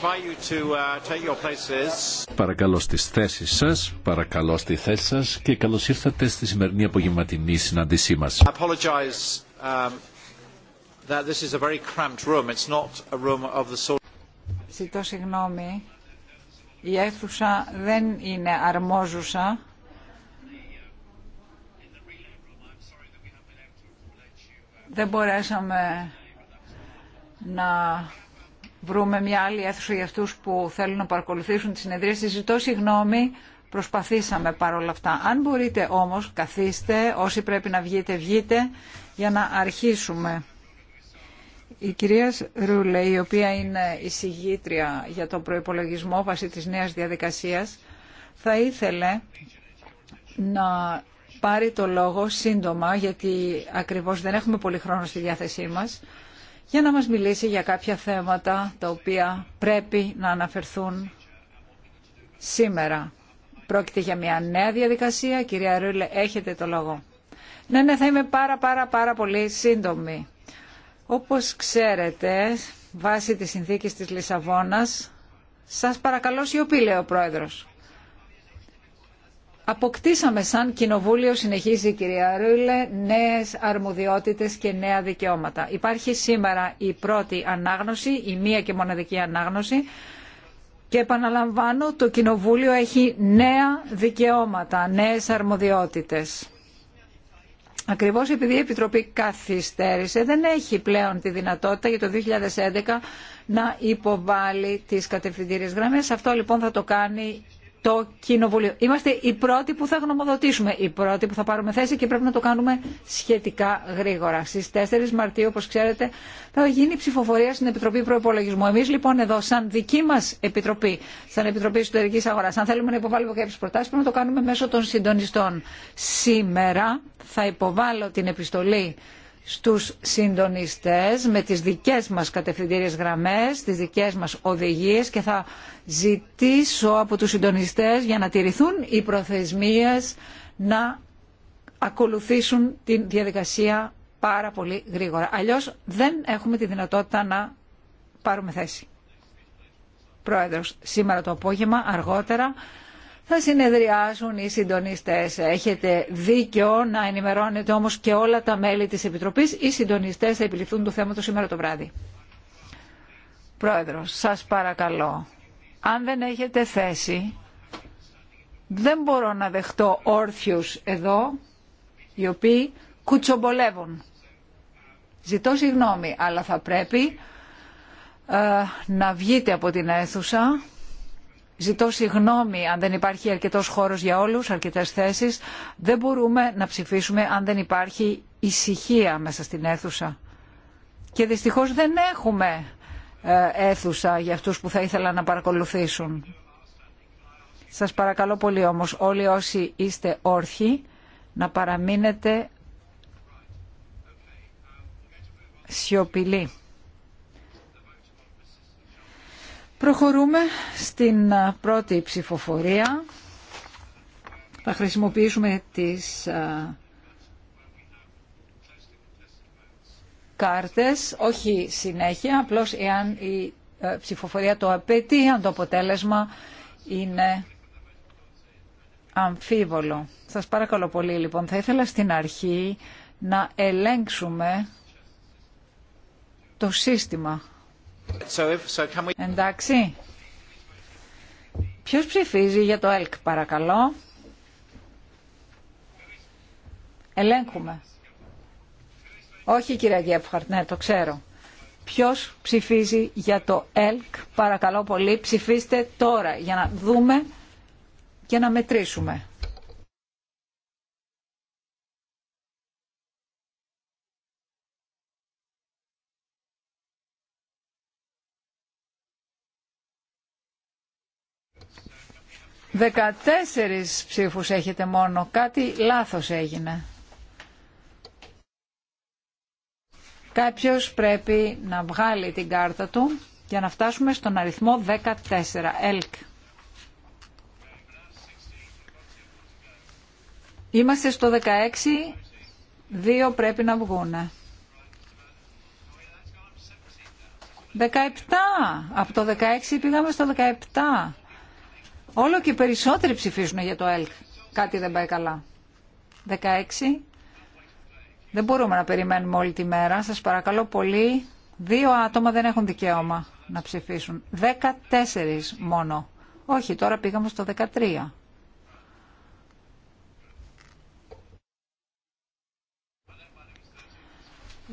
Uh, παρακαλώ στις θέσεις σα, παρακαλώ στη θέση σα και καλώ ήρθατε στη σημερινή απογευματινή συνάντησή μα. Um, Ζητώ συγγνώμη, η αίθουσα δεν είναι αρμόζουσα. Δεν μπορέσαμε να βρούμε μια άλλη αίθουσα για αυτούς που θέλουν να παρακολουθήσουν τη συνεδρίαση. Ζητώ συγγνώμη, προσπαθήσαμε παρόλα αυτά. Αν μπορείτε όμως, καθίστε, όσοι πρέπει να βγείτε, βγείτε, για να αρχίσουμε. Η κυρία Ρούλε, η οποία είναι η εισηγήτρια για τον προπολογισμό βάσει της νέας διαδικασίας, θα ήθελε να πάρει το λόγο σύντομα, γιατί ακριβώ δεν έχουμε πολύ χρόνο στη διάθεσή μας, για να μας μιλήσει για κάποια θέματα τα οποία πρέπει να αναφερθούν σήμερα. Πρόκειται για μια νέα διαδικασία. Κυρία Ρούλε, έχετε το λόγο. Ναι, ναι, θα είμαι πάρα πάρα πάρα πολύ σύντομη. Όπως ξέρετε, βάσει της συνθήκης της Λισαβόνας, σας παρακαλώ σιωπή, λέει ο Πρόεδρος. Αποκτήσαμε σαν κοινοβούλιο, συνεχίζει η κυρία Ρούλε, νέες αρμοδιότητες και νέα δικαιώματα. Υπάρχει σήμερα η πρώτη ανάγνωση, η μία και μοναδική ανάγνωση και επαναλαμβάνω το κοινοβούλιο έχει νέα δικαιώματα, νέες αρμοδιότητες. Ακριβώς επειδή η Επιτροπή καθυστέρησε δεν έχει πλέον τη δυνατότητα για το 2011 να υποβάλει τις κατευθυντήριες γραμμές. Αυτό λοιπόν θα το κάνει το Κοινοβούλιο. Είμαστε οι πρώτοι που θα γνωμοδοτήσουμε, οι πρώτοι που θα πάρουμε θέση και πρέπει να το κάνουμε σχετικά γρήγορα. Στι 4 Μαρτίου, όπω ξέρετε, θα γίνει ψηφοφορία στην Επιτροπή Προπολογισμού. Εμεί λοιπόν εδώ, σαν δική μα Επιτροπή, σαν Επιτροπή Εσωτερική Αγορά, αν θέλουμε να υποβάλουμε κάποιε προτάσει, πρέπει να το κάνουμε μέσω των συντονιστών. Σήμερα θα υποβάλω την επιστολή στους συντονιστές με τις δικές μας κατευθυντήριες γραμμές, τις δικές μας οδηγίες και θα ζητήσω από τους συντονιστές για να τηρηθούν οι προθεσμίες να ακολουθήσουν την διαδικασία πάρα πολύ γρήγορα. Αλλιώς δεν έχουμε τη δυνατότητα να πάρουμε θέση. Πρόεδρος, σήμερα το απόγευμα αργότερα θα συνεδριάσουν οι συντονιστές. Έχετε δίκιο να ενημερώνετε όμως και όλα τα μέλη της Επιτροπής. Οι συντονιστές θα επιληφθούν του σήμερα το βράδυ. Πρόεδρο, σας παρακαλώ, αν δεν έχετε θέση, δεν μπορώ να δεχτώ όρθιους εδώ, οι οποίοι κουτσομπολεύουν. Ζητώ συγγνώμη, αλλά θα πρέπει ε, να βγείτε από την αίθουσα Ζητώ συγγνώμη αν δεν υπάρχει αρκετός χώρος για όλους, αρκετές θέσεις. Δεν μπορούμε να ψηφίσουμε αν δεν υπάρχει ησυχία μέσα στην αίθουσα. Και δυστυχώς δεν έχουμε ε, αίθουσα για αυτούς που θα ήθελαν να παρακολουθήσουν. Σας παρακαλώ πολύ όμως όλοι όσοι είστε όρθιοι να παραμείνετε σιωπηλοί. Προχωρούμε στην πρώτη ψηφοφορία. Θα χρησιμοποιήσουμε τις κάρτες, όχι συνέχεια, απλώς εάν η ε, ψηφοφορία το απαιτεί, αν το αποτέλεσμα είναι αμφίβολο. Σας παρακαλώ πολύ λοιπόν, θα ήθελα στην αρχή να ελέγξουμε το σύστημα Εντάξει. Ποιος ψηφίζει για το ΕΛΚ παρακαλώ. Ελέγχουμε. Όχι κυρία Γκέφχαρτ, ναι το ξέρω. Ποιος ψηφίζει για το ΕΛΚ παρακαλώ πολύ ψηφίστε τώρα για να δούμε και να μετρήσουμε. 14 ψήφους έχετε μόνο. Κάτι λάθος έγινε. Κάποιος πρέπει να βγάλει την κάρτα του για να φτάσουμε στον αριθμό 14. ΕΛΚ. Είμαστε στο 16. Δύο πρέπει να βγούνε. 17. Από το 16 πήγαμε στο 17. Όλο και περισσότεροι ψηφίζουν για το ΕΛΚ. Κάτι δεν πάει καλά. 16. Δεν μπορούμε να περιμένουμε όλη τη μέρα. Σας παρακαλώ πολύ. Δύο άτομα δεν έχουν δικαίωμα να ψηφίσουν. 14 μόνο. Όχι, τώρα πήγαμε στο 13.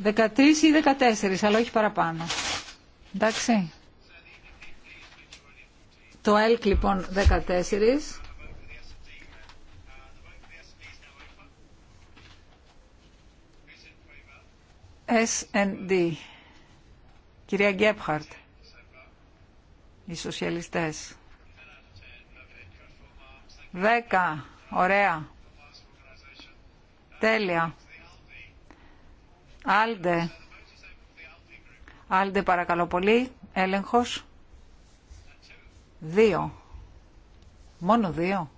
13 ή δεκατέσσερις, αλλά όχι παραπάνω. Εντάξει. Το ΕΛΚ λοιπόν 14. SND. Κυρία Γκέπχαρτ. Οι σοσιαλιστές. 10. Ωραία. Τέλεια. Άλντε. Άλντε παρακαλώ πολύ. Έλεγχος. Δύο. Μόνο δύο.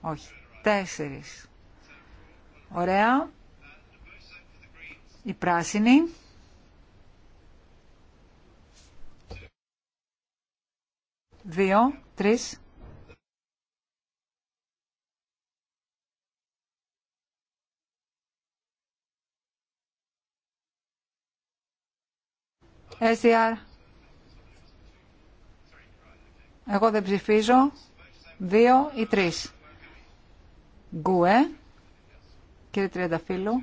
Όχι. Τέσσερις. Ωραία. Η πράσινη. Δύο. Τρεις. SDR. Εγώ δεν ψηφίζω. Δύο ή τρεις. Γκουέ. Κύριε Τριανταφύλλου.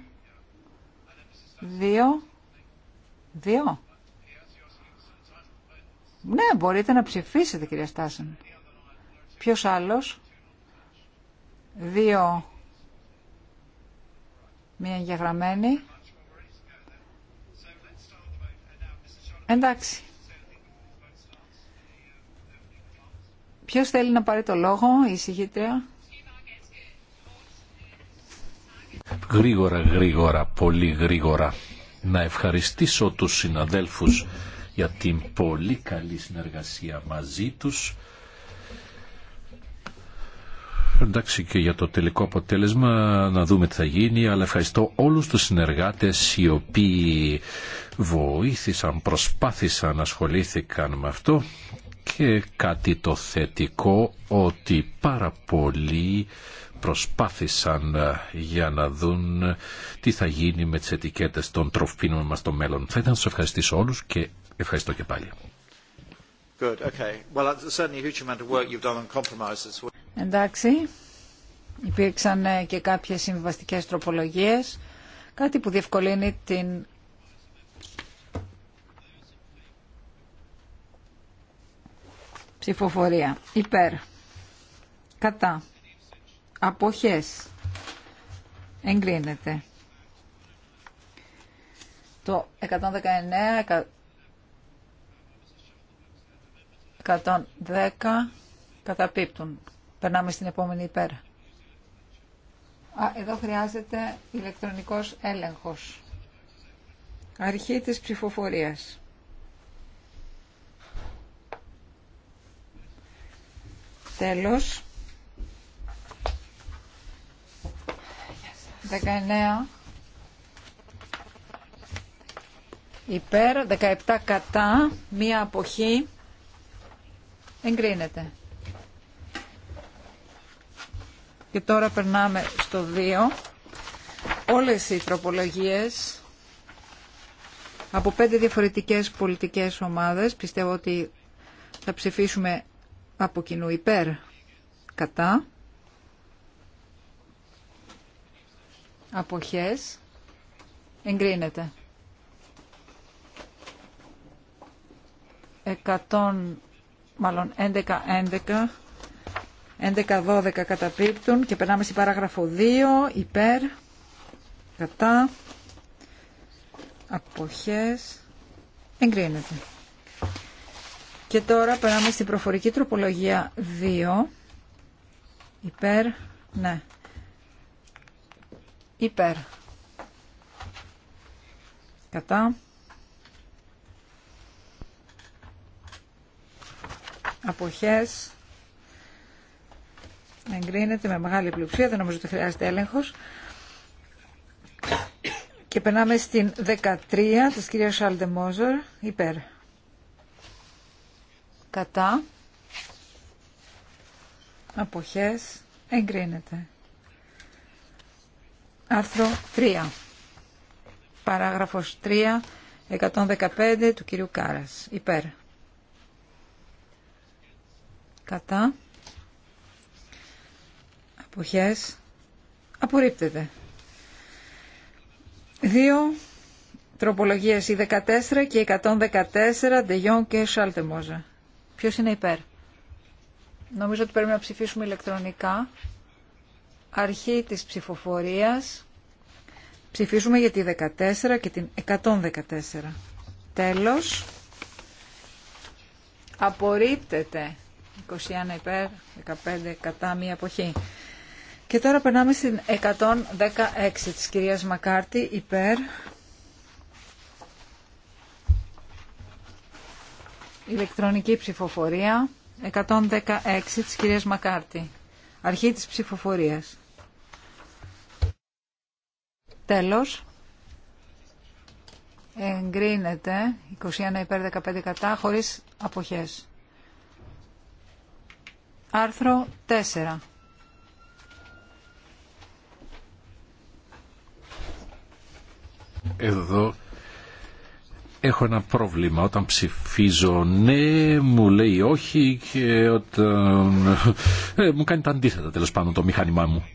Δύο. Δύο. Ναι, μπορείτε να ψηφίσετε κυρία Στάσεν. Ποιος άλλος. Δύο. Μία εγγεγραμμένη. Εντάξει. Ποιος θέλει να πάρει το λόγο, η συγχύτρια. Γρήγορα, γρήγορα, πολύ γρήγορα. Να ευχαριστήσω τους συναδέλφους για την πολύ καλή συνεργασία μαζί τους. Εντάξει και για το τελικό αποτέλεσμα να δούμε τι θα γίνει, αλλά ευχαριστώ όλους τους συνεργάτες οι οποίοι βοήθησαν, προσπάθησαν, ασχολήθηκαν με αυτό και κάτι το θετικό ότι πάρα πολλοί προσπάθησαν ε, για να δουν ε, τι θα γίνει με τις ετικέτες των τροφίνων μας στο μέλλον. Θα ήθελα να σας ευχαριστήσω όλους και ευχαριστώ και πάλι. Εντάξει, υπήρξαν ε, και κάποιες συμβαστικές τροπολογίες, κάτι που διευκολύνει την Ψηφοφορία. Υπέρ. Κατά. Αποχές. Εγκρίνεται. Το 119, 110 καταπίπτουν. Περνάμε στην επόμενη υπέρ. Α, εδώ χρειάζεται ηλεκτρονικός έλεγχος. Αρχή της ψηφοφορίας. Τέλος. 19 υπέρ, 17 κατά, μία αποχή. Εγκρίνεται. Και τώρα περνάμε στο 2. Όλες οι τροπολογίες από πέντε διαφορετικές πολιτικές ομάδες, πιστεύω ότι θα ψηφίσουμε από κοινού υπέρ κατά αποχές εγκρίνεται 100 μάλλον 11 11 11-12 καταπίπτουν και περνάμε στην παράγραφο 2 υπέρ κατά αποχές εγκρίνεται και τώρα περάμε στην προφορική τροπολογία 2. Υπέρ, ναι. Υπέρ. Κατά. Αποχές. Εγκρίνεται με μεγάλη πλειοψηφία, δεν νομίζω ότι χρειάζεται έλεγχος. Και περνάμε στην 13 της κυρίας Σάλτε υπέρ κατά αποχές εγκρίνεται. Άρθρο 3. Παράγραφος 3, 115 του κυρίου Κάρας. Υπέρ. Κατά. Αποχές. Απορρίπτεται. Δύο τροπολογίες, η 14 και η 114, Ντεγιόν και Σάλτεμόζα. Ποιος είναι υπέρ. Νομίζω ότι πρέπει να ψηφίσουμε ηλεκτρονικά. Αρχή της ψηφοφορίας. Ψηφίζουμε για τη 14 και την 114. Τέλος. Απορρίπτεται. 21 υπέρ, 15 κατά μία εποχή. Και τώρα περνάμε στην 116 της κυρίας Μακάρτη υπέρ Ηλεκτρονική ψηφοφορία 116 της κυρίας Μακάρτη. Αρχή της ψηφοφορίας. Τέλος. Εγκρίνεται 21 υπέρ 15 κατά χωρίς αποχές. Άρθρο 4. Εδώ έχω ένα πρόβλημα. Όταν ψηφίζω ναι, μου λέει όχι και όταν... Ε, μου κάνει τα αντίθετα τέλος πάντων το μηχάνημά μου.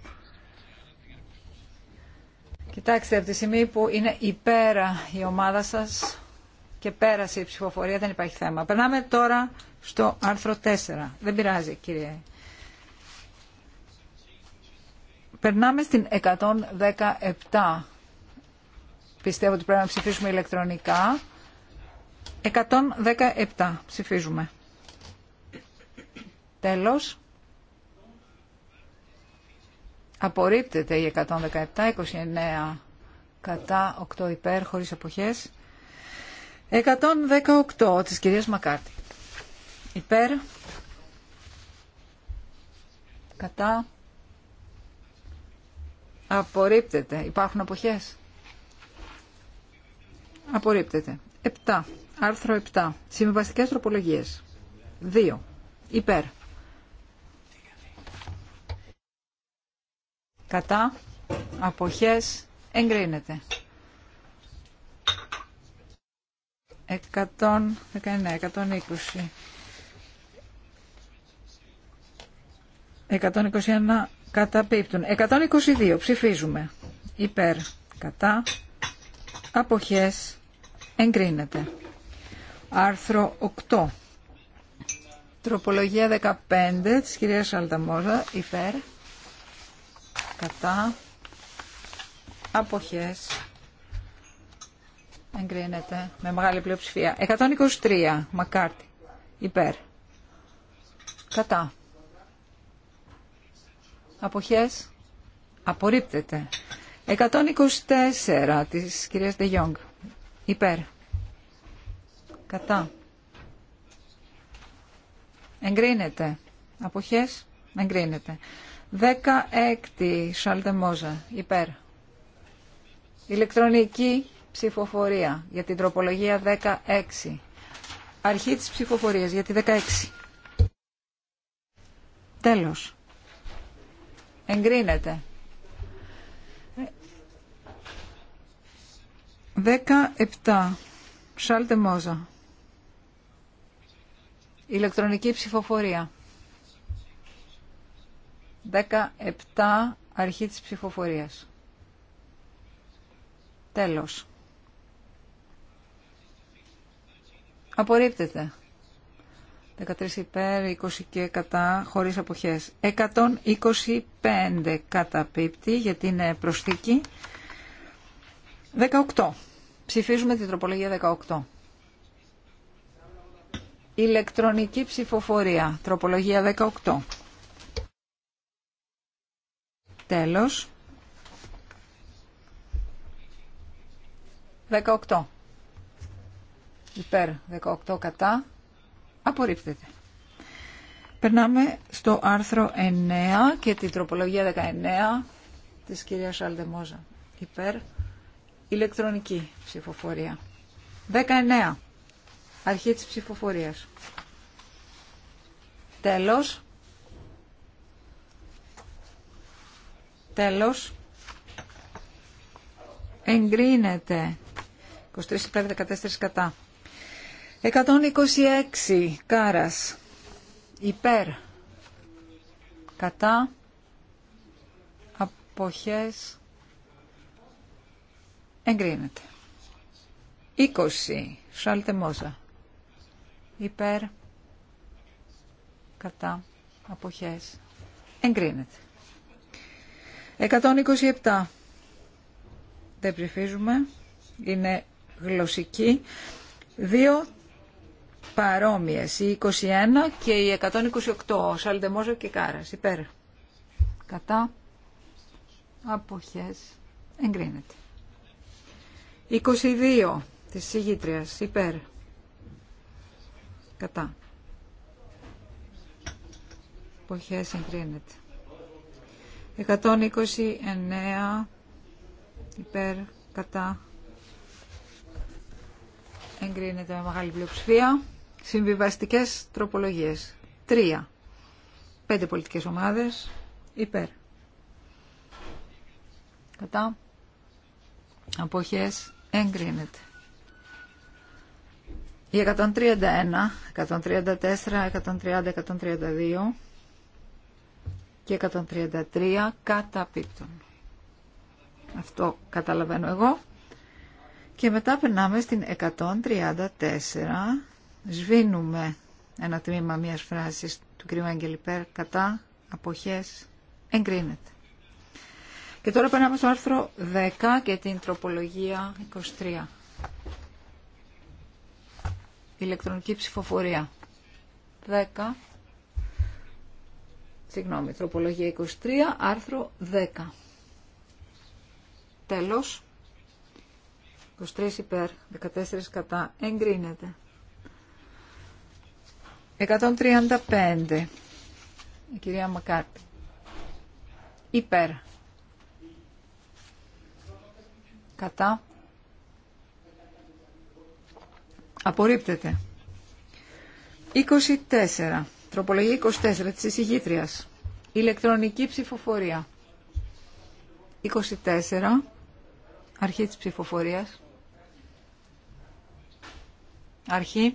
Κοιτάξτε, από τη στιγμή που είναι υπέρα η ομάδα σας και πέρασε η ψηφοφορία δεν υπάρχει θέμα. Περνάμε τώρα στο άρθρο 4. Δεν πειράζει κύριε. Περνάμε στην 117. Πιστεύω ότι πρέπει να ψηφίσουμε ηλεκτρονικά. 117 ψηφίζουμε. Τέλος. Απορρίπτεται η 117, 29 κατά, 8 υπέρ, χωρίς αποχές. 118 της κυρίας Μακάρτη. Υπέρ, κατά, απορρίπτεται. Υπάρχουν αποχές. Απορρίπτεται. 7 Άρθρο 7. Συμβαστικές τροπολογίες. 2. Υπέρ. Κατά. Αποχές. Εγκρίνεται. 119, 120. 121 καταπίπτουν. 122 ψηφίζουμε. Υπέρ. Κατά. Αποχές. Εγκρίνεται. Άρθρο 8. Τροπολογία 15 της κυρίας Αλταμόζα, υπέρ, κατά, αποχές, εγκρίνεται με μεγάλη πλειοψηφία. 123, Μακάρτη, υπέρ, κατά, αποχές, απορρίπτεται. 124 της κυρίας Ντεγιόγκ, υπέρ, Κατά. Εγκρίνεται. Αποχές. Εγκρίνεται. 16 Σαλτεμόζα. Υπέρ. Ηλεκτρονική ψηφοφορία για την τροπολογία 16. Αρχή της ψηφοφορίας για τη 16. Τέλος. Εγκρίνεται. 17. Σάλτε Μόζα. Ηλεκτρονική ψηφοφορία. 17 αρχή της ψηφοφορίας. Τέλος. Απορρίπτεται. 13 υπέρ, 20 και κατά, χωρίς αποχές. 125 καταπίπτει, γιατί είναι προσθήκη. 18. Ψηφίζουμε την τροπολογία 18. Ηλεκτρονική ψηφοφορία. Τροπολογία 18. Τέλος. 18. Υπέρ 18 κατά. Απορρίπτεται. Περνάμε στο άρθρο 9 και την τροπολογία 19 της κυρίας Αλδεμόζα. Υπέρ ηλεκτρονική ψηφοφορία. 19. Αρχή της ψηφοφορίας. Τέλος. Τέλος. Εγκρίνεται. 23 υπέρ 14 κατά. 126 κάρας. Υπέρ. Κατά. Αποχές. Εγκρίνεται. 20. Σάλτε Μόζα υπέρ κατά αποχές εγκρίνεται 127 δεν ψηφίζουμε είναι γλωσσική δύο παρόμοιες η 21 και η 128 Σαλντεμόζο και Κάρας υπέρ κατά αποχές εγκρίνεται 22 της Σιγήτριας. υπέρ Κατά. Αποχές εγκρίνεται. 129 υπέρ κατά εγκρίνεται με μεγάλη πλειοψηφία. Συμβιβαστικές τροπολογίες. Τρία. Πέντε πολιτικές ομάδες υπέρ. Κατά. Αποχές εγκρίνεται. Η 131, 134, 130, 132 και 133 καταπίπτουν. Αυτό καταλαβαίνω εγώ. Και μετά περνάμε στην 134, σβήνουμε ένα τμήμα μιας φράσης του κ. Αγγελιπέρ κατά αποχές εγκρίνεται. Και τώρα περνάμε στο άρθρο 10 και την τροπολογία 23 ηλεκτρονική ψηφοφορία. 10. Συγγνώμη, τροπολογία 23, άρθρο 10. Τέλος. 23 υπέρ, 14 κατά. Εγκρίνεται. 135. Η κυρία Μακάρτη. Υπέρ. Κατά. Απορρίπτεται. 24. Τροπολογία 24 της εισηγήτριας. Ηλεκτρονική ψηφοφορία. 24. Αρχή της ψηφοφορίας. Αρχή.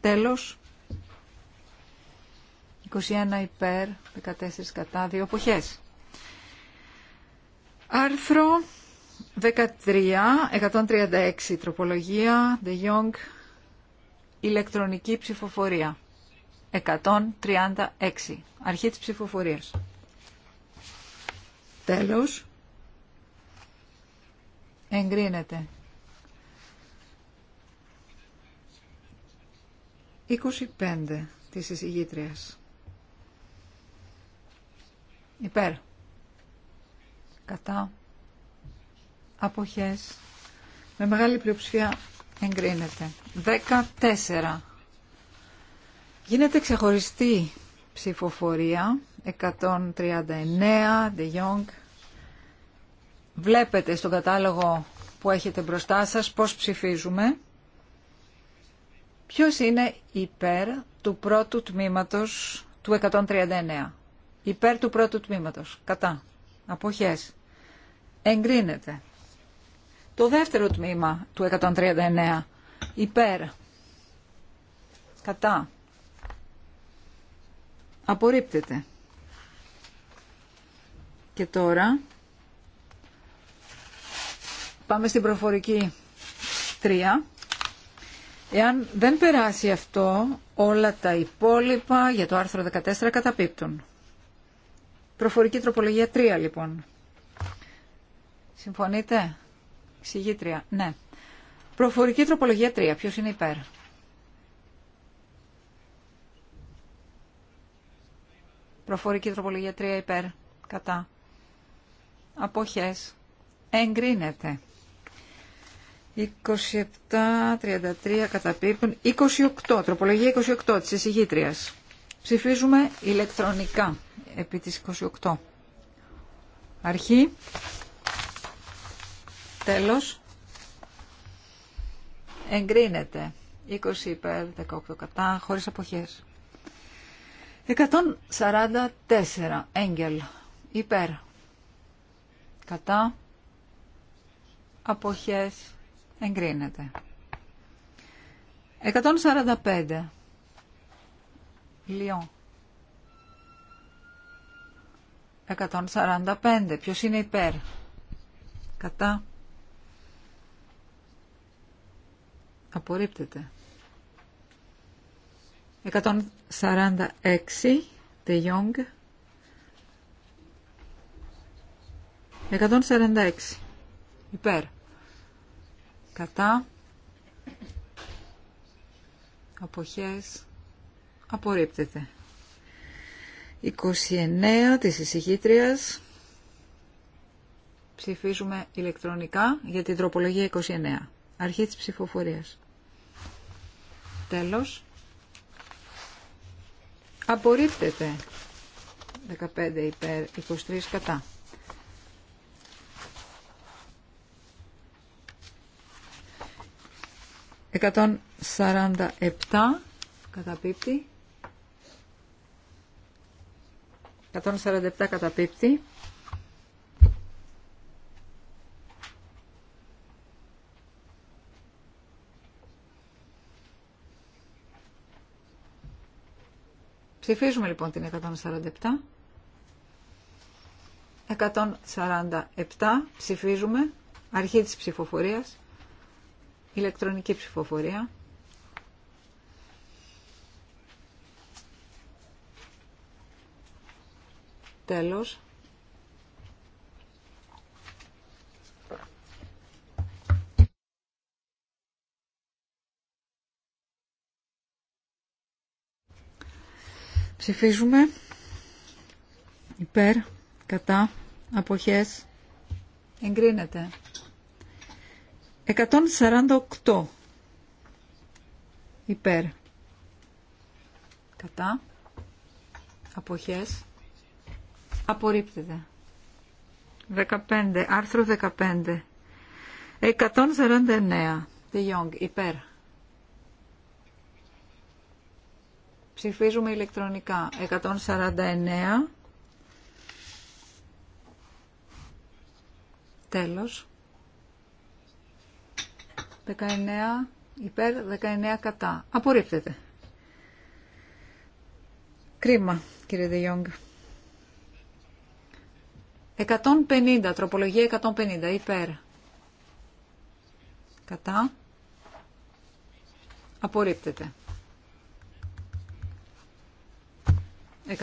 Τέλος. 21 υπέρ, 14 κατά, 2 εποχές. Άρθρο 13, 136 τροπολογία, De Young ηλεκτρονική ψηφοφορία. 136. Αρχή της ψηφοφορίας. Τέλος. Εγκρίνεται. 25 της εισηγήτριας. Υπέρ. Κατά. Αποχές. Με μεγάλη πλειοψηφία εγκρίνεται. 14. Γίνεται ξεχωριστή ψηφοφορία. 139, De Jong. Βλέπετε στον κατάλογο που έχετε μπροστά σας πώς ψηφίζουμε. Ποιος είναι υπέρ του πρώτου τμήματος του 139. Υπέρ του πρώτου τμήματος. Κατά. Αποχές. Εγκρίνεται. Το δεύτερο τμήμα του 139. Υπέρ. Κατά. Απορρίπτεται. Και τώρα πάμε στην προφορική 3. Εάν δεν περάσει αυτό, όλα τα υπόλοιπα για το άρθρο 14 καταπίπτουν. Προφορική τροπολογία 3 λοιπόν. Συμφωνείτε? Συγγήτρια, ναι. Προφορική τροπολογία 3. Ποιος είναι υπέρ. Προφορική τροπολογία 3 υπέρ. Κατά. Αποχές. Εγκρίνεται. 27-33 καταπίπτουν. 28. Τροπολογία 28 της εισηγήτριας. Ψηφίζουμε ηλεκτρονικά επί της 28. Αρχή. Τέλος. Εγκρίνεται. 20 υπέρ, 18 κατά, χωρίς αποχές. 144. Έγκελ. Υπέρ. Κατά. Αποχές. Εγκρίνεται. 145. Λιόν. 145. Ποιος είναι υπέρ. Κατά. Απορρίπτεται. 146 De 146 Υπέρ Κατά Αποχές Απορρίπτεται 29 της εισηγήτριας Ψηφίζουμε ηλεκτρονικά για την τροπολογία 29 Αρχή της ψηφοφορίας. Τέλος. Απορρίπτεται. 15 υπέρ, 23 κατά. 147 σαράντα επτά καταπίπτει. 147 καταπίπτει. Ψηφίζουμε λοιπόν την 147. 147 ψηφίζουμε. Αρχή της ψηφοφορίας. Ηλεκτρονική ψηφοφορία. Τέλος. Ψηφίζουμε υπέρ, κατά, αποχές, εγκρίνεται. 148 υπέρ, κατά, αποχές, απορρίπτεται. 15, άρθρο 15. 149. υπέρ. Ψηφίζουμε ηλεκτρονικά. 149. Τέλος. 19 υπέρ, 19 κατά. Απορρίπτεται. Κρίμα, κύριε Δε 150, τροπολογία 150, υπέρ. Κατά. Απορρίπτεται. 151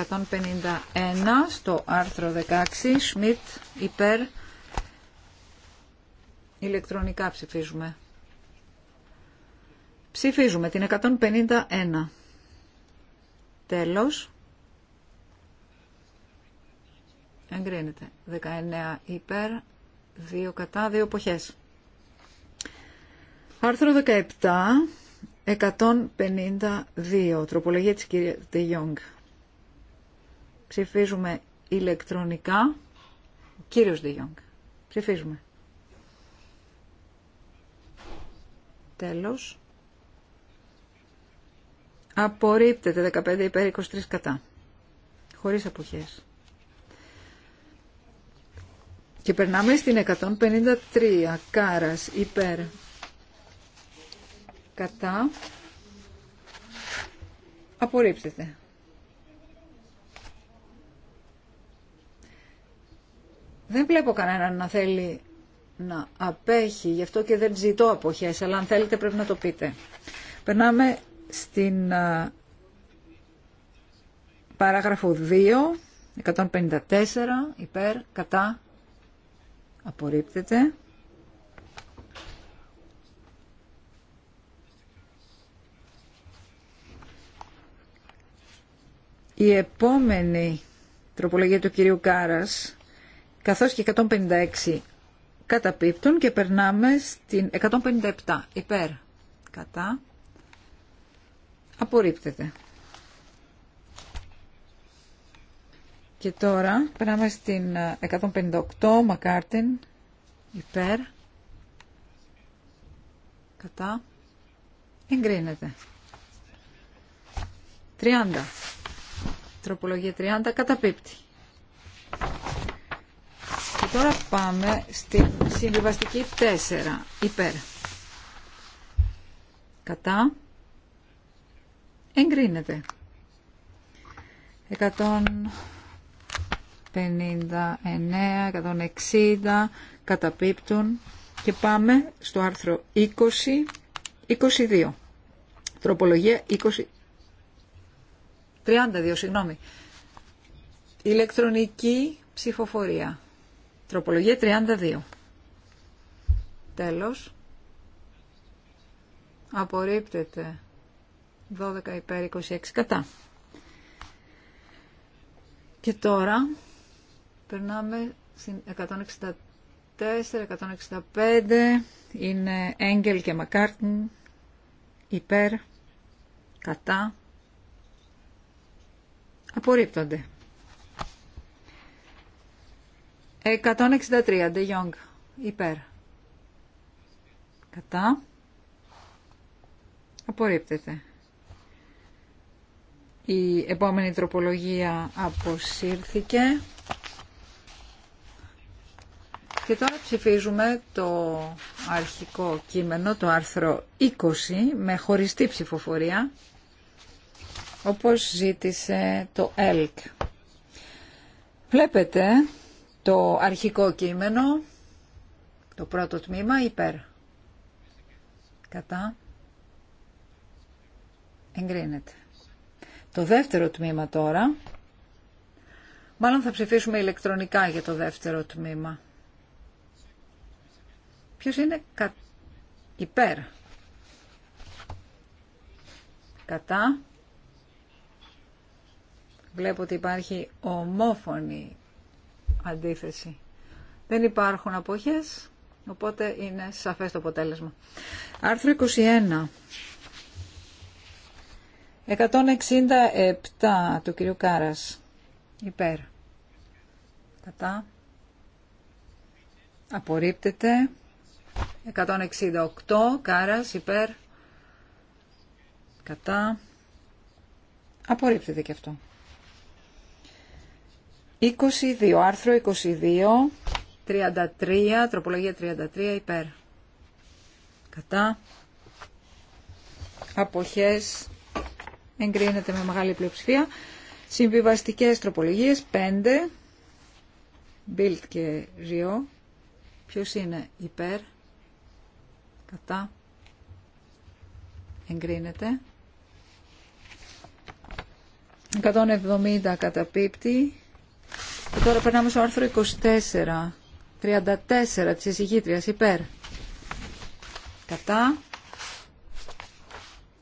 στο άρθρο 16, Σμιτ, υπέρ, ηλεκτρονικά ψηφίζουμε. Ψηφίζουμε την 151. Τέλος. Εγκρίνεται. 19 υπέρ, 2 κατά, 2 εποχές. Άρθρο 17, 152, τροπολογία της κυρία Τεγιόγκ. Ψηφίζουμε ηλεκτρονικά. Κύριος Διόγκ. Ψηφίζουμε. Τέλος. Απορρίπτεται 15 υπέρ 23 κατά. Χωρίς αποχές. Και περνάμε στην 153. Κάρας υπέρ κατά. Απορρίπτεται. Δεν βλέπω κανέναν να θέλει να απέχει, γι' αυτό και δεν ζητώ αποχές, αλλά αν θέλετε πρέπει να το πείτε. Περνάμε στην παράγραφο 2, 154, υπέρ, κατά, απορρίπτεται. Η επόμενη τροπολογία του κυρίου Κάρας καθώς και 156 καταπίπτουν και περνάμε στην 157 υπέρ κατά απορρίπτεται. Και τώρα περνάμε στην 158 ε, Μακάρτιν υπέρ κατά εγκρίνεται. 30. Τροπολογία 30 καταπίπτει. Τώρα πάμε στη συμβιβαστική 4. Υπέρ. Κατά. Εγκρίνεται. 159, 160 καταπίπτουν και πάμε στο άρθρο 20, 22. Τροπολογία 20, 32, συγγνώμη. Ηλεκτρονική ψηφοφορία. Τροπολογία 32. Τέλος. Απορρίπτεται. 12 υπέρ 26 κατά. Και τώρα περνάμε στην 164, 165. Είναι Έγκελ και Μακάρτιν. Υπέρ. Κατά. Απορρίπτονται. 163, De Jong, υπέρ. Κατά. Απορρίπτεται. Η επόμενη τροπολογία αποσύρθηκε. Και τώρα ψηφίζουμε το αρχικό κείμενο, το άρθρο 20, με χωριστή ψηφοφορία, όπως ζήτησε το ΕΛΚ. Βλέπετε το αρχικό κείμενο, το πρώτο τμήμα, υπέρ. Κατά. Εγκρίνεται. Το δεύτερο τμήμα τώρα. Μάλλον θα ψηφίσουμε ηλεκτρονικά για το δεύτερο τμήμα. Ποιος είναι κα... υπέρ. Κατά. Βλέπω ότι υπάρχει ομόφωνη αντίθεση. Δεν υπάρχουν αποχές, οπότε είναι σαφές το αποτέλεσμα. Άρθρο 21. 167 του κυρίου Κάρας. Υπέρ. Κατά. Απορρίπτεται. 168 Κάρας. Υπέρ. Κατά. Απορρίπτεται και αυτό. 22, άρθρο 22, 33, τροπολογία 33 υπέρ. Κατά. Αποχές εγκρίνεται με μεγάλη πλειοψηφία. Συμβιβαστικές τροπολογίες 5, Μπίλτ και Ριό. Ποιος είναι υπέρ. Κατά. Εγκρίνεται. 170 καταπίπτει. Ε, τώρα περνάμε στο άρθρο 24. 34 της εισηγήτριας υπέρ. Κατά.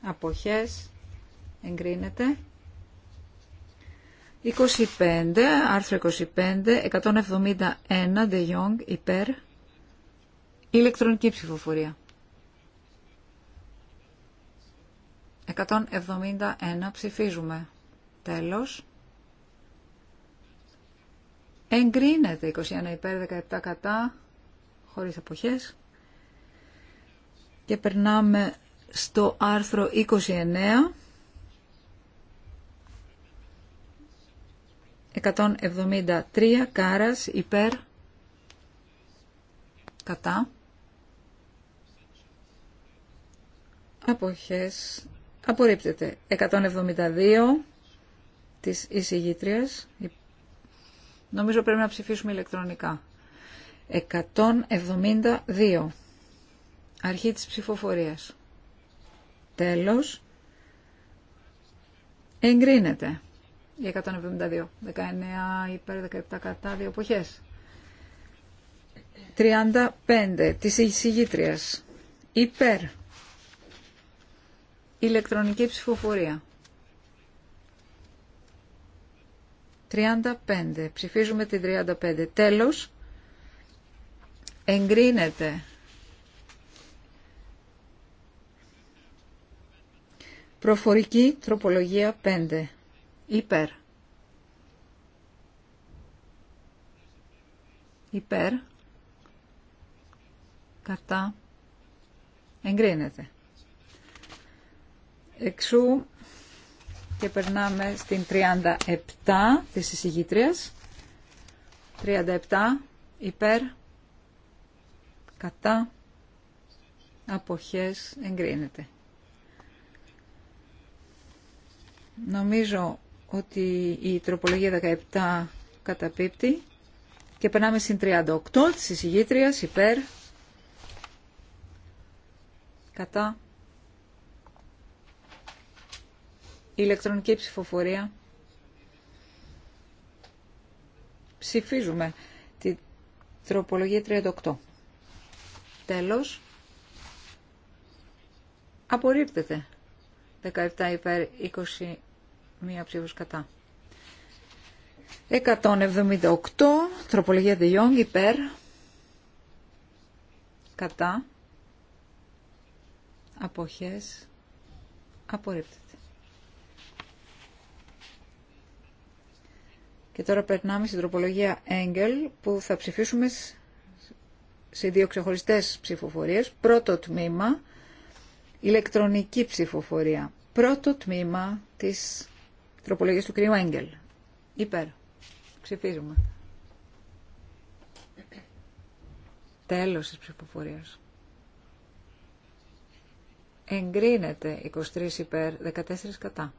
Αποχές. Εγκρίνεται. 25, άρθρο 25, 171, De Jong, υπέρ, ηλεκτρονική ψηφοφορία. 171 ψηφίζουμε. Τέλος. Εγκρίνεται 21 υπέρ 17 κατά, χωρίς αποχές. Και περνάμε στο άρθρο 29. 173 κάρας υπέρ κατά αποχές απορρίπτεται 172 της εισηγήτριας Νομίζω πρέπει να ψηφίσουμε ηλεκτρονικά. 172. Αρχή της ψηφοφορίας. Τέλος. Εγκρίνεται. 172. 19 υπέρ 17 κατά δύο εποχές. 35 της εισηγήτριας. Υπέρ. Ηλεκτρονική ψηφοφορία. 35. Ψηφίζουμε την 35. Τέλος. Εγκρίνεται. Προφορική τροπολογία 5. Υπέρ. Υπέρ. Κατά. Εγκρίνεται. Εξού και περνάμε στην 37 της εισηγήτριας. 37 υπέρ, κατά, αποχές, εγκρίνεται. Νομίζω ότι η τροπολογία 17 καταπίπτει και περνάμε στην 38 της εισηγήτριας υπέρ, κατά, Η ηλεκτρονική ψηφοφορία. Ψηφίζουμε τη τροπολογία 38. Τέλος. Απορρίπτεται. 17 υπέρ 21 ψήφους κατά. 178, τροπολογία de υπέρ, κατά, αποχές, απορρίπτεται. Και τώρα περνάμε στην τροπολογία Engel που θα ψηφίσουμε σε δύο ξεχωριστές ψηφοφορίες. Πρώτο τμήμα, ηλεκτρονική ψηφοφορία. Πρώτο τμήμα της τροπολογίας του κριμά Engel. Υπέρ. Ψηφίζουμε. Τέλος της ψηφοφορίας. Εγκρίνεται 23 υπέρ, 14 κατά.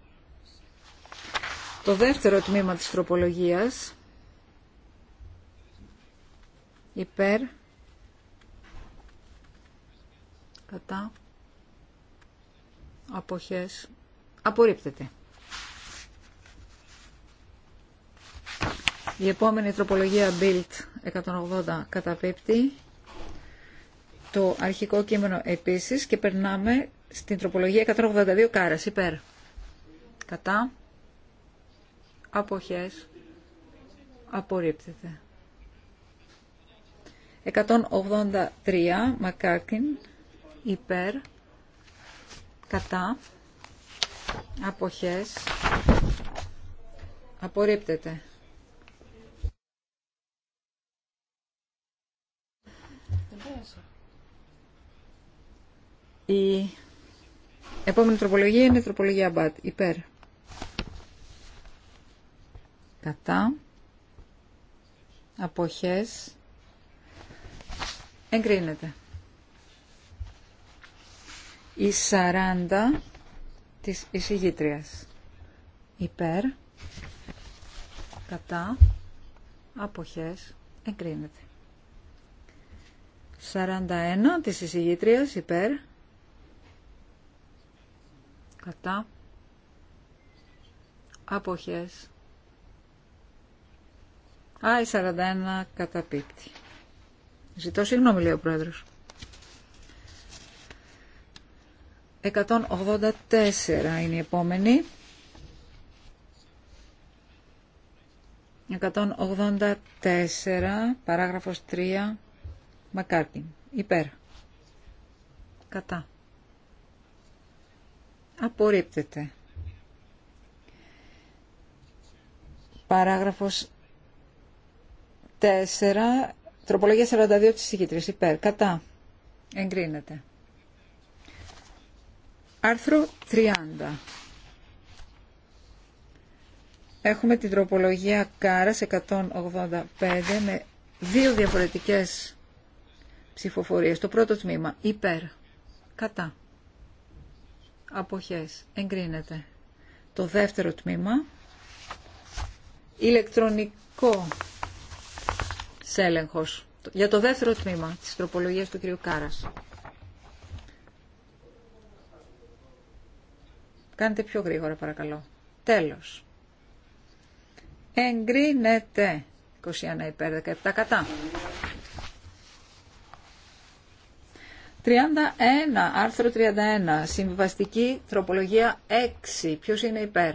Το δεύτερο τμήμα της τροπολογίας υπέρ κατά αποχές απορρίπτεται. Η επόμενη τροπολογία Build 180 καταπίπτει το αρχικό κείμενο επίσης και περνάμε στην τροπολογία 182 κάρας υπέρ. Κατά αποχές απορρίπτεται. 183 Μακάρκιν υπέρ κατά αποχές απορρίπτεται. Η επόμενη τροπολογία είναι η τροπολογία Μπατ. Υπέρ κατά αποχές εγκρίνεται. Η 40 της εισηγήτριας υπέρ κατά αποχές εγκρίνεται. 41 της εισηγήτριας υπέρ κατά αποχές Α, η 41 καταπίπτει. Ζητώ συγγνώμη, λέει ο πρόεδρος. 184 είναι η επόμενη. 184, παράγραφος 3, Μακάρκιν. Υπέρ. Κατά. Απορρίπτεται. Παράγραφος τροπολογία 42 της συγκήτρης, υπέρ, κατά, εγκρίνεται. Άρθρο 30. Έχουμε την τροπολογία Κάρας 185 με δύο διαφορετικές ψηφοφορίες. Το πρώτο τμήμα υπέρ, κατά, αποχές, εγκρίνεται. Το δεύτερο τμήμα ηλεκτρονικό της έλεγχος για το δεύτερο τμήμα της τροπολογίας του κ. Κάρας. Κάντε πιο γρήγορα παρακαλώ. Τέλος. Εγκρίνεται 21 υπέρ 17 κατά. 31, άρθρο 31, συμβιβαστική τροπολογία 6. Ποιος είναι υπέρ.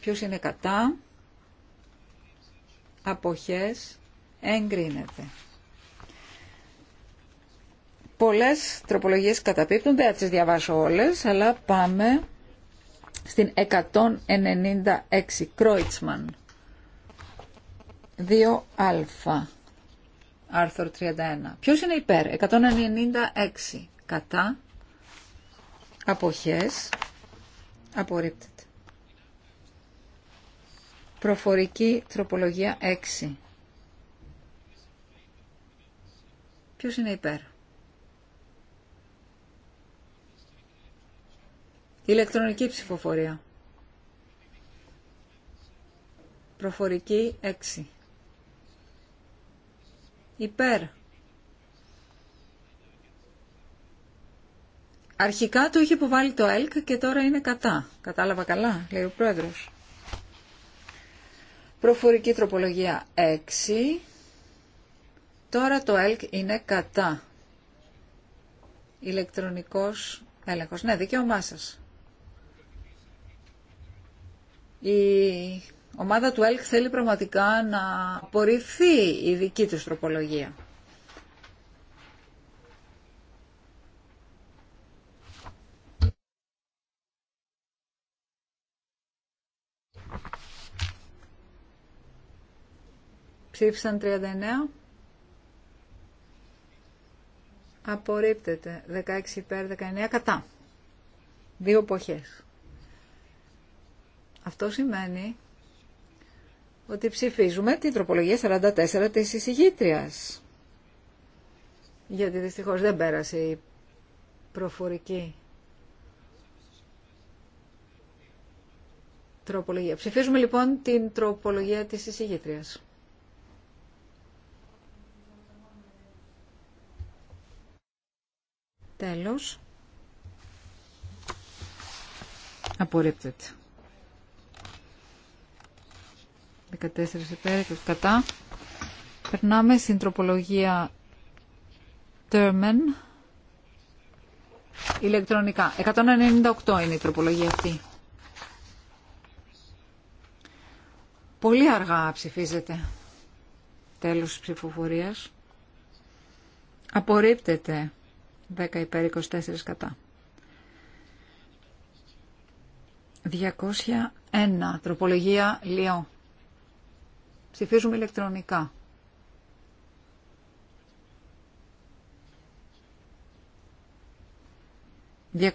Ποιος είναι κατά αποχές εγκρίνεται. Πολλές τροπολογίες καταπίπτονται, θα τις διαβάσω όλες, αλλά πάμε στην 196 Κρόιτσμαν 2α Άρθρο 31 Ποιος είναι υπέρ 196 κατά αποχές απορρίπτεται Προφορική τροπολογία 6. Ποιος είναι υπέρ. Ηλεκτρονική ψηφοφορία. Προφορική 6. Υπέρ. Αρχικά το είχε υποβάλει το ΕΛΚ και τώρα είναι κατά. Κατάλαβα καλά, λέει ο πρόεδρος. Προφορική τροπολογία 6. Τώρα το ΕΛΚ είναι κατά. Ηλεκτρονικός έλεγχος. Ναι, δικαίωμά σας. Η ομάδα του ΕΛΚ θέλει πραγματικά να απορριφθεί η δική τους τροπολογία. Ψήφισαν 39. Απορρίπτεται. 16 υπέρ, 19 κατά. Δύο ποχές. Αυτό σημαίνει ότι ψηφίζουμε την τροπολογία 44 της εισηγήτριας. Γιατί δυστυχώς δεν πέρασε η προφορική τροπολογία. Ψηφίζουμε λοιπόν την τροπολογία της εισηγήτριας. Τέλος. Απορρίπτεται. 14 υπέρ, κατά. Περνάμε στην τροπολογία Τέρμεν. Ηλεκτρονικά. 198 είναι η τροπολογία αυτή. Πολύ αργά ψηφίζεται. Τέλος της ψηφοφορίας. Απορρίπτεται. 10 υπέρ 24 κατά. 201. Τροπολογία Λιό. Ψηφίζουμε ηλεκτρονικά. «201»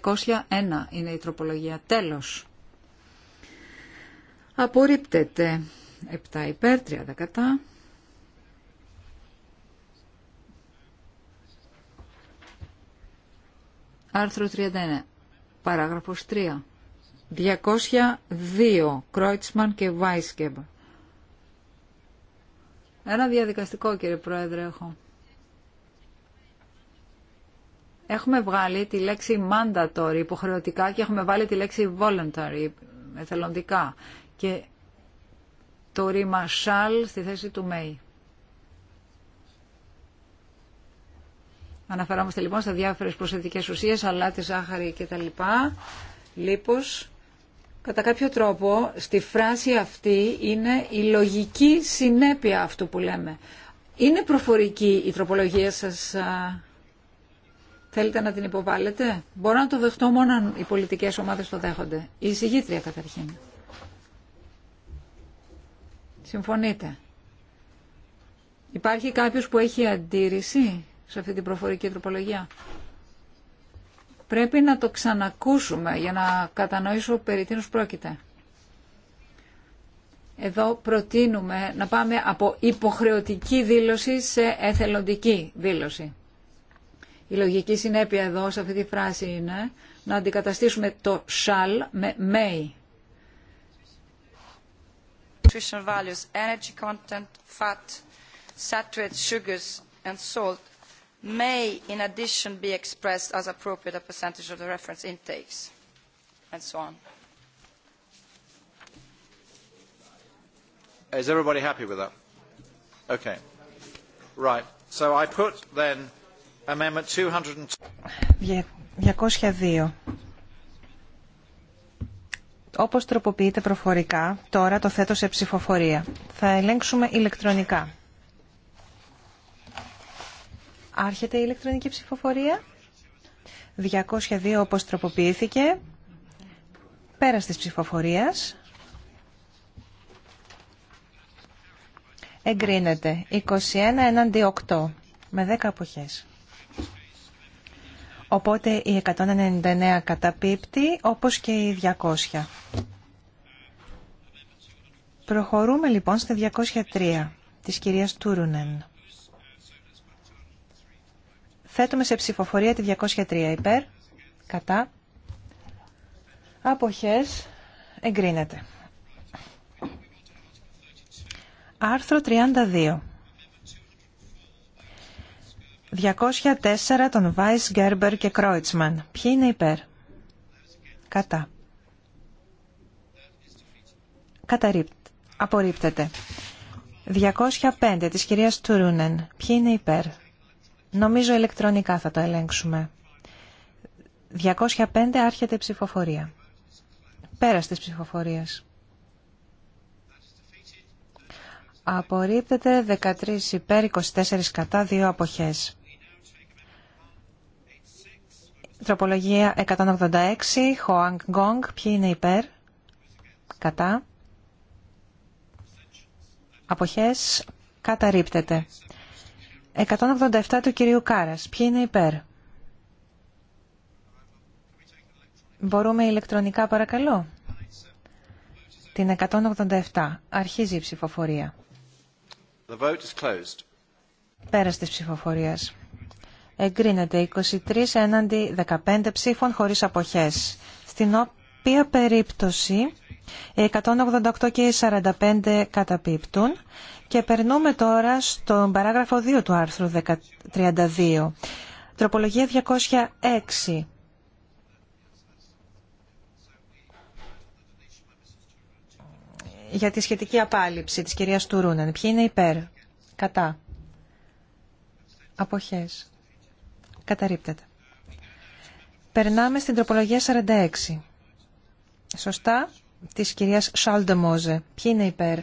είναι η τροπολογία. Τέλος. Απορρίπτεται. 7 υπέρ, 30 κατά. Άρθρο 31. Παράγραφος 3. 202. Κρόιτσμαν και Βάισκεμπ. Ένα διαδικαστικό κύριε Πρόεδρε έχω. Έχουμε βγάλει τη λέξη mandatory υποχρεωτικά και έχουμε βάλει τη λέξη voluntary εθελοντικά και το ρήμα shall στη θέση του may. Αναφερόμαστε λοιπόν στα διάφορες προσθετικέ ουσίες, αλάτι, ζάχαρη κτλ. τα Κατά κάποιο τρόπο στη φράση αυτή είναι η λογική συνέπεια αυτού που λέμε. Είναι προφορική η τροπολογία σας, θέλετε να την υποβάλλετε. Μπορώ να το δεχτώ μόνο αν οι πολιτικέ ομάδες το δέχονται. Η εισηγήτρια καταρχήν. Συμφωνείτε. Υπάρχει κάποιος που έχει αντίρρηση σε αυτή την προφορική τροπολογία. Πρέπει να το ξανακούσουμε για να κατανοήσω περί τίνος πρόκειται. Εδώ προτείνουμε να πάμε από υποχρεωτική δήλωση σε εθελοντική δήλωση. Η λογική συνέπεια εδώ σε αυτή τη φράση είναι να αντικαταστήσουμε το shall με may. values, energy content, fat, saturated sugars and salt may in addition be expressed as appropriate a percentage of the reference intakes and so on. Is everybody happy with that? Okay. Right. So I put then amendment 202. Όπως τροποποιείται προφορικά, τώρα το θέτω σε ψηφοφορία. Θα ελέγξουμε ηλεκτρονικά. Άρχεται η ηλεκτρονική ψηφοφορία. 202 όπως τροποποιήθηκε. Πέρας της ψηφοφορίας. Εγκρίνεται 21 έναντι 8 με 10 αποχές. Οπότε η 199 καταπίπτει όπως και η 200. Προχωρούμε λοιπόν στη 203 της κυρίας Τούρουνεν. Θέτουμε σε ψηφοφορία τη 203 υπέρ, κατά, αποχές, εγκρίνεται. Άρθρο 32. 204 των Βάις Γκέρμπερ και Κρόιτσμαν. Ποιοι είναι υπέρ. Κατά. Καταρρύπτ. Απορρίπτεται. 205 της κυρίας Τουρούνεν. Ποιοι είναι υπέρ. Νομίζω ηλεκτρονικά θα το ελέγξουμε. 205 άρχεται ψηφοφορία. Πέρας της ψηφοφορίας. Απορρίπτεται 13 υπέρ, 24 κατά, 2 αποχές. Τροπολογία 186, Χοάνγκ Γκόγκ, ποιοι είναι υπέρ, κατά. Αποχές, καταρρίπτεται. 187 του κυρίου Κάρας. Ποιοι είναι υπέρ. Μπορούμε ηλεκτρονικά παρακαλώ. Την 187. Αρχίζει η ψηφοφορία. The vote is Πέρας της ψηφοφορίας. Εγκρίνεται 23 έναντι 15 ψήφων χωρίς αποχές. Στην οποία περίπτωση 188 και 45 καταπίπτουν. Και περνούμε τώρα στον παράγραφο 2 του άρθρου 32. Τροπολογία 206. για τη σχετική απάλληψη της κυρίας Τουρούνεν. Ποιοι είναι υπέρ, κατά, αποχές, καταρρύπτεται. Περνάμε στην τροπολογία 46. Σωστά, της κυρίας Σάλντε Μόζε. Ποιοι είναι υπέρ,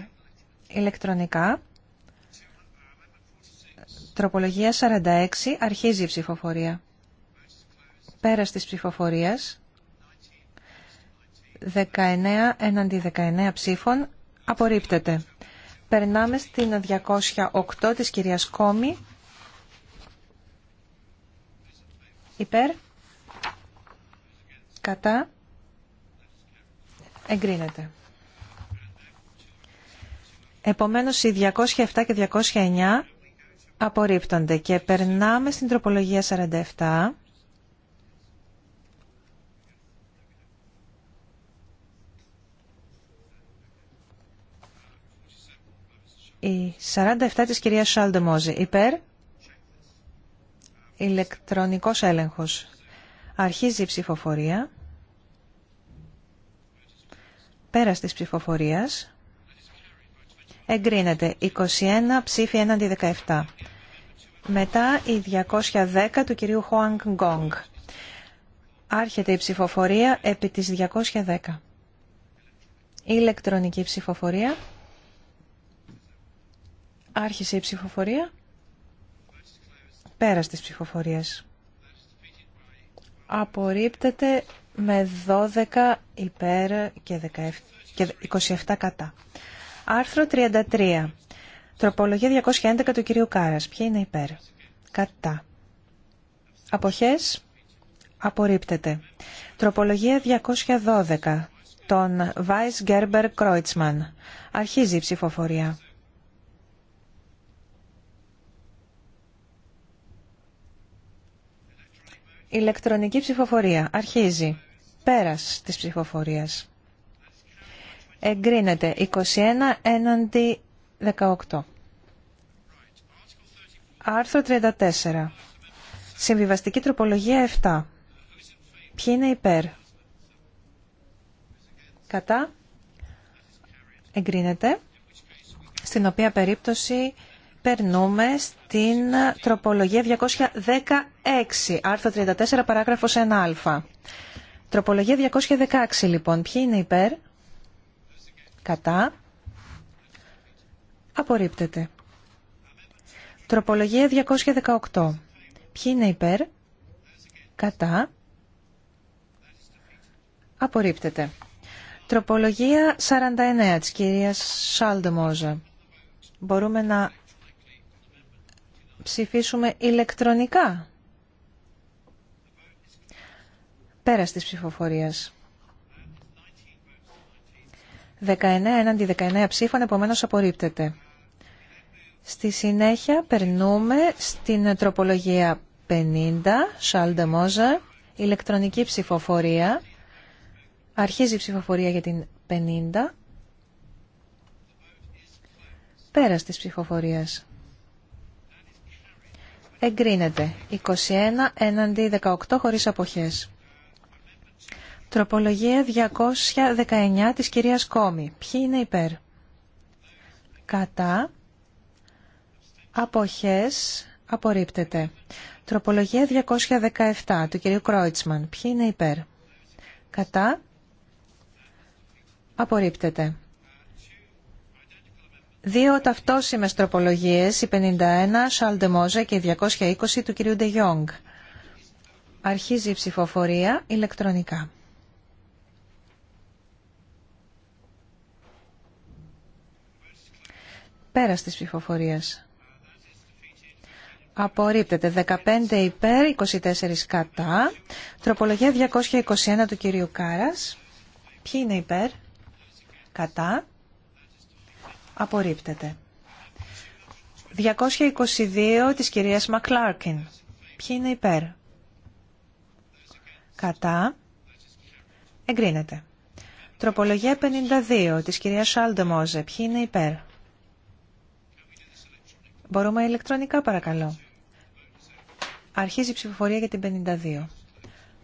Ηλεκτρονικά. Τροπολογία 46. Αρχίζει η ψηφοφορία. Πέρας της ψηφοφορίας. 19 έναντι 19 ψήφων. Απορρίπτεται. Περνάμε στην 208 της κυρίας Κόμη. Υπέρ. Κατά. Εγκρίνεται. Επομένως οι 207 και 209 απορρίπτονται και περνάμε στην τροπολογία 47. Η 47 της κυρίας Σάλντεμόζη υπέρ ηλεκτρονικός έλεγχος. Αρχίζει η ψηφοφορία. Πέρας της ψηφοφορίας εγκρίνεται. 21 ψήφι έναντι 17. Μετά η 210 του κυρίου Χόανγκ Γκόγκ. Άρχεται η ψηφοφορία επί της 210. Ηλεκτρονική ψηφοφορία. Άρχισε η ψηφοφορία. Πέρας της ψηφοφορίας. Απορρίπτεται με 12 υπέρ και 27 κατά. Άρθρο 33. Τροπολογία 211 του κυρίου Κάρας. Ποια είναι υπέρ. Κατά. Αποχές. Απορρίπτεται. Τροπολογία 212 των Βάις Γκέρμπερ Κρόιτσμαν. Αρχίζει η ψηφοφορία. Ηλεκτρονική ψηφοφορία. Αρχίζει. Πέρας της ψηφοφορίας εγκρίνεται 21 έναντι 18. Άρθρο 34. Συμβιβαστική τροπολογία 7. Ποιοι είναι υπέρ. Κατά. Εγκρίνεται. Στην οποία περίπτωση περνούμε στην τροπολογία 216. Άρθρο 34 παράγραφος 1α. Τροπολογία 216 λοιπόν. Ποιοι είναι υπέρ. Κατά. Απορρίπτεται. Τροπολογία 218. Ποιοι είναι υπέρ. Κατά. Απορρίπτεται. Τροπολογία 49 της κυρίας Μόζε. Μπορούμε να ψηφίσουμε ηλεκτρονικά. Πέρας της ψηφοφορίας. 19 έναντι 19 ψήφων, επομένως απορρίπτεται. Στη συνέχεια περνούμε στην τροπολογία 50, de ηλεκτρονική ψηφοφορία. Αρχίζει η ψηφοφορία για την 50. Πέρας της ψηφοφορίας. Εγκρίνεται 21 έναντι 18 χωρίς αποχές. Τροπολογία 219 της κυρίας Κόμη. Ποιοι είναι υπέρ. Κατά. Αποχές. Απορρίπτεται. Τροπολογία 217 του κυρίου Κρόιτσμαν. Ποιοι είναι υπέρ. Κατά. Απορρίπτεται. Δύο ταυτόσιμες τροπολογίες, η 51 Σαλ και η 220 του κυρίου Ντε Αρχίζει η ψηφοφορία ηλεκτρονικά. Πέρα της ψηφοφορίας. Απορρίπτεται 15 υπέρ, 24 κατά. Τροπολογία 221 του κυρίου Κάρας. Ποιοι είναι υπέρ, κατά. Απορρίπτεται. 222 της κυρίας Μακλάρκιν. Ποιοι είναι υπέρ. Κατά. Εγκρίνεται. Τροπολογία 52 της κυρίας Σάλντε Μόζε. Ποιοι είναι υπέρ. Μπορούμε ηλεκτρονικά παρακαλώ. Αρχίζει η ψηφοφορία για την 52.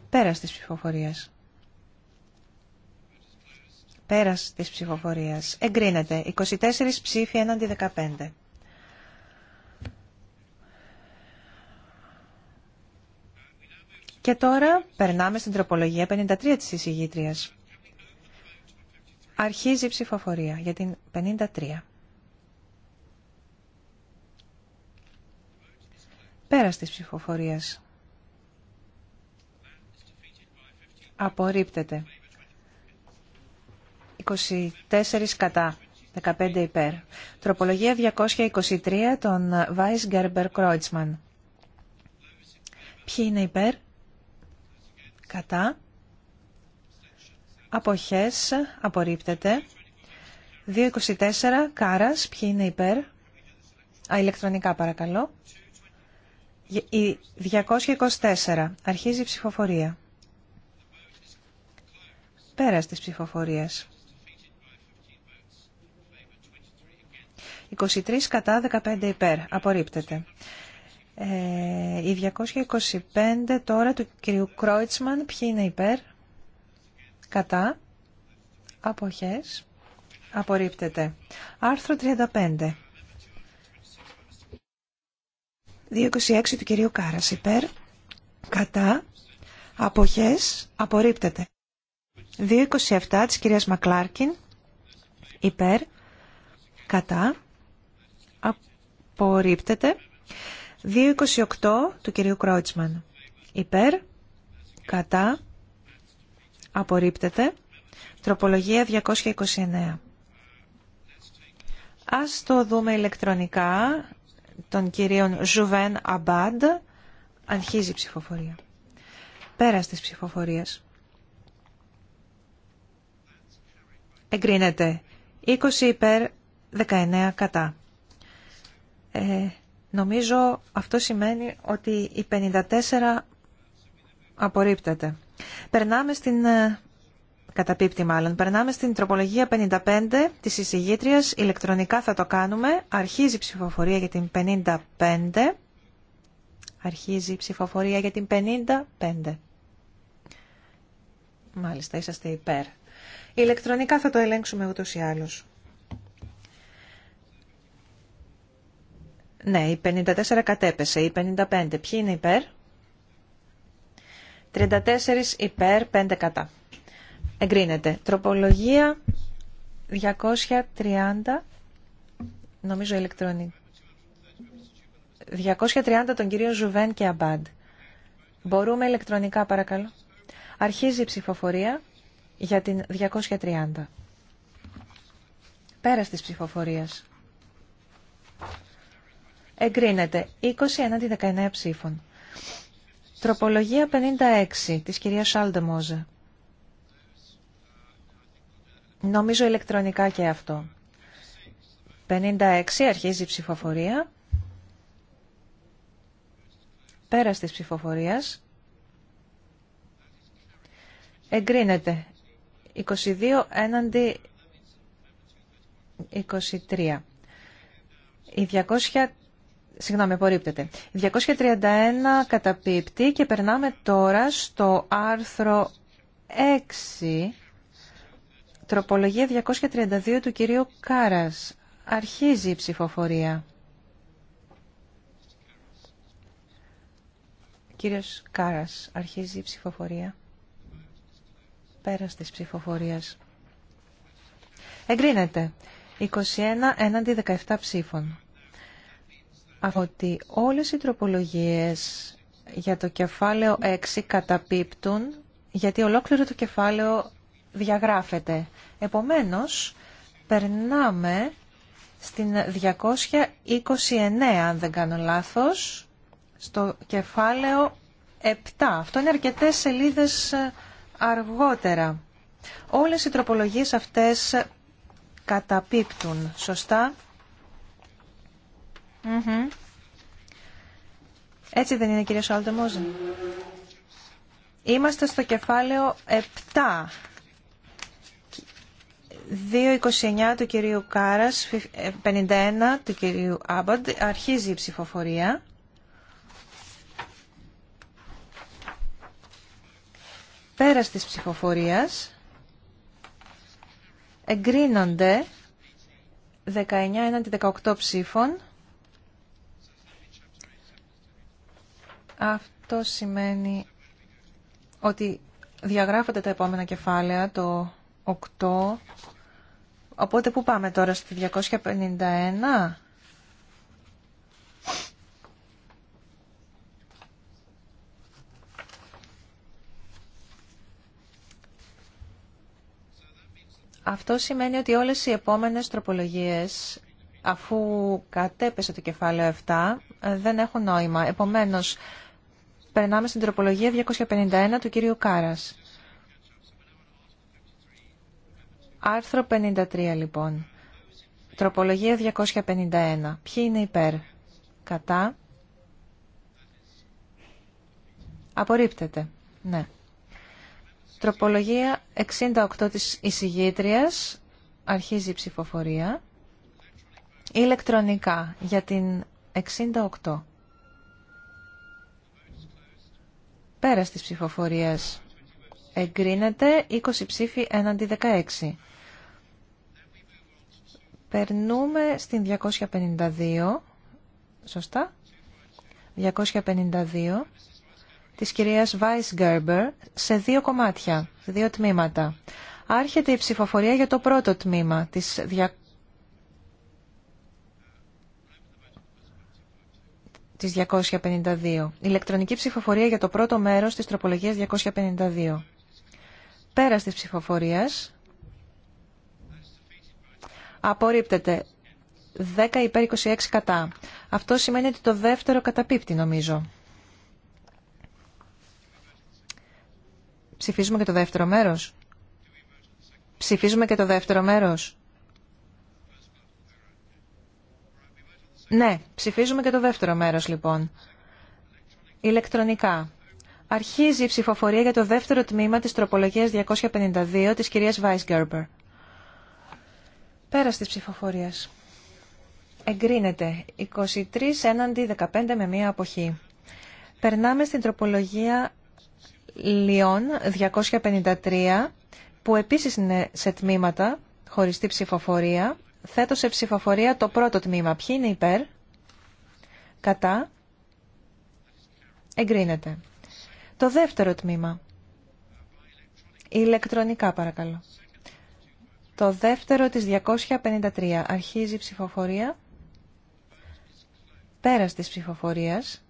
Πέρας της ψηφοφορίας. Πέρας της ψηφοφορίας. Εγκρίνεται. 24 ψήφοι έναντι 15. Και τώρα περνάμε στην τροπολογία 53 της εισηγήτριας. Αρχίζει η ψηφοφορία για την 53. Πέρας της ψηφοφορίας. Απορρίπτεται. 24 κατά. 15 υπέρ. Τροπολογία 223 των Βάις Γκέρμπερ Κρόιτσμαν. Ποιοι είναι υπέρ? Κατά. Αποχές. Απορρίπτεται. 224 Κάρας. Ποιοι είναι υπέρ? Α, ηλεκτρονικά παρακαλώ. Η 224. Αρχίζει η ψηφοφορία. Πέρας της ψηφοφορίας. 23 κατά 15 υπέρ. Απορρίπτεται. Ε, η 225 τώρα του κυρίου Κρόιτσμαν. Ποιοι είναι υπέρ. Κατά. Αποχές. Απορρίπτεται. Άρθρο 35. 226 του κυρίου Κάρας υπέρ, κατά, αποχές, απορρίπτεται. 227 της κυρίας Μακλάρκιν υπέρ, κατά, απορρίπτεται. 228 του κυρίου Κρότσμαν υπέρ, κατά, απορρίπτεται. Τροπολογία 229. Ας το δούμε ηλεκτρονικά των κυρίων Ζουβέν Αμπάντ. Αρχίζει η ψηφοφορία. Πέρας τη ψηφοφορία. Εγκρίνεται 20 υπέρ 19 κατά. Ε, νομίζω αυτό σημαίνει ότι η 54 απορρίπτεται. Περνάμε στην ε, Καταπίπτει μάλλον. Περνάμε στην τροπολογία 55 της εισηγήτριας. Ηλεκτρονικά θα το κάνουμε. Αρχίζει η ψηφοφορία για την 55. Αρχίζει η ψηφοφορία για την 55. Μάλιστα, είσαστε υπέρ. Ηλεκτρονικά θα το ελέγξουμε ούτως ή άλλως. Ναι, η 54 κατέπεσε, η 55. Ποιοι είναι υπέρ? 34 υπέρ, 5 κατά. Εγκρίνεται. Τροπολογία 230. Νομίζω ηλεκτρονική. 230 τον κύριο Ζουβέν και Αμπάντ. Μπορούμε ηλεκτρονικά παρακαλώ. Αρχίζει η ψηφοφορία για την 230. Πέρας της ψηφοφορίας. Εγκρίνεται 20 έναντι 19 ψήφων. Τροπολογία 56 της κυρίας Σάλντε Μόζε. Νομίζω ηλεκτρονικά και αυτό. 56 αρχίζει η ψηφοφορία. Πέρας της ψηφοφορίας. Εγκρίνεται. 22 έναντι 23. Η 200... Συγγνώμη, απορρίπτεται. 231 καταπίπτει και περνάμε τώρα στο άρθρο 6 Τροπολογία 232 του κυρίου Κάρας. Αρχίζει η ψηφοφορία. Κύριος Κάρας, αρχίζει η ψηφοφορία. Πέρας της ψηφοφορίας. Εγκρίνεται. 21 έναντι 17 ψήφων. Από ότι όλες οι τροπολογίες για το κεφάλαιο 6 καταπίπτουν, γιατί ολόκληρο το κεφάλαιο διαγράφεται. Επομένως, περνάμε στην 229, αν δεν κάνω λάθος, στο κεφάλαιο 7. Αυτό είναι αρκετές σελίδες ε, αργότερα. Όλες οι τροπολογίες αυτές καταπίπτουν, σωστά. Έτσι δεν είναι, κύριε Σόλτεμος. Είμαστε στο κεφάλαιο 7. 2.29 του κυρίου Κάρας, 51 ε, του κυρίου Άμπαντ. Αρχίζει η ψηφοφορία. Πέρας της ψηφοφορίας εγκρίνονται 19 έναντι 18 ψήφων. Αυτό σημαίνει ότι διαγράφονται τα επόμενα κεφάλαια, το 8, Οπότε πού πάμε τώρα στη 251. Αυτό σημαίνει ότι όλες οι επόμενες τροπολογίες, αφού κατέπεσε το κεφάλαιο 7, δεν έχουν νόημα. Επομένως, περνάμε στην τροπολογία 251 του κύριου Κάρας. Άρθρο 53 λοιπόν. Τροπολογία 251. Ποιοι είναι υπέρ. Κατά. Απορρίπτεται. Ναι. Τροπολογία 68 της εισηγήτριας. Αρχίζει η ψηφοφορία. Ηλεκτρονικά για την 68. Πέρας της ψηφοφορίας. Εγκρίνεται 20 ψήφοι έναντι 16. Περνούμε στην 252. Σωστά. 252 της κυρίας Βάις Γκέρμπερ σε δύο κομμάτια, δύο τμήματα. Άρχεται η ψηφοφορία για το πρώτο τμήμα της, δια... της 252. Ηλεκτρονική ψηφοφορία για το πρώτο μέρος της τροπολογίας 252. Πέρας της ψηφοφορίας. Απορρίπτεται. 10 υπέρ 26 κατά. Αυτό σημαίνει ότι το δεύτερο καταπίπτει νομίζω. Ψηφίζουμε και το δεύτερο μέρος. Ψηφίζουμε και το δεύτερο μέρος. Ναι, ψηφίζουμε και το δεύτερο μέρος λοιπόν. Ηλεκτρονικά. Αρχίζει η ψηφοφορία για το δεύτερο τμήμα της τροπολογίας 252 της κυρίας Βάις Γκέρμπερ. Πέρας της ψηφοφορίας. Εγκρίνεται 23 έναντι 15 με μία αποχή. Περνάμε στην τροπολογία Λιών 253 που επίσης είναι σε τμήματα χωριστή ψηφοφορία. Θέτω σε ψηφοφορία το πρώτο τμήμα. Ποιοι είναι υπέρ, κατά, εγκρίνεται. Το δεύτερο τμήμα. Ηλεκτρονικά παρακαλώ. Το δεύτερο της 253. Αρχίζει η ψηφοφορία. Πέρας της ψηφοφορίας.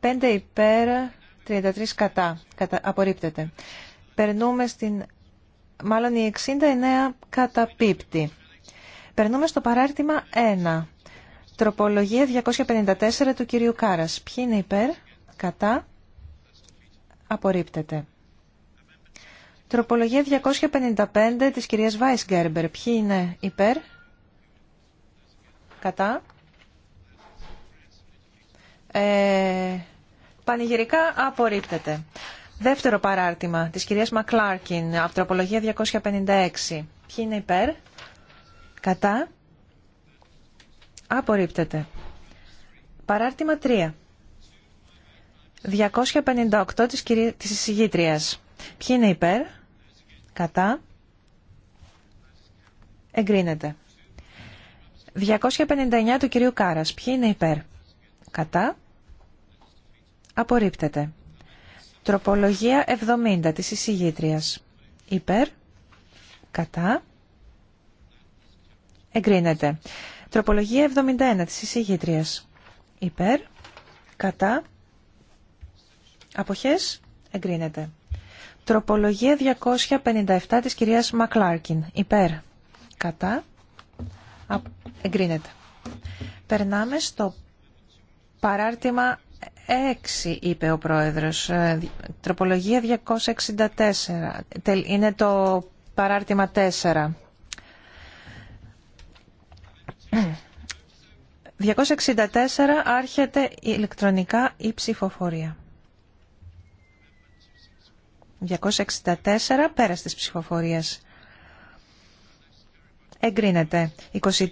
Πέντε υπέρ, 33 κατά. απορρίπτεται. Περνούμε στην... Μάλλον η 69 καταπίπτει. Περνούμε στο παράρτημα 1. Τροπολογία 254 του κυρίου Κάρας. Ποιοι είναι υπέρ, κατά, απορρίπτεται. Τροπολογία 255 της κυρίας Βάισγκέρμπερ. Ποιοι είναι υπέρ, κατά. Ε, πανηγυρικά απορρίπτεται. Δεύτερο παράρτημα της κυρίας Μακλάρκιν, από τροπολογία 256. Ποιοι είναι υπέρ, Κατά. Απορρίπτεται. Παράρτημα 3. 258 της, Κυρίου της εισηγήτριας. Ποιοι είναι υπέρ. Κατά. Εγκρίνεται. 259 του κυρίου Κάρας. Ποιοι είναι υπέρ. Κατά. Απορρίπτεται. Τροπολογία 70 της εισηγήτριας. Υπέρ. Κατά. Εγκρίνεται. Τροπολογία 71 της εισηγήτριας. Υπέρ. Κατά. Αποχές. Εγκρίνεται. Τροπολογία 257 της κυρίας Μακλάρκιν. Υπέρ. Κατά. Εγκρίνεται. Περνάμε στο παράρτημα 6, είπε ο πρόεδρος. Ε, τροπολογία 264. Είναι το παράρτημα 4. 264 άρχεται η ηλεκτρονικά η ψηφοφορία. 264 πέρα της ψηφοφορίας. Εγκρίνεται. 24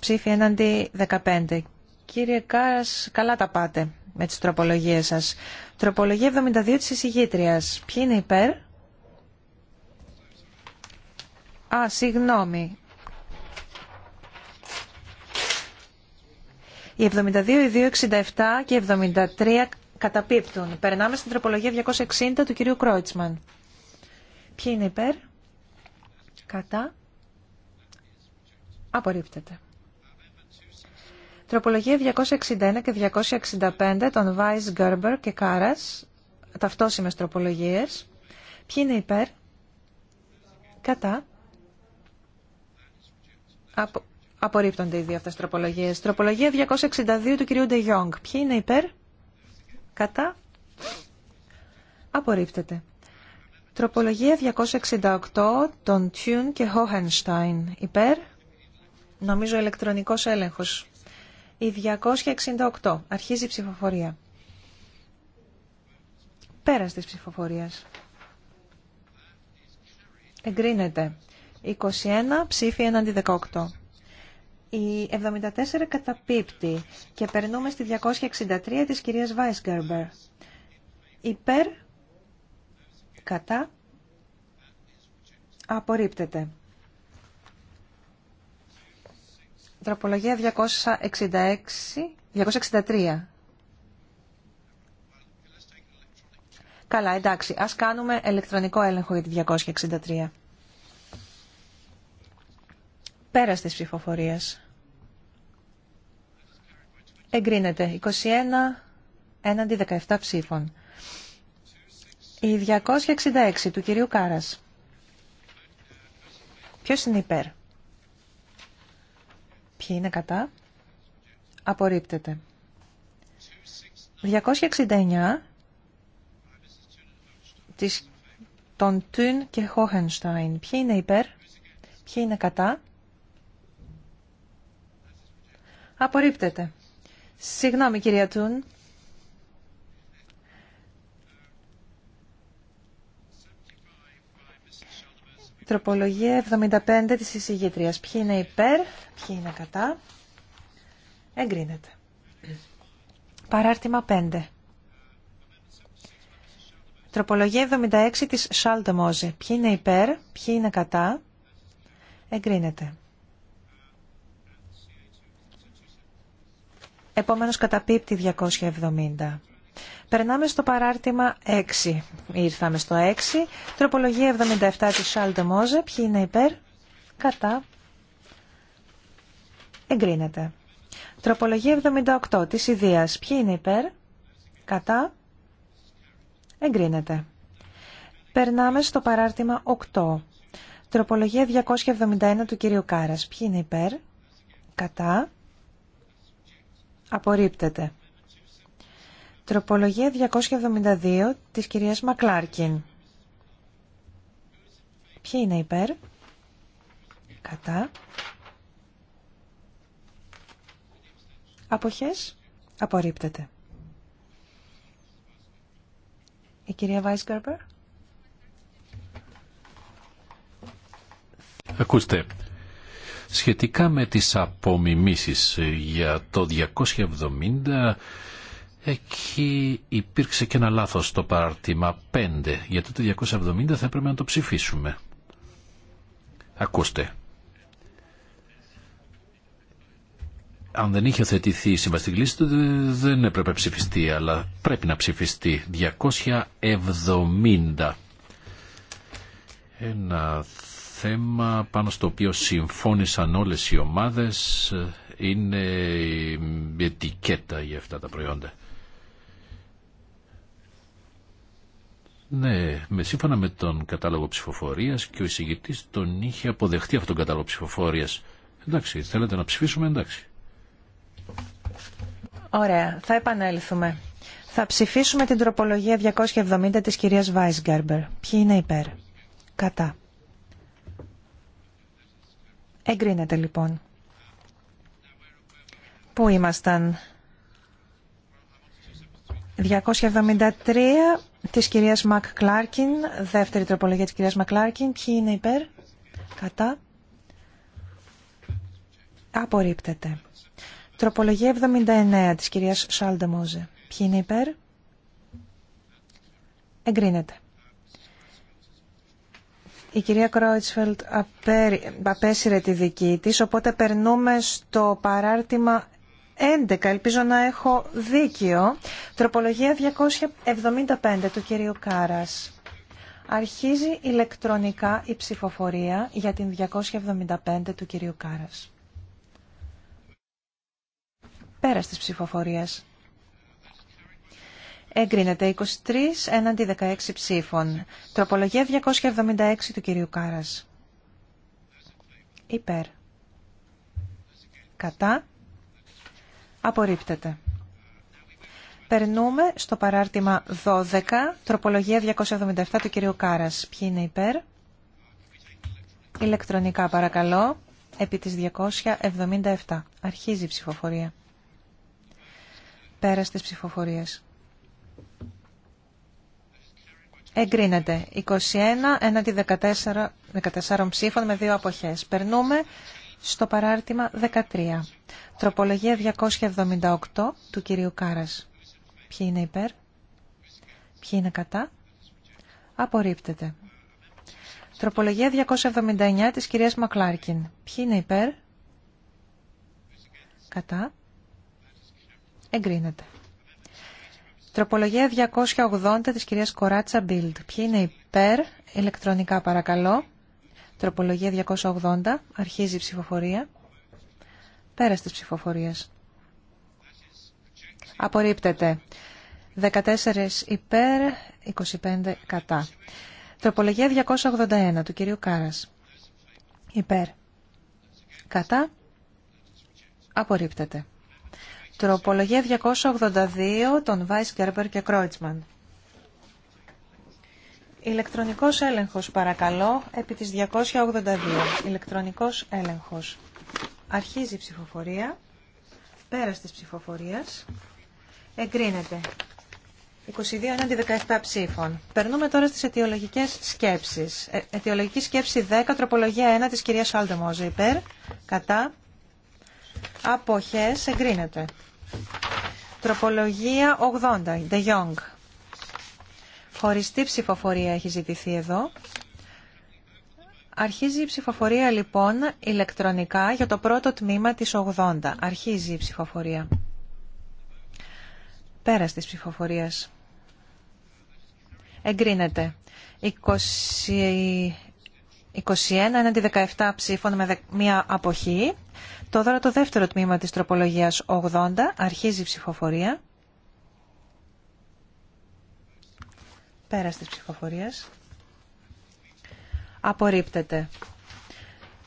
ψήφοι έναντι 15. Κύριε Κάρας, καλά τα πάτε με τις τροπολογίες σας. Τροπολογία 72 της εισηγήτριας. Ποιοι είναι υπέρ? Α, συγγνώμη. Οι 72, οι 267 και 73 καταπίπτουν. Περνάμε στην τροπολογία 260 του κυρίου Κρόιτσμαν. Ποιοι είναι υπέρ? Κατά. Απορρίπτεται. Τροπολογία 261 και 265 των Βάις Γκέρμπερ και Κάρας, ταυτόσιμες τροπολογίες. Ποιοι είναι υπέρ? Κατά. Απο... Απορρίπτονται οι δύο αυτέ τροπολογίες. Τροπολογία 262 του κυρίου Ντε Ιόγκ. Ποιοι είναι υπέρ? Κατά? Απορρίπτεται. Τροπολογία 268 των Τιούν και Χόχενστάιν. Υπέρ? Νομίζω ηλεκτρονικός έλεγχος. Η 268. Αρχίζει η ψηφοφορία. Πέρας της ψηφοφορίας. Εγκρίνεται. 21 ψήφι έναντι 18 η 74 καταπίπτει και περνούμε στη 263 της κυρίας Γκέρμπερ. Υπέρ, κατά, απορρίπτεται. Τροπολογία 266, 263. Καλά, εντάξει, ας κάνουμε ηλεκτρονικό έλεγχο για τη 263. Πέρας τη ψηφοφορίας. Εγκρίνεται 21 έναντι 17 ψήφων. Η 266 του κυρίου Κάρας. Ποιος είναι υπέρ. Ποιοι είναι κατά. Απορρίπτεται. 269 της, των Τουν και Χόχενστάιν. Ποιοι είναι υπέρ. Ποιοι είναι κατά. Απορρίπτεται. Συγγνώμη κυρία Τούν. Τροπολογία 75 της εισηγήτριας. Ποιοι είναι υπέρ, ποιοι είναι κατά. Εγκρίνεται. Παράρτημα 5. Τροπολογία 76 της Σάλτε Μόζε. Ποιοι είναι υπέρ, ποιοι είναι κατά. Εγκρίνεται. επόμενος καταπίπτει 270. Περνάμε στο παράρτημα 6. Ήρθαμε στο 6. Τροπολογία 77 της Σάλτε Μόζε. Ποιοι είναι υπέρ. Κατά. Εγκρίνεται. Τροπολογία 78 της Ιδίας. Ποιοι είναι υπέρ. Κατά. Εγκρίνεται. Περνάμε στο παράρτημα 8. Τροπολογία 271 του κυρίου Κάρας. Ποιοι είναι υπέρ. Κατά. Απορρίπτεται. Τροπολογία 272 της κυρίας Μακλάρκιν. Ποιοι είναι υπέρ. Κατά. Αποχές. Απορρίπτεται. Η κυρία Βάισγκαρπερ. Ακούστε, Σχετικά με τις απομιμήσεις ε, για το 270 εκεί υπήρξε και ένα λάθος στο παράρτημα 5 γιατί το 270 θα έπρεπε να το ψηφίσουμε. Ακούστε. αν δεν είχε θετηθεί η συμβαστική λύση δεν έπρεπε να ψηφιστεί, αλλά πρέπει να ψηφιστεί. 270. Ένα θέμα πάνω στο οποίο συμφώνησαν όλες οι ομάδες είναι η ετικέτα για αυτά τα προϊόντα. Ναι, με σύμφωνα με τον κατάλογο ψηφοφορίας και ο εισηγητής τον είχε αποδεχτεί αυτόν τον κατάλογο ψηφοφορίας. Εντάξει, θέλετε να ψηφίσουμε, εντάξει. Ωραία, θα επανέλθουμε. Θα ψηφίσουμε την τροπολογία 270 της κυρίας Βάισγκαρμπερ. Ποιοι είναι υπέρ. Κατά. Εγκρίνεται λοιπόν. Πού ήμασταν. 273 της κυρίας Μακ Κλάρκιν, δεύτερη τροπολογία της κυρίας Μακ Κλάρκιν. Ποιοι είναι υπέρ, κατά. Απορρίπτεται. Τροπολογία 79 της κυρίας Σάλντε Μόζε. Ποιοι είναι υπέρ. Εγκρίνεται. Η κυρία Κρόιτσφελτ απέσυρε τη δική της, οπότε περνούμε στο παράρτημα 11. Ελπίζω να έχω δίκιο. Τροπολογία 275 του κυρίου Κάρας. Αρχίζει ηλεκτρονικά η ψηφοφορία για την 275 του κυρίου Κάρας. Πέρας της ψηφοφορίας. Εγκρίνεται 23 έναντι 16 ψήφων. Τροπολογία 276 του κυρίου Κάρας. Υπέρ. Κατά. Απορρίπτεται. Περνούμε στο παράρτημα 12, τροπολογία 277 του κυρίου Κάρας. Ποιοι είναι υπέρ? Ηλεκτρονικά παρακαλώ, επί της 277. Αρχίζει η ψηφοφορία. Πέρας της ψηφοφορίας. Εγκρίνεται 21 έναντι 14, 14 ψήφων με δύο αποχές. Περνούμε στο παράρτημα 13. Τροπολογία 278 του κυρίου Κάρας. Ποιοι είναι υπέρ, ποιοι είναι κατά. Απορρίπτεται. Τροπολογία 279 της κυρίας Μακλάρκιν. Ποιοι είναι υπέρ, κατά. Εγκρίνεται. Τροπολογία 280 της κυρίας Κοράτσα Μπίλτ. Ποιοι είναι υπέρ, ηλεκτρονικά παρακαλώ. Τροπολογία 280, αρχίζει η ψηφοφορία. Πέρας της ψηφοφορίας. Απορρίπτεται. 14 υπέρ, 25 κατά. Τροπολογία 281 του κυρίου Κάρας. Υπέρ. Κατά. Απορρίπτεται. Τροπολογία 282 των Βάις Κέρπερ και Κρόιτσμαν. Ηλεκτρονικός έλεγχος παρακαλώ επί της 282. Ηλεκτρονικός έλεγχος. Αρχίζει η ψηφοφορία. Πέρας της ψηφοφορίας. Εγκρίνεται. 22 έναντι 17 ψήφων. Περνούμε τώρα στις αιτιολογικές σκέψεις. Ε, αιτιολογική σκέψη 10, τροπολογία 1 της κυρίας Σάλτεμόζε υπέρ. Κατά. Αποχές εγκρίνεται. Τροπολογία 80, De Jong. Χωριστή ψηφοφορία έχει ζητηθεί εδώ. Αρχίζει η ψηφοφορία λοιπόν ηλεκτρονικά για το πρώτο τμήμα της 80. Αρχίζει η ψηφοφορία. Πέρας της ψηφοφορίας. Εγκρίνεται. 20... 21 έναντι 17 ψήφων με μία αποχή. Τώρα το δεύτερο τμήμα της τροπολογίας 80 αρχίζει η ψηφοφορία. Πέρας της ψηφοφορίας. Απορρίπτεται.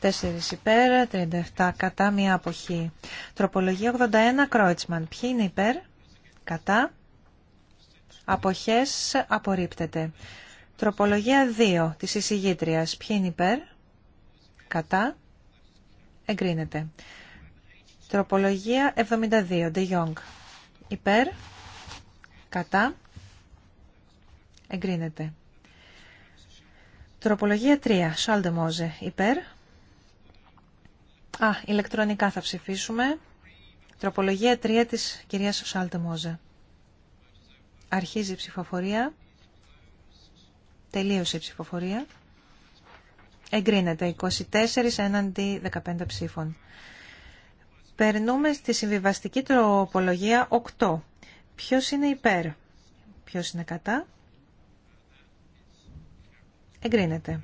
4 υπέρ, 37 κατά, μία αποχή. Τροπολογία 81, Κρόιτσμαν. Ποιοι είναι υπέρ, κατά, αποχές, απορρίπτεται. Τροπολογία 2, της εισηγήτριας. Ποιοι είναι υπέρ, κατά, εγκρίνεται. Τροπολογία 72, De Jong. Υπέρ, κατά, εγκρίνεται. Τροπολογία 3, Μόζε. Υπέρ. Α, ηλεκτρονικά θα ψηφίσουμε. Τροπολογία 3 της κυρίας Σάλτεμόζε. Αρχίζει η ψηφοφορία. Τελείωσε η ψηφοφορία εγκρίνεται 24 έναντι 15 ψήφων. Περνούμε στη συμβιβαστική τροπολογία 8. Ποιος είναι υπέρ, ποιος είναι κατά, εγκρίνεται.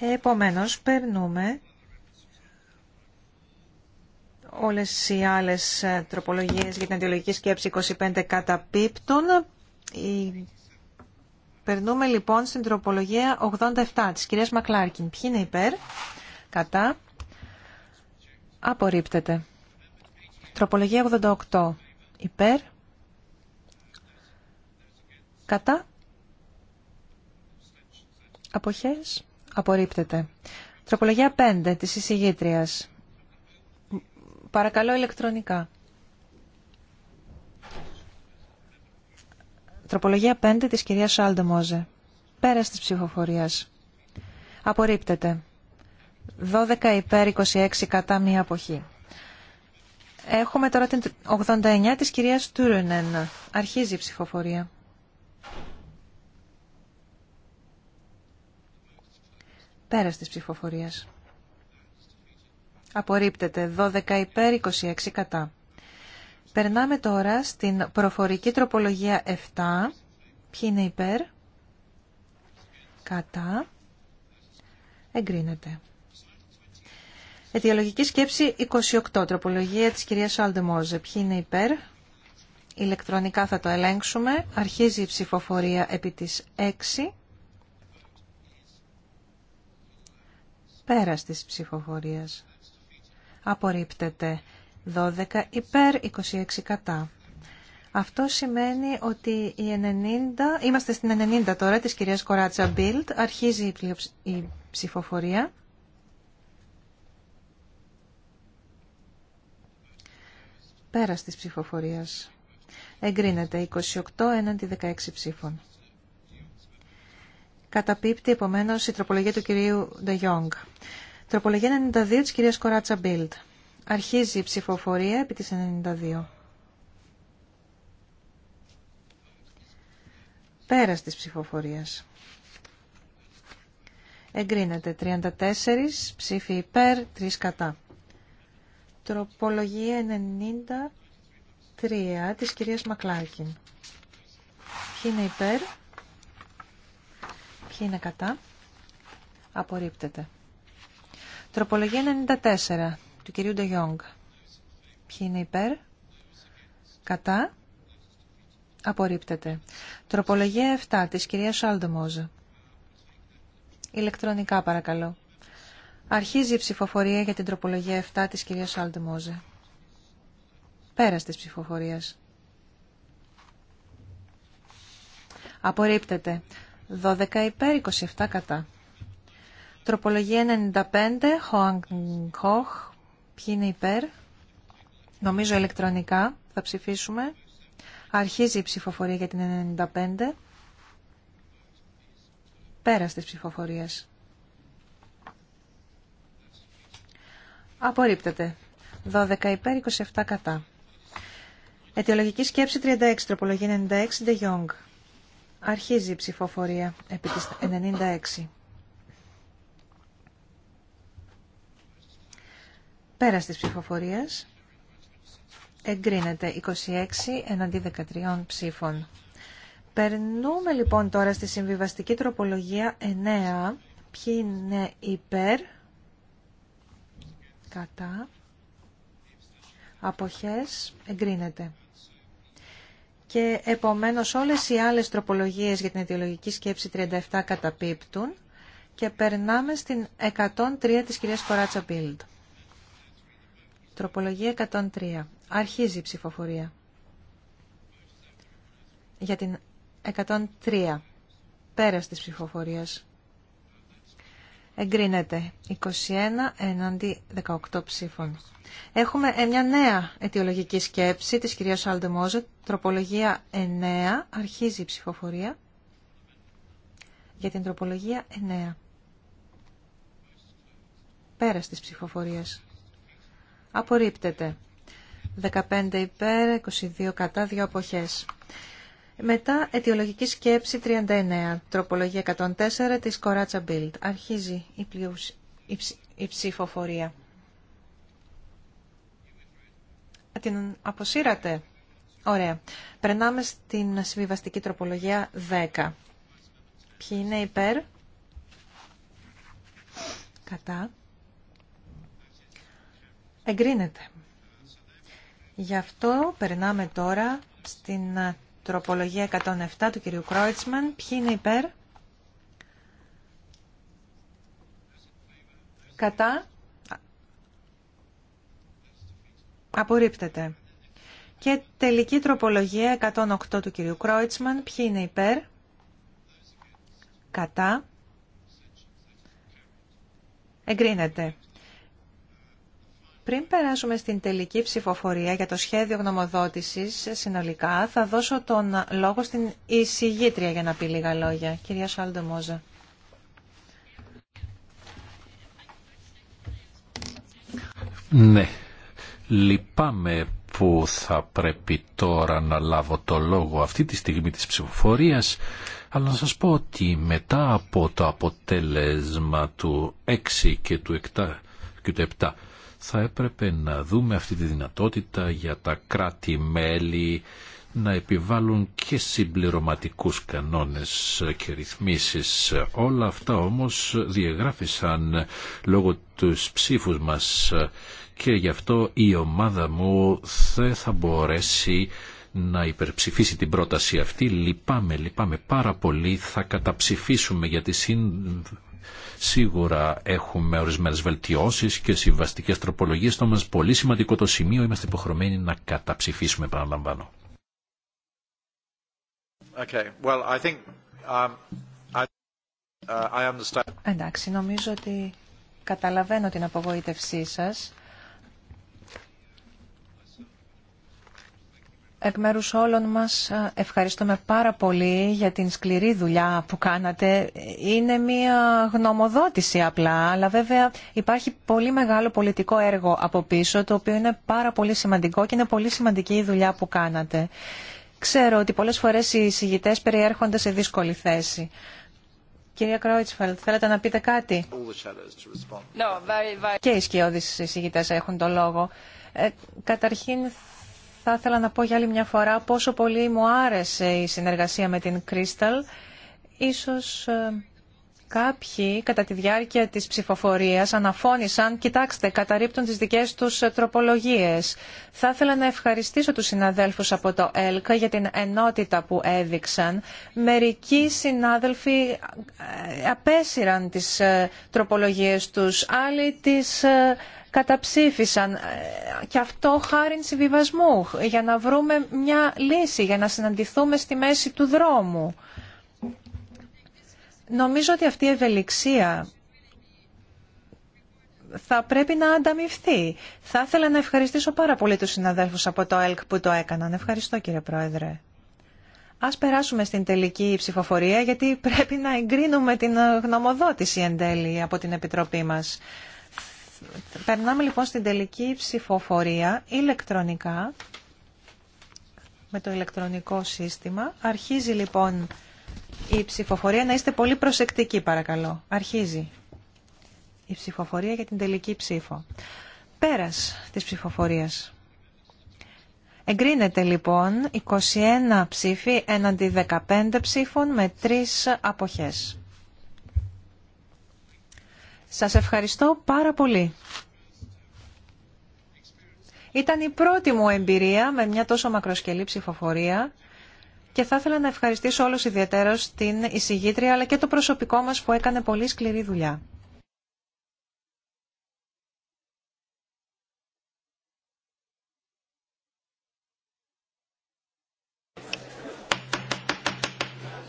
Επομένως, περνούμε όλες οι άλλες τροπολογίες για την αντιολογική σκέψη 25 καταπίπτουν. Η Περνούμε λοιπόν στην τροπολογία 87 της κυρίας Μακλάρκιν. Ποιοι είναι υπέρ, κατά, απορρίπτεται. Τροπολογία 88 υπέρ, κατά, αποχές, απορρίπτεται. Τροπολογία 5 της εισηγήτριας. Παρακαλώ ηλεκτρονικά. Τροπολογία 5 της κυρίας Μόζε. Πέρας της ψηφοφορίας. Απορρίπτεται. 12 υπέρ 26 κατά μία αποχή. Έχουμε τώρα την 89 της κυρίας Τούρενεν. Αρχίζει η ψηφοφορία. Πέρας της ψηφοφορίας. Απορρίπτεται. 12 υπέρ 26 κατά. Περνάμε τώρα στην προφορική τροπολογία 7. Ποιοι είναι υπέρ. Κατά. Εγκρίνεται. Αιτιολογική σκέψη 28. Τροπολογία της κυρίας Αλντεμόζε. Ποιοι είναι υπέρ. Ηλεκτρονικά θα το ελέγξουμε. Αρχίζει η ψηφοφορία επί της 6. Πέρας της ψηφοφορίας. Απορρίπτεται. 12 υπέρ 26 κατά. Αυτό σημαίνει ότι η 90, είμαστε στην 90 τώρα της κυρίας Κοράτσα Μπίλτ, αρχίζει η ψηφοφορία. Πέρας της ψηφοφορίας. Εγκρίνεται 28 έναντι 16 ψήφων. Καταπίπτει επομένως η τροπολογία του κυρίου Ντεγιόγκ. Τροπολογία 92 της κυρίας Κοράτσα Μπίλτ. Αρχίζει η ψηφοφορία επί της 92. Πέρας της ψηφοφορίας. Εγκρίνεται 34 ψήφοι υπέρ, 3 κατά. Τροπολογία 93 της κυρίας Μακλάκιν. Ποιοι είναι υπέρ, ποιοι είναι κατά. Απορρίπτεται. Τροπολογία 94 του κυρίου Ντεγιόγκ. Ποιοι είναι υπέρ, κατά, απορρίπτεται. Τροπολογία 7 της κυρίας Σάλντομόζ. Ηλεκτρονικά παρακαλώ. Αρχίζει η ψηφοφορία για την τροπολογία 7 της κυρίας Σάλντομόζ. Πέρας της ψηφοφορίας. Απορρίπτεται. 12 υπέρ, 27 κατά. Τροπολογία 95, Χοχ, Ποιοι είναι υπέρ. Νομίζω ηλεκτρονικά θα ψηφίσουμε. Αρχίζει η ψηφοφορία για την 95. Πέρα στις ψηφοφορίες. Απορρίπτεται. 12 υπέρ, 27 κατά. Αιτιολογική σκέψη 36, τροπολογία 96, De Jong. Αρχίζει η ψηφοφορία επί της 96. Πέρας της ψηφοφορίας εγκρίνεται 26 εναντί 13 ψήφων. Περνούμε λοιπόν τώρα στη συμβιβαστική τροπολογία 9. Ποιοι είναι υπέρ, κατά, αποχές, εγκρίνεται. Και επομένως όλες οι άλλες τροπολογίες για την αιτιολογική σκέψη 37 καταπίπτουν και περνάμε στην 103 της κυρίας Κοράτσα Πίλτ. Τροπολογία 103. Αρχίζει η ψηφοφορία. Για την 103. Πέρας της ψηφοφορίας. Εγκρίνεται 21 έναντι 18 ψήφων. Έχουμε ε, μια νέα αιτιολογική σκέψη της κυρίας Αλντεμόζε. Τροπολογία 9. Αρχίζει η ψηφοφορία. Για την τροπολογία 9. Πέρας της ψηφοφορίας. Απορρίπτεται. 15 υπέρ, 22 κατά, 2 αποχές. Μετά, αιτιολογική σκέψη 39, τροπολογία 104 της Κοράτσα Μπίλτ. Αρχίζει η, πλειούς, η, ψ, η ψηφοφορία. Την αποσύρατε. Ωραία. Περνάμε στην συμβιβαστική τροπολογία 10. Ποιοι είναι υπέρ. Κατά. Εγκρίνεται. Γι' αυτό περνάμε τώρα στην ε, τροπολογία 107 του κυρίου Κρόιτσμαν. Ποιοι είναι υπέρ? Κατά. Απορρίπτεται. Και τελική τροπολογία 108 του κυρίου Κρόιτσμαν. Ποιοι είναι υπέρ? Κατά. Εγκρίνεται. Πριν περάσουμε στην τελική ψηφοφορία για το σχέδιο γνωμοδότησης συνολικά, θα δώσω τον λόγο στην εισηγήτρια για να πει λίγα λόγια. Κυρία Σάλντο Ναι, λυπάμαι που θα πρέπει τώρα να λάβω το λόγο αυτή τη στιγμή της ψηφοφορίας, αλλά να σας πω ότι μετά από το αποτέλεσμα του 6 και του 7, και του 7 θα έπρεπε να δούμε αυτή τη δυνατότητα για τα κράτη-μέλη να επιβάλλουν και συμπληρωματικούς κανόνες και ρυθμίσεις. Όλα αυτά όμως διαγράφησαν λόγω τους ψήφους μας και γι' αυτό η ομάδα μου δεν θα μπορέσει να υπερψηφίσει την πρόταση αυτή. Λυπάμαι, λυπάμαι πάρα πολύ. Θα καταψηφίσουμε για τη συν Σίγουρα έχουμε ορισμένες βελτιώσεις και συμβαστικέ τροπολογίες, το μας πολύ σημαντικό το σημείο, είμαστε υποχρεωμένοι να καταψηφίσουμε, παραλαμβάνω. Okay. Well, I think, um, uh, Εντάξει, νομίζω ότι καταλαβαίνω την απογοήτευσή σας. εκ μέρους όλων μας ε, ευχαριστούμε πάρα πολύ για την σκληρή δουλειά που κάνατε. Είναι μία γνωμοδότηση απλά, αλλά βέβαια υπάρχει πολύ μεγάλο πολιτικό έργο από πίσω, το οποίο είναι πάρα πολύ σημαντικό και είναι πολύ σημαντική η δουλειά που κάνατε. Ξέρω ότι πολλές φορές οι συγητές περιέρχονται σε δύσκολη θέση. Κυρία Κρόιτσφαλτ, θέλετε να πείτε κάτι. Και οι σκιώδεις συγητές έχουν το λόγο. Ε, καταρχήν θα ήθελα να πω για άλλη μια φορά πόσο πολύ μου άρεσε η συνεργασία με την Κρίσταλ. Ίσως ε, κάποιοι κατά τη διάρκεια της ψηφοφορίας αναφώνησαν «Κοιτάξτε, καταρρύπτουν τις δικές τους ε, τροπολογίες». Θα ήθελα να ευχαριστήσω τους συναδέλφους από το ΕΛΚΑ για την ενότητα που έδειξαν. Μερικοί συνάδελφοι ε, απέσυραν τις τροπολογίες τους, άλλοι τις καταψήφισαν και αυτό χάρη συμβιβασμού για να βρούμε μια λύση, για να συναντηθούμε στη μέση του δρόμου. Νομίζω ότι αυτή η ευελιξία θα πρέπει να ανταμυφθεί. Θα ήθελα να ευχαριστήσω πάρα πολύ τους συναδέλφους από το ΕΛΚ που το έκαναν. Ευχαριστώ κύριε Πρόεδρε. Ας περάσουμε στην τελική ψηφοφορία γιατί πρέπει να εγκρίνουμε την γνωμοδότηση εν τέλει από την Επιτροπή μας. Περνάμε λοιπόν στην τελική ψηφοφορία ηλεκτρονικά με το ηλεκτρονικό σύστημα. Αρχίζει λοιπόν η ψηφοφορία. Να είστε πολύ προσεκτικοί παρακαλώ. Αρχίζει η ψηφοφορία για την τελική ψήφο. Πέρας της ψηφοφορίας. Εγκρίνεται λοιπόν 21 ψήφοι έναντι 15 ψήφων με 3 αποχές. Σας ευχαριστώ πάρα πολύ. Ήταν η πρώτη μου εμπειρία με μια τόσο μακροσκελή ψηφοφορία και θα ήθελα να ευχαριστήσω όλους ιδιαίτερως την εισηγήτρια αλλά και το προσωπικό μας που έκανε πολύ σκληρή δουλειά.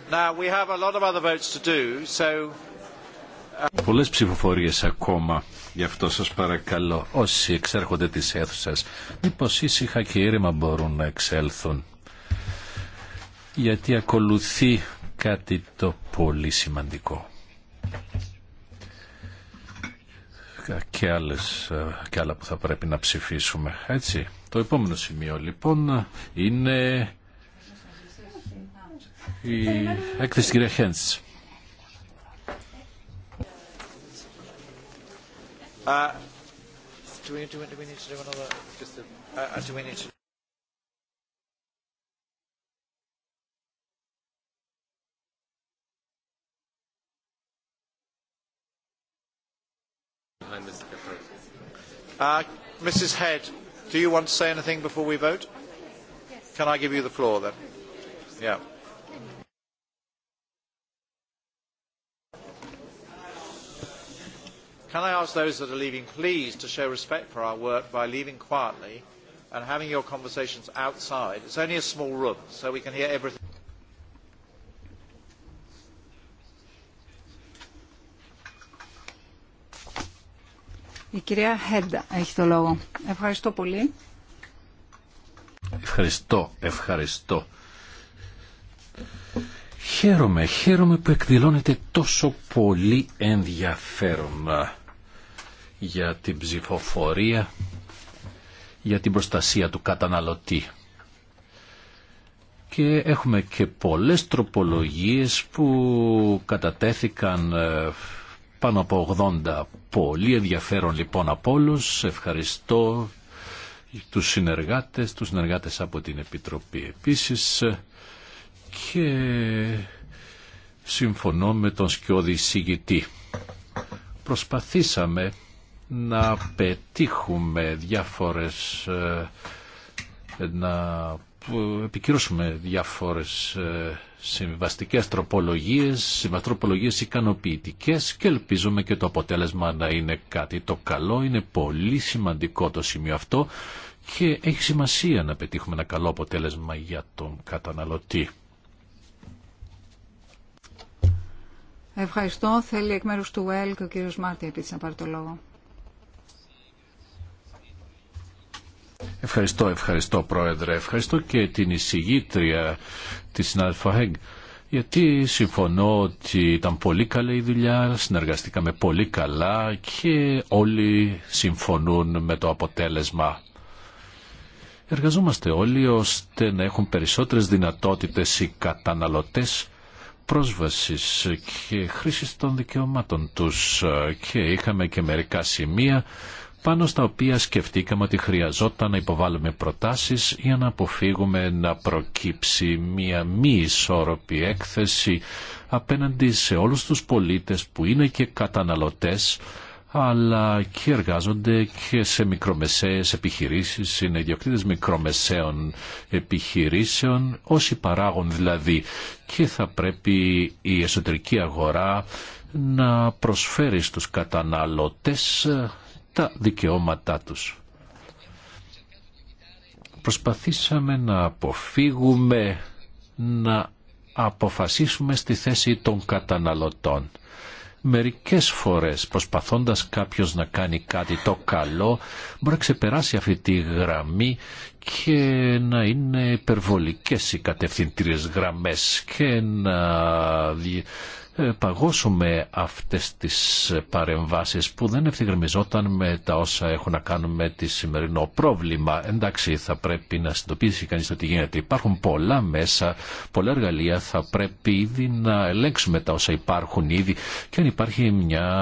Now we have a lot of other votes to do, so Πολλές ψηφοφορίες ακόμα, γι' αυτό σας παρακαλώ, όσοι εξέρχονται της αίθουσας, μήπως ήσυχα και ήρεμα μπορούν να εξέλθουν. Γιατί ακολουθεί κάτι το πολύ σημαντικό. Και, άλλες, και άλλα που θα πρέπει να ψηφίσουμε, έτσι. Το επόμενο σημείο λοιπόν είναι η έκθεση κυρία Χέντς. Do we need to do we need to do another just do we need to Mrs. Head, do you want to say anything before we vote? Can I give you the floor then? Yeah. Can I ask those that are leaving, please, to show respect for our work by leaving quietly and having your conversations outside? It's only a small room, so we can hear everything. Η κυρία Χέντα έχει το λόγο. Ευχαριστώ πολύ. Ευχαριστώ, ευχαριστώ. Χαίρομαι, χαίρομαι που εκδηλώνεται τόσο πολύ ενδιαφέρον για την ψηφοφορία για την προστασία του καταναλωτή. Και έχουμε και πολλές τροπολογίες που κατατέθηκαν ε, πάνω από 80. Πολύ ενδιαφέρον λοιπόν από όλους. Ευχαριστώ τους συνεργάτες, τους συνεργάτες από την Επιτροπή επίσης και συμφωνώ με τον Σκιώδη Συγητή. Προσπαθήσαμε να πετύχουμε διάφορες, ε, να επικυρώσουμε διάφορες ε, συμβαστικές τροπολογίες, τροπολογίες ικανοποιητικές και ελπίζουμε και το αποτέλεσμα να είναι κάτι το καλό. Είναι πολύ σημαντικό το σημείο αυτό και έχει σημασία να πετύχουμε ένα καλό αποτέλεσμα για τον καταναλωτή. Ευχαριστώ. Θέλει εκ μέρους του ΕΛ και ο κύριος Μάρτιν επίσης να πάρει το λόγο. Ευχαριστώ, ευχαριστώ Πρόεδρε. Ευχαριστώ και την εισηγήτρια τη συνάδελφα Γιατί συμφωνώ ότι ήταν πολύ καλή η δουλειά, συνεργαστήκαμε πολύ καλά και όλοι συμφωνούν με το αποτέλεσμα. Εργαζόμαστε όλοι ώστε να έχουν περισσότερες δυνατότητες οι καταναλωτές πρόσβασης και χρήσης των δικαιωμάτων τους και είχαμε και μερικά σημεία πάνω στα οποία σκεφτήκαμε ότι χρειαζόταν να υποβάλουμε προτάσεις για να αποφύγουμε να προκύψει μία μη ισόρροπη έκθεση απέναντι σε όλους τους πολίτες που είναι και καταναλωτές αλλά και εργάζονται και σε μικρομεσαίες επιχειρήσεις, είναι ιδιοκτήτες μικρομεσαίων επιχειρήσεων, όσοι παράγουν δηλαδή. Και θα πρέπει η εσωτερική αγορά να προσφέρει στους καταναλωτές τα δικαιώματά τους. Προσπαθήσαμε να αποφύγουμε να αποφασίσουμε στη θέση των καταναλωτών. Μερικές φορές προσπαθώντας κάποιος να κάνει κάτι το καλό μπορεί να ξεπεράσει αυτή τη γραμμή και να είναι υπερβολικές οι κατευθυντήριες γραμμές και να ε, παγώσουμε αυτές τις παρεμβάσεις που δεν ευθυγραμμιζόταν με τα όσα έχουν να κάνουν με τη σημερινό πρόβλημα. Εντάξει, θα πρέπει να συνειδητοποιήσει κανείς το τι γίνεται. Υπάρχουν πολλά μέσα, πολλά εργαλεία, θα πρέπει ήδη να ελέγξουμε τα όσα υπάρχουν ήδη και αν υπάρχει μια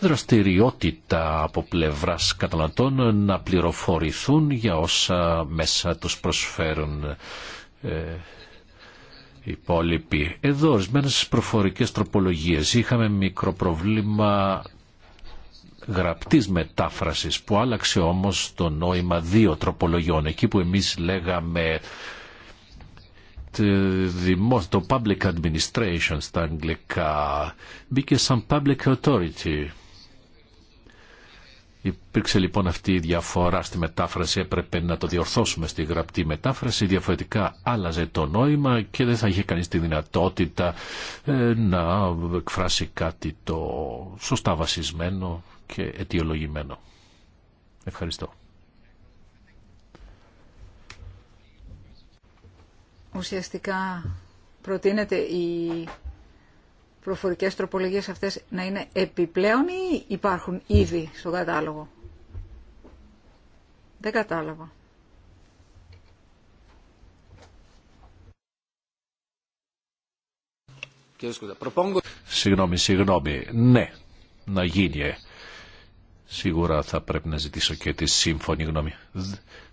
δραστηριότητα από πλευράς καταναλωτών να πληροφορηθούν για όσα μέσα τους προσφέρουν. Ε, υπόλοιποι. Εδώ ορισμένε προφορικές τροπολογίες. Είχαμε μικρό προβλήμα γραπτής μετάφρασης που άλλαξε όμως το νόημα δύο τροπολογιών. Εκεί που εμείς λέγαμε το public administration στα αγγλικά μπήκε σαν public authority Υπήρξε λοιπόν αυτή η διαφορά στη μετάφραση, έπρεπε να το διορθώσουμε στη γραπτή μετάφραση, διαφορετικά άλλαζε το νόημα και δεν θα είχε κανείς τη δυνατότητα ε, να εκφράσει κάτι το σωστά βασισμένο και αιτιολογημένο. Ευχαριστώ. Ουσιαστικά προτείνεται η προφορικές τροπολογίες αυτές να είναι επιπλέον ή υπάρχουν ήδη στο κατάλογο. Δεν κατάλαβα. Συγγνώμη, συγγνώμη. Ναι, να γίνει. Ε. Σίγουρα θα πρέπει να ζητήσω και τη σύμφωνη γνώμη.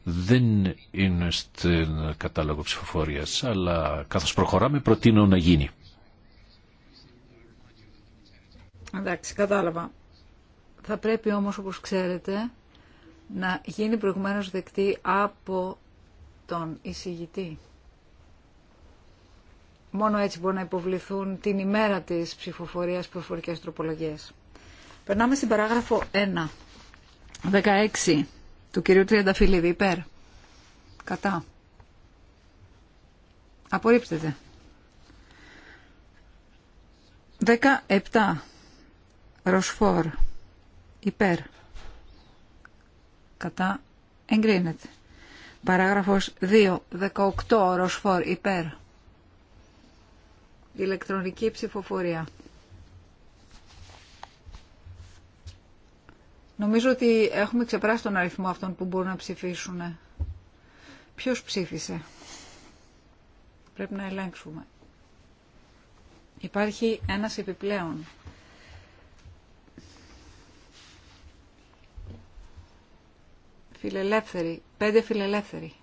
Δεν είναι στην κατάλογο ψηφοφορία, αλλά καθώ προχωράμε προτείνω να γίνει. Εντάξει, κατάλαβα. Θα πρέπει όμως, όπως ξέρετε, να γίνει προηγουμένως δεκτή από τον εισηγητή. Μόνο έτσι μπορεί να υποβληθούν την ημέρα της ψηφοφορίας προφορικές τροπολογίες. Περνάμε στην παράγραφο 1. 16 του κυρίου Τριανταφυλλίδη υπέρ. Κατά. Απορρίπτεται. 17 Ροσφόρ. Υπέρ. Κατά. Εγκρίνεται. Παράγραφος 2. 18. Ροσφόρ. Υπέρ. Ηλεκτρονική ψηφοφορία. Νομίζω ότι έχουμε ξεπράσει τον αριθμό αυτών που μπορούν να ψηφίσουν. Ποιος ψήφισε. Πρέπει να ελέγξουμε. Υπάρχει ένας επιπλέον. Φιλελεύθεροι. Πέντε φιλελεύθεροι.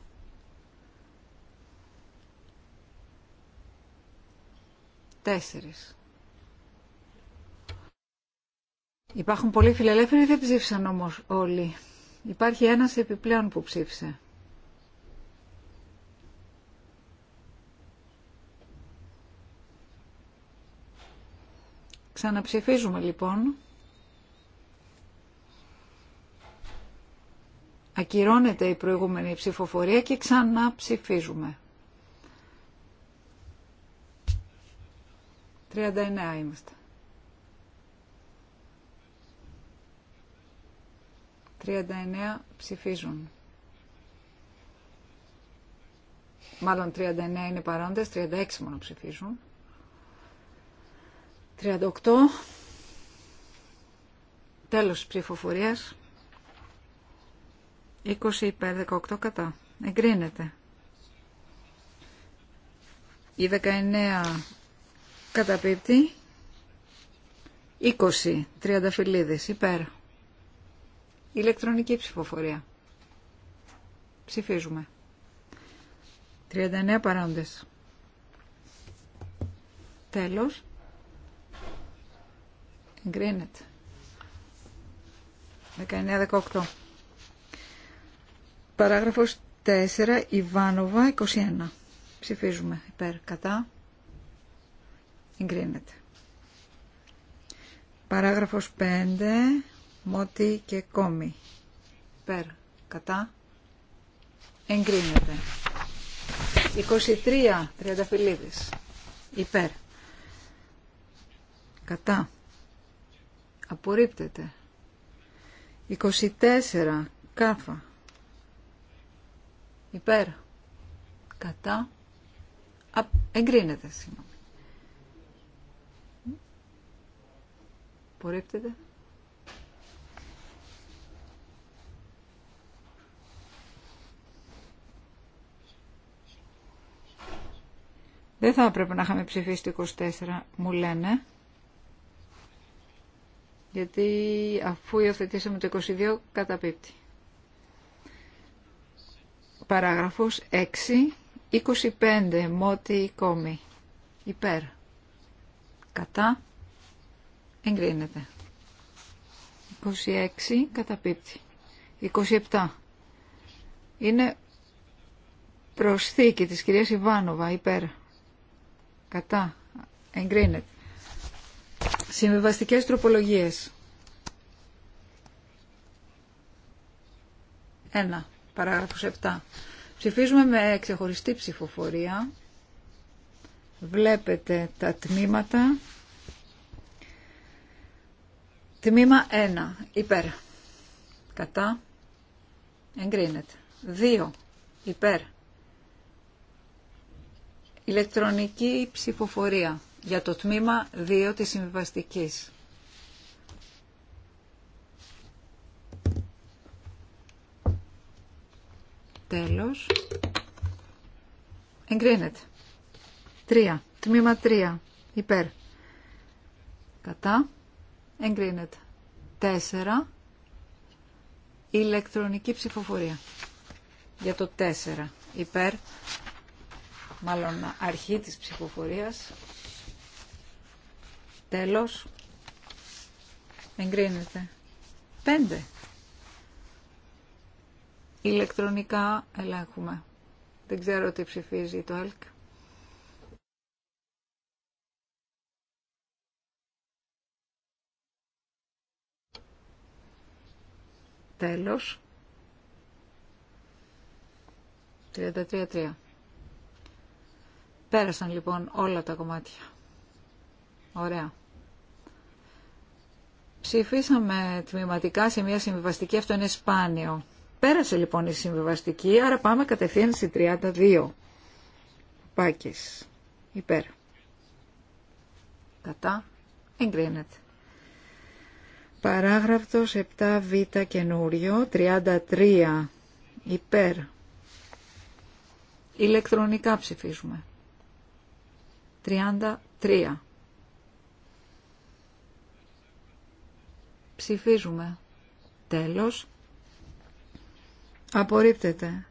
Τέσσερις. Υπάρχουν πολλοί φιλελεύθεροι, δεν ψήφισαν όμως όλοι. Υπάρχει ένας επιπλέον που ψήφισε. Ξαναψηφίζουμε λοιπόν. Ακυρώνεται η προηγούμενη ψηφοφορία και ξανά ψηφίζουμε. 39 είμαστε. 39 ψηφίζουν. Μάλλον 39 είναι παρόντες, 36 μόνο ψηφίζουν. 38. Τέλος ψηφοφορίας. 20 υπέρ 18 κατά. Εγκρίνεται. Η 19 καταπίπτει. 20 τριανταφυλλίδες υπέρ. Ηλεκτρονική ψηφοφορία. Ψηφίζουμε. 39 παροντε τελος Τέλος. Εγκρίνεται. 19-18. Παράγραφος 4, Ιβάνοβα 21. Ψηφίζουμε υπέρ, κατά, εγκρίνεται. Παράγραφος 5, Μότι και Κόμι. Υπέρ, κατά, εγκρίνεται. 23, Τριανταφυλλίδης. Υπέρ. Κατά. Απορρίπτεται. 24, Κάφα υπέρ, κατά, α, εγκρίνεται, συγγνώμη. Απορρίπτεται. Δεν θα έπρεπε να είχαμε ψηφίσει το 24, μου λένε. Γιατί αφού υιοθετήσαμε το 22, καταπίπτει. Παράγραφος 6, 25, μότι κόμι. Υπέρ. Κατά. Εγκρίνεται. 26, καταπίπτει. 27. Είναι προσθήκη της κυρίας Ιβάνοβα, υπέρ. Κατά. Εγκρίνεται. Συμβιβαστικές τροπολογίες. Ένα παράγραφος 7. Ψηφίζουμε με ξεχωριστή ψηφοφορία. Βλέπετε τα τμήματα. Τμήμα 1. Υπέρ. Κατά. Εγκρίνεται. 2. Υπέρ. Ηλεκτρονική ψηφοφορία για το τμήμα 2 της συμβιβαστικής. Τέλος. Εγκρίνεται. 3. Τμήμα 3. Υπέρ. Κατά. Εγκρίνεται. 4. Ηλεκτρονική ψηφοφορία. Για το 4. Υπέρ. Μάλλον αρχή της ψηφοφορίας. Τέλος. Εγκρίνεται. 5. Ηλεκτρονικά ελέγχουμε. Δεν ξέρω τι ψηφίζει το ΕΛΚ. Τέλος. 33-3. Πέρασαν λοιπόν όλα τα κομμάτια. Ωραία. Ψηφίσαμε τμηματικά σε μια συμβιβαστική, αυτό είναι σπάνιο. Πέρασε λοιπόν η συμβιβαστική, άρα πάμε κατευθείαν στη 32. Πάκης. Υπέρ. Κατά. Εγκρίνεται. Παράγραφος 7β καινούριο, 33. Υπέρ. Ηλεκτρονικά ψηφίζουμε. 33. Ψηφίζουμε. Τέλος. Απορρίπτεται.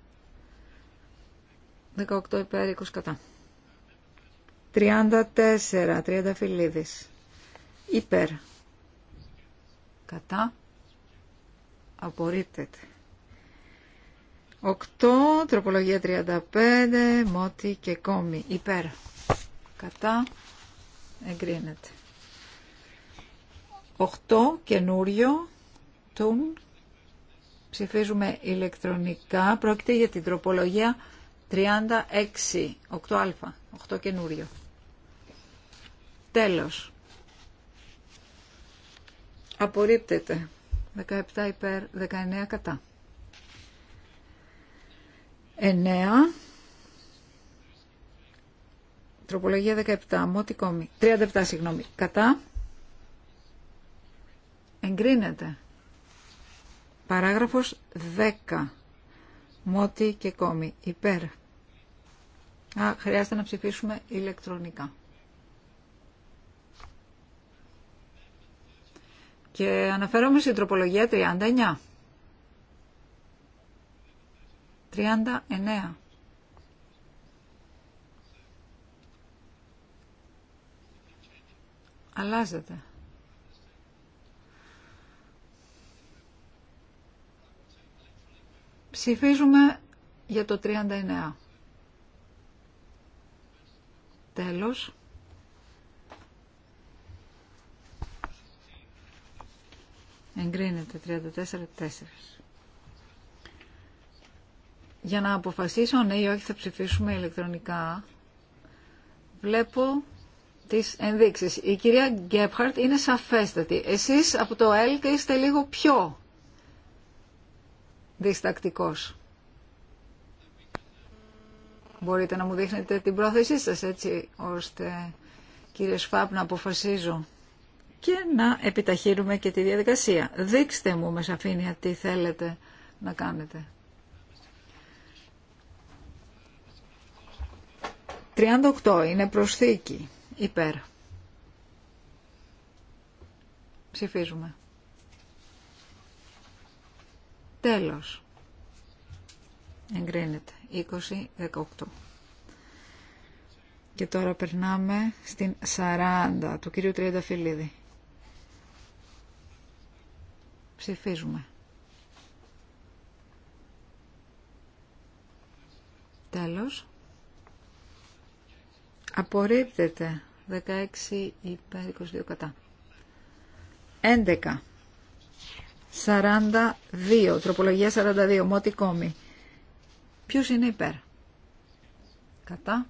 18 υπέρ 20 κατά. 34. 30 φιλίδης. Υπέρ. Κατά. Απορρίπτεται. 8. Τροπολογία 35. Μότι και κόμι. Υπέρ. Κατά. Εγκρίνεται. 8. Καινούριο. Τουν Ψηφίζουμε ηλεκτρονικά. Πρόκειται για την τροπολογία 36, 8α, 8 καινούριο. Τέλος. Απορρίπτεται. 17 υπέρ, 19 κατά. 9. Τροπολογία 17, μότι κόμι. 37, συγγνώμη. Κατά. Εγκρίνεται. Παράγραφος 10. Μότι και κόμι. Υπέρ. Α, χρειάζεται να ψηφίσουμε ηλεκτρονικά. Και αναφέρομαι στην τροπολογία 39. 39. Αλλάζεται. Ψηφίζουμε για το 39. Τέλος. Εγκρίνεται 34-4. Για να αποφασίσω ναι ή όχι θα ψηφίσουμε ηλεκτρονικά, βλέπω τις ενδείξεις. Η κυρία Γκέπχαρτ είναι σαφέστατη. Εσείς από το ΕΛΚ είστε λίγο πιο διστακτικός. Μπορείτε να μου δείχνετε την πρόθεσή σας έτσι ώστε κύριε Σφάπ να αποφασίζω και να επιταχύνουμε και τη διαδικασία. Δείξτε μου με σαφήνεια τι θέλετε να κάνετε. 38 είναι προσθήκη υπέρ. Ψηφίζουμε. Τέλος. Εγκρίνεται. 20-18. Και τώρα περνάμε στην 40 του κυρίου Τριανταφυλλίδη. Ψηφίζουμε. Τέλος. Απορρίπτεται. 16 υπέρ 22 κατά. 11. 42, τροπολογία 42, μότι κόμι. Ποιος είναι υπέρ. Κατά.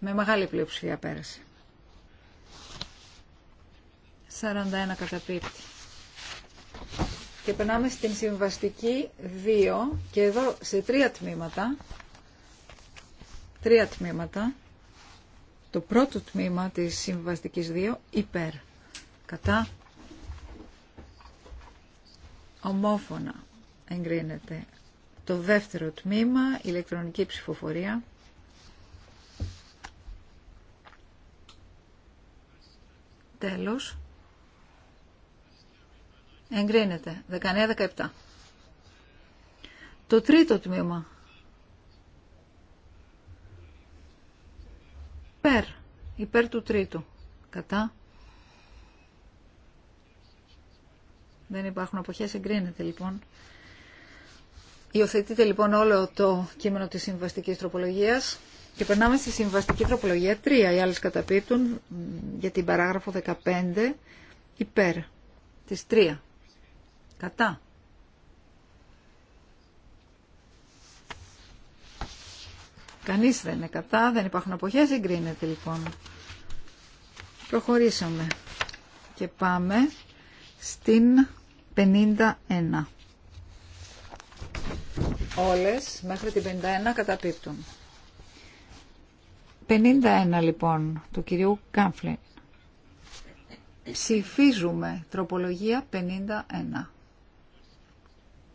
Με μεγάλη πλειοψηφία πέρασε. 41 καταπίπτει. Και περνάμε στην συμβαστική 2 και εδώ σε τρία τμήματα. Τρία τμήματα το πρώτο τμήμα της συμβαστικής 2 υπέρ. Κατά. Ομόφωνα εγκρίνεται. Το δεύτερο τμήμα, ηλεκτρονική ψηφοφορία. Τέλος. Εγκρίνεται. 19-17. Το τρίτο τμήμα. υπέρ, υπέρ του τρίτου. Κατά. Δεν υπάρχουν αποχές, εγκρίνεται λοιπόν. Υιοθετείται λοιπόν όλο το κείμενο της συμβαστικής τροπολογίας και περνάμε στη συμβαστική τροπολογία 3. Οι άλλες καταπίπτουν για την παράγραφο 15 υπέρ της 3. Κατά. Κανείς δεν είναι κατά, δεν υπάρχουν αποχές, εγκρίνεται λοιπόν. Προχωρήσαμε και πάμε στην 51. Όλες μέχρι την 51 καταπίπτουν. 51 λοιπόν του κυρίου Κάμφλη. Ψηφίζουμε τροπολογία 51.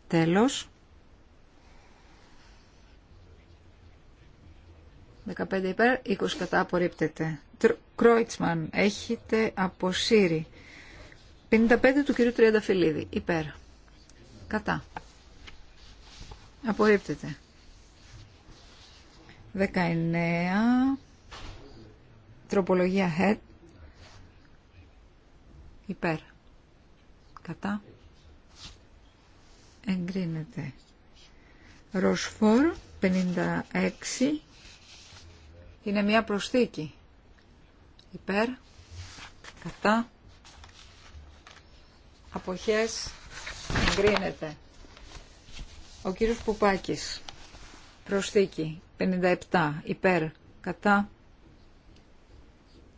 Τέλος. 15 υπέρ, 20 κατά απορρίπτεται. Κρόιτσμαν, έχετε αποσύρει. 55 του κυρίου Τριανταφυλλίδη, υπέρ. Κατά. Απορρίπτεται. 19. Τροπολογία head. Υπέρ. Κατά. Εγκρίνεται. Ροσφόρ 56 είναι μια προσθήκη. Υπέρ, κατά, αποχές, εγκρίνεται. Ο κύριος Πουπάκης, προσθήκη, 57, υπέρ, κατά,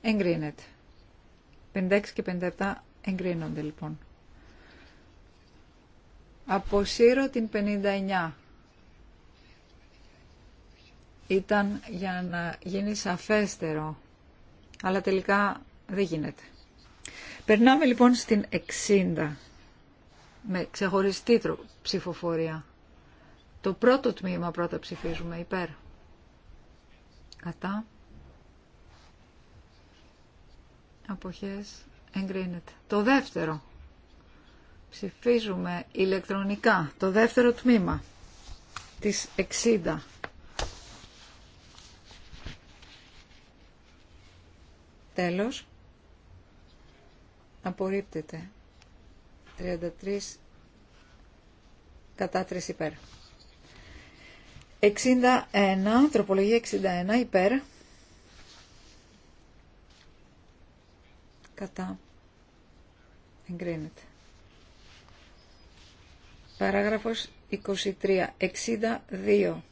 εγκρίνεται. 56 και 57 εγκρίνονται λοιπόν. Αποσύρω την 59 ήταν για να γίνει σαφέστερο, αλλά τελικά δεν γίνεται. Περνάμε λοιπόν στην 60 με ξεχωριστή ψηφοφορία. Το πρώτο τμήμα πρώτα ψηφίζουμε υπέρ. Κατά. Αποχές εγκρίνεται. Το δεύτερο. Ψηφίζουμε ηλεκτρονικά το δεύτερο τμήμα της 60. Τέλος. Απορρίπτεται. 33 κατά 3 υπέρ. 61, τροπολογία 61 υπέρ. Κατά. Εγκρίνεται. Παράγραφος 23, 62.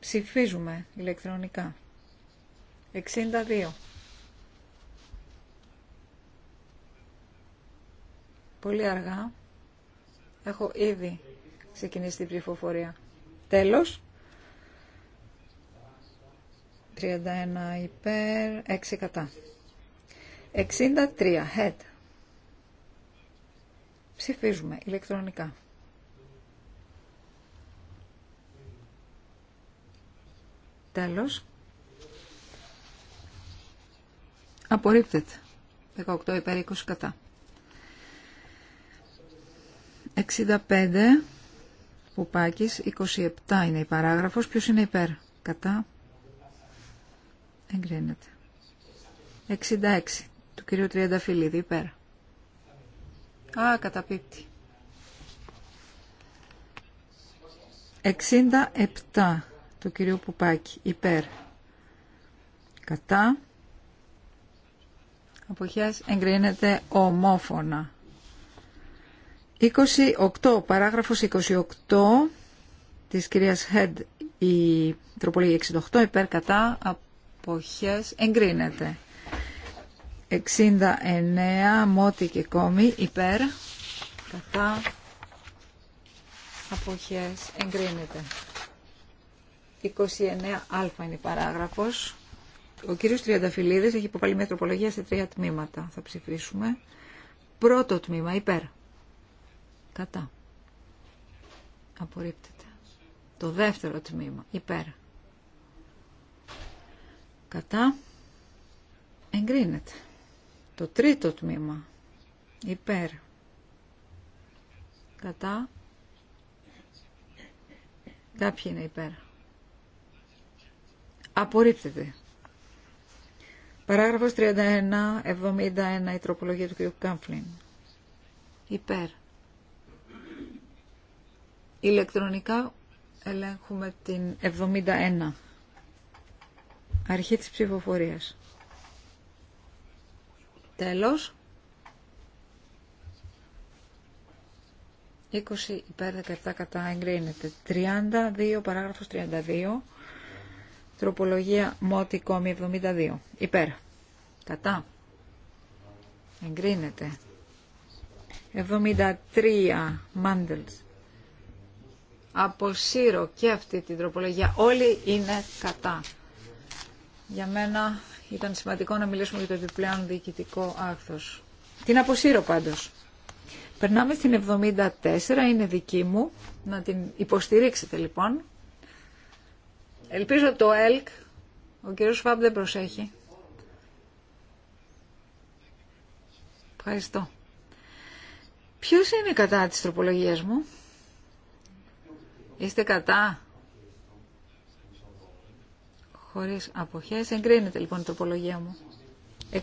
Ψηφίζουμε ηλεκτρονικά. 62. Πολύ αργά. Έχω ήδη ξεκινήσει την ψηφοφορία. Τέλος. 31 υπέρ, 6 κατά. 63, head. Ψηφίζουμε ηλεκτρονικά. Τέλος. Απορρίπτεται. 18 υπέρ, 20 κατά. 65 Πουπάκης 27 είναι η παράγραφος ποιος είναι υπέρ κατά εγκρίνεται 66 του κυρίου Τριανταφυλλίδη υπέρ α καταπίπτει 67 του κυρίου Πουπάκη υπέρ κατά αποχές εγκρίνεται ομόφωνα 28, παράγραφος 28 της κυρίας Χέντ η τροπολογία 68 υπέρ κατά αποχές εγκρίνεται. 69 μότι και κόμι υπέρ κατά αποχές εγκρίνεται. 29α είναι η παράγραφος. Ο κύριος Τριανταφυλλίδης έχει υποβάλει μια τροπολογία σε τρία τμήματα. Θα ψηφίσουμε. Πρώτο τμήμα υπέρ. Κατά. Απορρίπτεται. Το δεύτερο τμήμα. Υπέρ. Κατά. Εγκρίνεται. Το τρίτο τμήμα. Υπέρ. Κατά. Κάποιοι είναι υπέρ. Απορρίπτεται. Παράγραφος 31, 71, η τροπολογία του κ. Κάμφλιν. Υπέρ. Ηλεκτρονικά ελέγχουμε την 71. Αρχή της ψηφοφορίας. Τέλος. 20 υπέρ 17 κατά εγκρίνεται. 32 παράγραφος 32. Τροπολογία μότι κόμι 72. Υπέρ. Κατά. Εγκρίνεται. 73 μάντελς Αποσύρω και αυτή την τροπολογία. Όλοι είναι κατά. Για μένα ήταν σημαντικό να μιλήσουμε για το επιπλέον διοικητικό άκθος. Την αποσύρω πάντως. Περνάμε στην 74, είναι δική μου, να την υποστηρίξετε λοιπόν. Ελπίζω το ΕΛΚ, ο κύριος Φαμπ δεν προσέχει. Ευχαριστώ. Ποιος είναι κατά της τροπολογίας μου? Είστε κατά. Χωρίς αποχές. Εγκρίνεται λοιπόν η τροπολογία μου. 64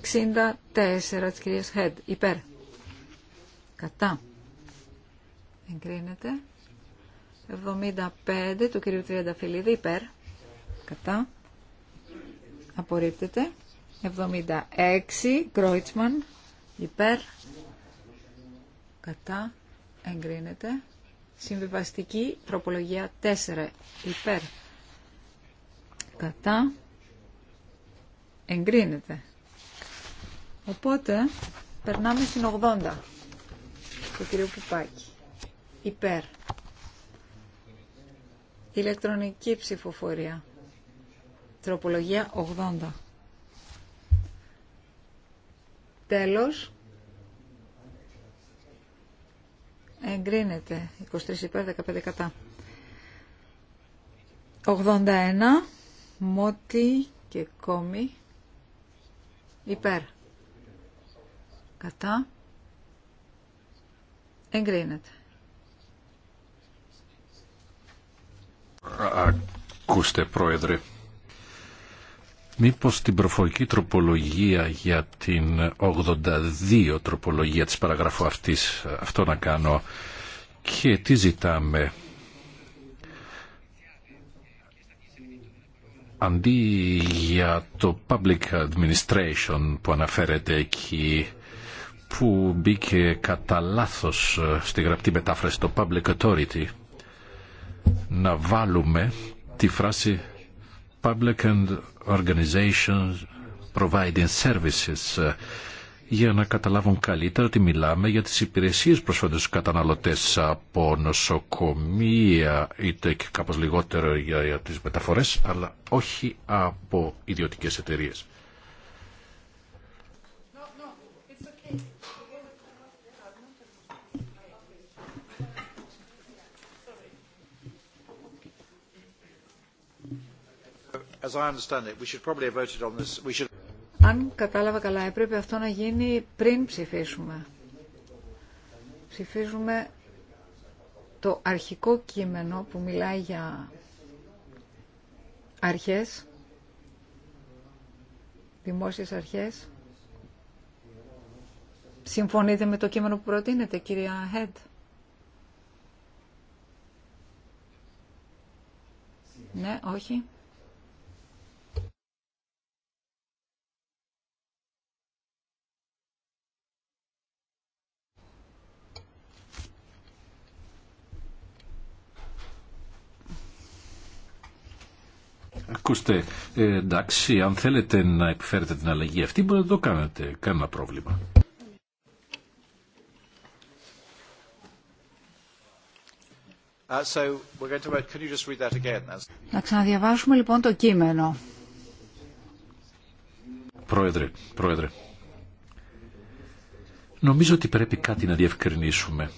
της κυρίας Χέντ. Υπέρ. Κατά. Εγκρίνεται. 75 του κυρίου Τριανταφυλλίδη. Υπέρ. Κατά. Απορρίπτεται. 76 Κρόιτσμαν. Υπέρ. Κατά. Εγκρίνεται. Συμβιβαστική τροπολογία 4 υπέρ κατά εγκρίνεται. Οπότε περνάμε στην 80 Το κύριο Πουπάκη. Υπέρ. Ηλεκτρονική ψηφοφορία. Τροπολογία 80. Τέλος. εγκρίνεται 23 υπέρ 15 κατά 81 μότι και κόμι υπέρ κατά εγκρίνεται Ακούστε πρόεδρε Μήπως την προφορική τροπολογία για την 82 τροπολογία της παραγράφου αυτής, αυτό να κάνω και τι ζητάμε. Αντί για το public administration που αναφέρεται εκεί, που μπήκε κατά λάθο στη γραπτή μετάφραση το public authority, να βάλουμε τη φράση public and organizations providing services ε, για να καταλάβουν καλύτερα ότι μιλάμε για τις υπηρεσίες προσφέρονται στους καταναλωτές από νοσοκομεία είτε και κάπως λιγότερο για, για τις μεταφορές αλλά όχι από ιδιωτικές εταιρείες. Αν κατάλαβα καλά, έπρεπε αυτό να γίνει πριν ψηφίσουμε. Ψηφίζουμε το αρχικό κείμενο που μιλάει για αρχές, δημόσιες αρχές. Συμφωνείτε με το κείμενο που προτείνετε, κυρία Χέντ. Ναι, όχι. Ακούστε, ε, εντάξει, αν θέλετε να επιφέρετε την αλλαγή αυτή, μπορείτε να το κάνετε. Κανένα πρόβλημα. Uh, να ξαναδιαβάσουμε λοιπόν το κείμενο. Πρόεδρε, πρόεδρε. Νομίζω ότι πρέπει κάτι να διευκρινίσουμε.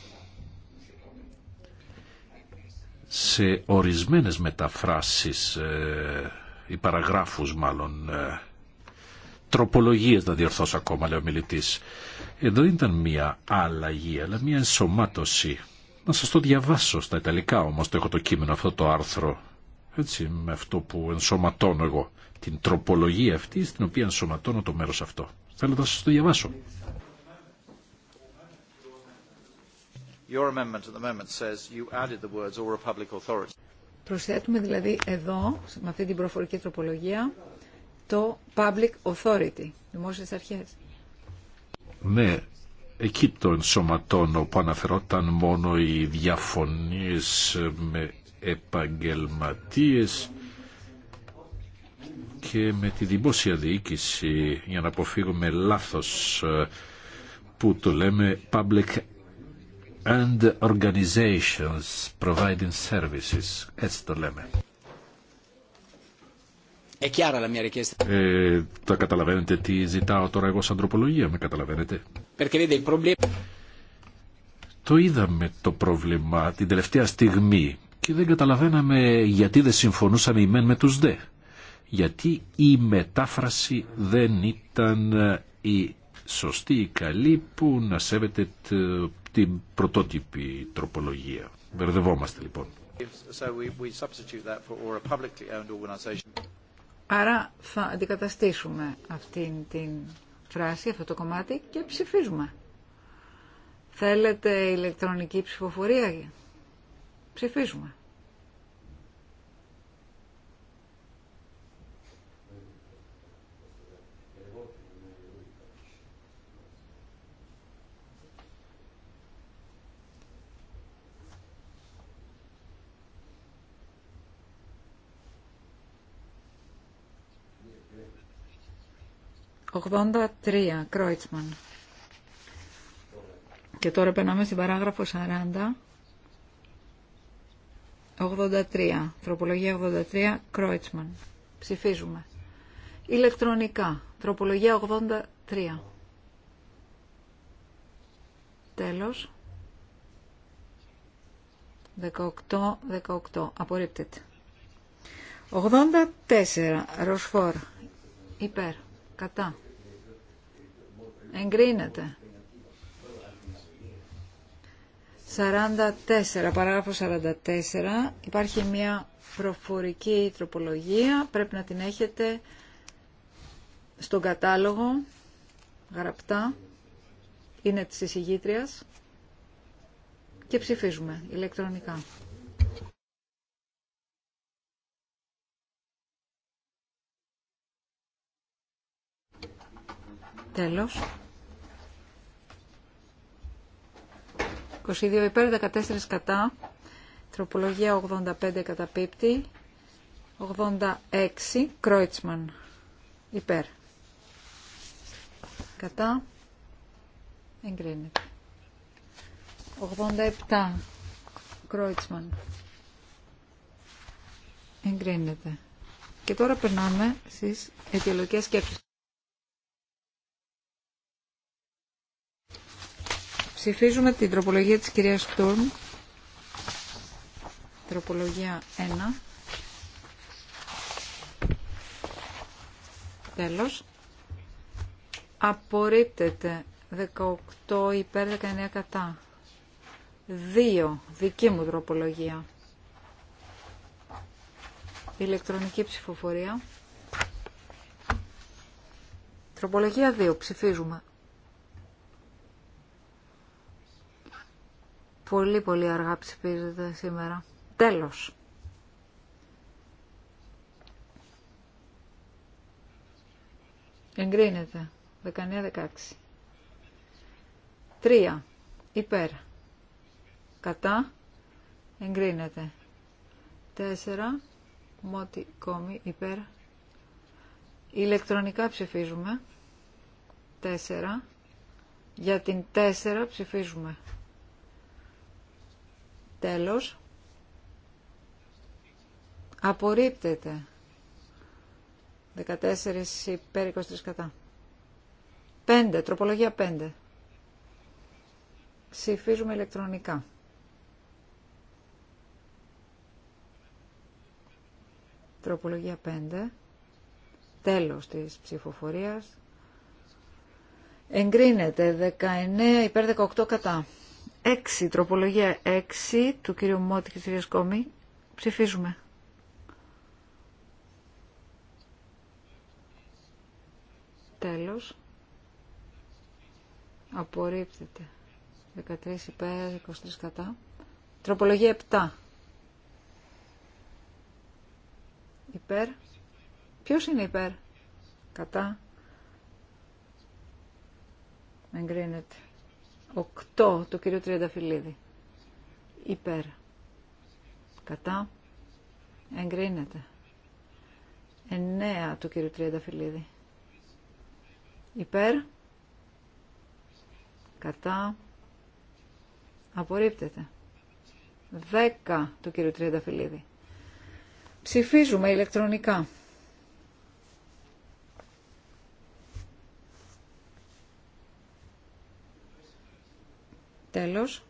σε ορισμένες μεταφράσεις ε, ή παραγράφους μάλλον ε, τροπολογίες να διορθώσω ακόμα λέει ο μιλητής. Εδώ ήταν μία αλλαγή αλλά μία ενσωμάτωση. Να σας το διαβάσω στα Ιταλικά όμως το έχω το κείμενο αυτό το άρθρο έτσι με αυτό που ενσωματώνω εγώ την τροπολογία αυτή στην οποία ενσωματώνω το μέρος αυτό. Θέλω να σας το διαβάσω. Προσθέτουμε δηλαδή εδώ, με αυτή την προφορική τροπολογία, το public authority, δημόσιες αρχές. Ναι, εκεί το ενσωματώνω που αναφερόταν μόνο οι διαφωνίες με επαγγελματίες και με τη δημόσια διοίκηση για να αποφύγουμε λάθος ε, που το λέμε public and organizations providing services. Έτσι το λέμε. Ε, ε, τα καταλαβαίνετε τι ζητάω τώρα εγώ σαν τροπολογία, με καταλαβαίνετε. Το είδαμε το πρόβλημα την τελευταία στιγμή και δεν καταλαβαίναμε γιατί δεν συμφωνούσαμε οι μεν με τους δε. Γιατί η μετάφραση δεν ήταν η σωστή ή καλή που να σέβεται το την πρωτότυπη τροπολογία. Μπερδευόμαστε λοιπόν. Άρα θα αντικαταστήσουμε αυτήν την φράση, αυτό το κομμάτι και ψηφίζουμε. Θέλετε ηλεκτρονική ψηφοφορία. Ψηφίζουμε. 83, Κρόιτσμαν. Και τώρα περνάμε στην παράγραφο 40. 83, τροπολογία 83, Κρόιτσμαν. Ψηφίζουμε. Ηλεκτρονικά, τροπολογία 83. Τέλος. 18-18. Απορρίπτεται. 84. Ροσφόρ. Υπέρ. Κατά. Εγκρίνεται. 44, παράγραφος 44, υπάρχει μια προφορική τροπολογία, πρέπει να την έχετε στον κατάλογο, γραπτά, είναι της εισηγήτριας και ψηφίζουμε ηλεκτρονικά. Τέλος. 22 υπέρ, 14 κατά. Τροπολογία 85 καταπίπτει. 86 Κρόιτσμαν υπέρ. Κατά. Εγκρίνεται. 87 Κρόιτσμαν. Εγκρίνεται. Και τώρα περνάμε στις αιτιολογικές σκέψεις. Ψηφίζουμε την τροπολογία της κυρίας Τούρμ. Τροπολογία 1. Τέλος. Απορρίπτεται 18 υπέρ 19 κατά. 2. Δική μου τροπολογία. Ηλεκτρονική ψηφοφορία. Τροπολογία 2. Ψηφίζουμε. Πολύ πολύ αργά ψηφίζεται σήμερα. Τέλος. Εγκρίνεται. 19-16. 3. Υπέρ. Κατά. Εγκρίνεται. 4. Μότι κόμι υπέρ. Ηλεκτρονικά ψηφίζουμε. 4. Για την 4 ψηφίζουμε. Τέλος. Απορρίπτεται. 14 υπέρ 23 κατά. 5. Τροπολογία 5. Ψηφίζουμε ηλεκτρονικά. Τροπολογία 5. Τέλος της ψηφοφορίας. Εγκρίνεται 19 υπέρ 18 κατά. 6, τροπολογία 6 του κύριου Μότη και της Κόμη. Ψηφίζουμε. Τέλος. Απορρίπτεται. 13 υπέρ, 23 κατά. Τροπολογία 7. Υπέρ. Ποιος είναι υπέρ. Κατά. Εγκρίνεται. 8 του 30 Τριανταφυλλίδη. Υπέρ. Κατά. Εγκρίνεται. 9 κύριο 30 Τριανταφυλλίδη. Υπέρ. Κατά. Απορρίπτεται. 10 κυριο 30 Τριανταφυλλίδη. Ψηφίζουμε ηλεκτρονικά. Τέλος.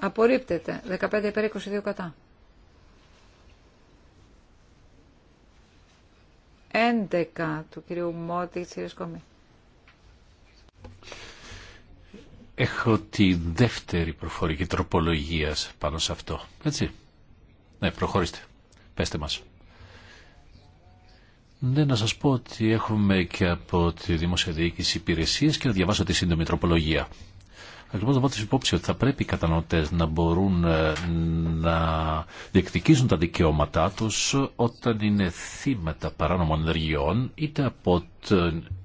Απορρίπτεται. 15 υπέρ 22 κατά. 11 του κυρίου Μότη. της Σκόμη Έχω τη δεύτερη προφορική τροπολογία πάνω σε αυτό. Έτσι. Ναι, προχωρήστε. Πέστε μας. Ναι, να σας πω ότι έχουμε και από τη Δημοσιοδιοίκηση υπηρεσία και να διαβάσω τη σύντομη τροπολογία ακριβώς να τη υπόψη ότι θα πρέπει οι κατανοητέ να μπορούν ε, να διεκδικήσουν τα δικαιώματά τους όταν είναι θύματα παράνομων ενεργειών είτε από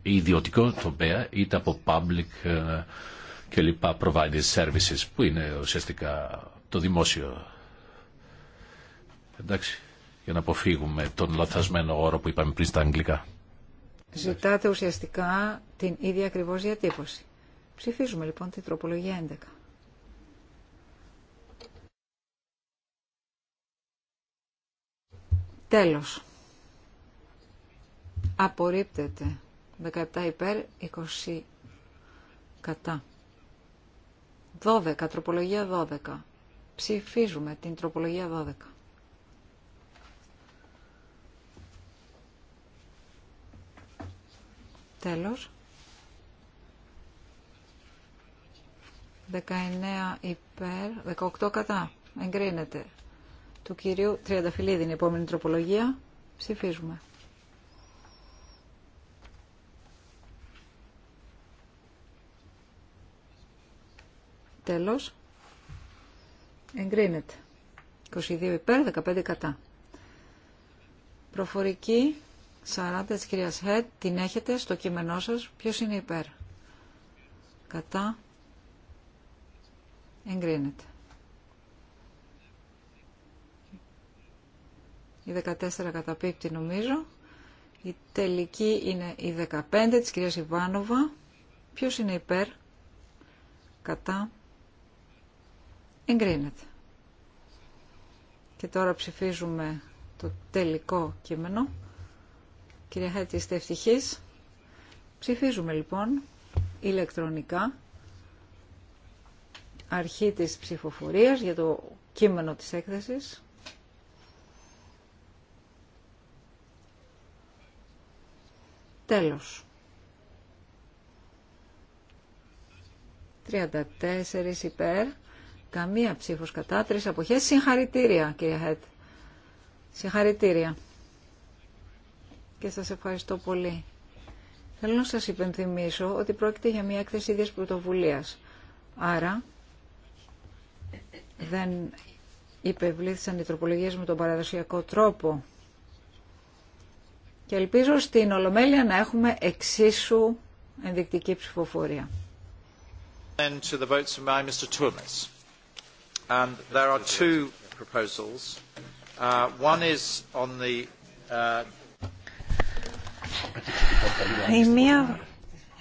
ιδιωτικό τομέα είτε από public ε, και λοιπά provided services που είναι ουσιαστικά το δημόσιο. Εντάξει, για να αποφύγουμε τον λαθασμένο όρο που είπαμε πριν στα αγγλικά. Ζητάτε ουσιαστικά την ίδια ακριβώς διατύπωση. Ψηφίζουμε λοιπόν την τροπολογία 11. Τέλος. Απορρίπτεται. 17 υπέρ, 20 κατά. 12, τροπολογία 12. Ψηφίζουμε την τροπολογία 12. Τέλος. 19 υπέρ, 18 κατά. Εγκρίνεται. Του κυρίου Τριανταφυλλίδη είναι η επόμενη τροπολογία. Ψηφίζουμε. Τέλος. Εγκρίνεται. 22 υπέρ, 15 κατά. Προφορική 40 της κυρίας Χέτ. Την έχετε στο κείμενό σας. Ποιος είναι υπέρ. Κατά. Εγκρίνεται. Η 14 καταπίπτει νομίζω. Η τελική είναι η 15 της κυρίας Ιβάνοβα. Ποιος είναι υπέρ. Κατά. Εγκρίνεται. Και τώρα ψηφίζουμε το τελικό κείμενο. Κυρία Χέτη, είστε ευτυχείς. Ψηφίζουμε λοιπόν ηλεκτρονικά αρχή της ψηφοφορίας για το κείμενο της έκθεσης. Τέλος. 34 υπέρ, καμία ψήφος κατά, τρεις αποχές. Συγχαρητήρια κύριε Χέτ. Συγχαρητήρια. Και σας ευχαριστώ πολύ. Θέλω να σας υπενθυμίσω ότι πρόκειται για μια έκθεση ίδιας πρωτοβουλίας. Άρα δεν υπευλήθησαν οι τροπολογίες με τον παραδοσιακό τρόπο. Και ελπίζω στην Ολομέλεια να έχουμε εξίσου ενδεικτική ψηφοφορία. Η μία...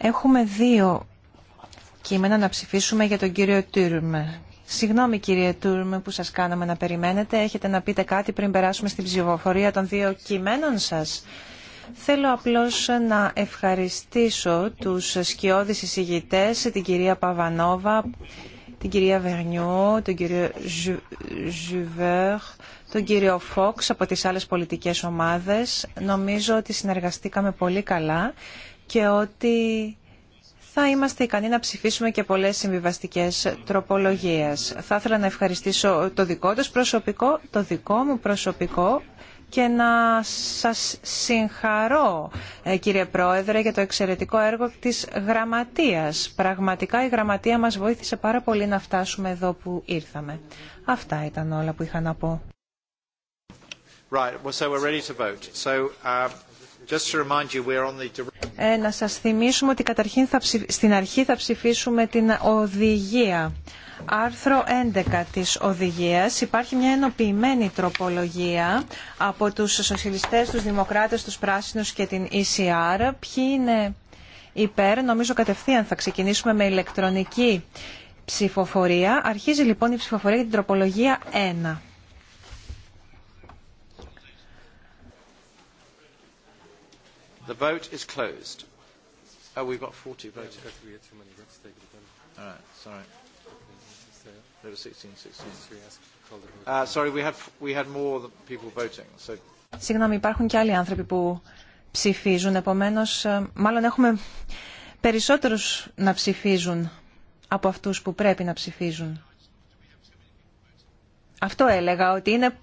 Έχουμε δύο κείμενα να ψηφίσουμε για τον κύριο Τύρμε. Συγγνώμη κύριε Τούρμε που σας κάναμε να περιμένετε. Έχετε να πείτε κάτι πριν περάσουμε στην ψηφοφορία των δύο κειμένων σας. Θέλω απλώς να ευχαριστήσω τους σκιώδεις εισηγητές, την κυρία Παβανόβα, την κυρία Βερνιού, τον κύριο Ζουβέρ, τον κύριο Φόξ από τις άλλες πολιτικές ομάδες. Νομίζω ότι συνεργαστήκαμε πολύ καλά και ότι θα είμαστε ικανοί να ψηφίσουμε και πολλές συμβιβαστικέ τροπολογίες. Θα ήθελα να ευχαριστήσω το δικό του προσωπικό, το δικό μου προσωπικό και να σας συγχαρώ ε, κύριε Πρόεδρε για το εξαιρετικό έργο της Γραμματείας. Πραγματικά η Γραμματεία μας βοήθησε πάρα πολύ να φτάσουμε εδώ που ήρθαμε. Αυτά ήταν όλα που είχα να πω. Uh, ε, να σας θυμίσουμε ότι καταρχήν στην αρχή θα ψηφίσουμε την οδηγία. Άρθρο 11 της οδηγίας υπάρχει μια ενοποιημένη τροπολογία από τους σοσιαλιστές, τους δημοκράτες, τους πράσινους και την ECR. Ποιοι είναι υπέρ, νομίζω κατευθείαν θα ξεκινήσουμε με ηλεκτρονική ψηφοφορία. Αρχίζει λοιπόν η ψηφοφορία για την τροπολογία 1. The vote is closed. Oh, we've got 40 votes take it again. All right, sorry. There were 16, 16. Uh, sorry, we had, we had more people voting. So... Συγγνώμη, υπάρχουν και άλλοι άνθρωποι που ψηφίζουν, επομένως ε, μάλλον έχουμε περισσότερους να ψηφίζουν από αυτούς που πρέπει να ψηφίζουν. Αυτό έλεγα, ότι είναι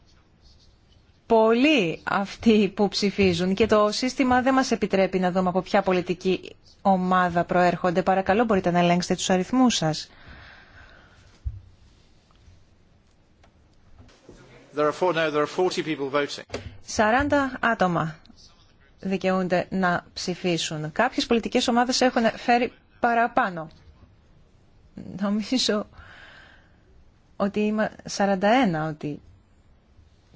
πολλοί αυτοί που ψηφίζουν και το σύστημα δεν μας επιτρέπει να δούμε από ποια πολιτική ομάδα προέρχονται. Παρακαλώ μπορείτε να ελέγξετε τους αριθμούς σας. There 40, άτομα δικαιούνται να ψηφίσουν. Κάποιες πολιτικές ομάδες έχουν φέρει παραπάνω. Νομίζω ότι είμαι 41 ότι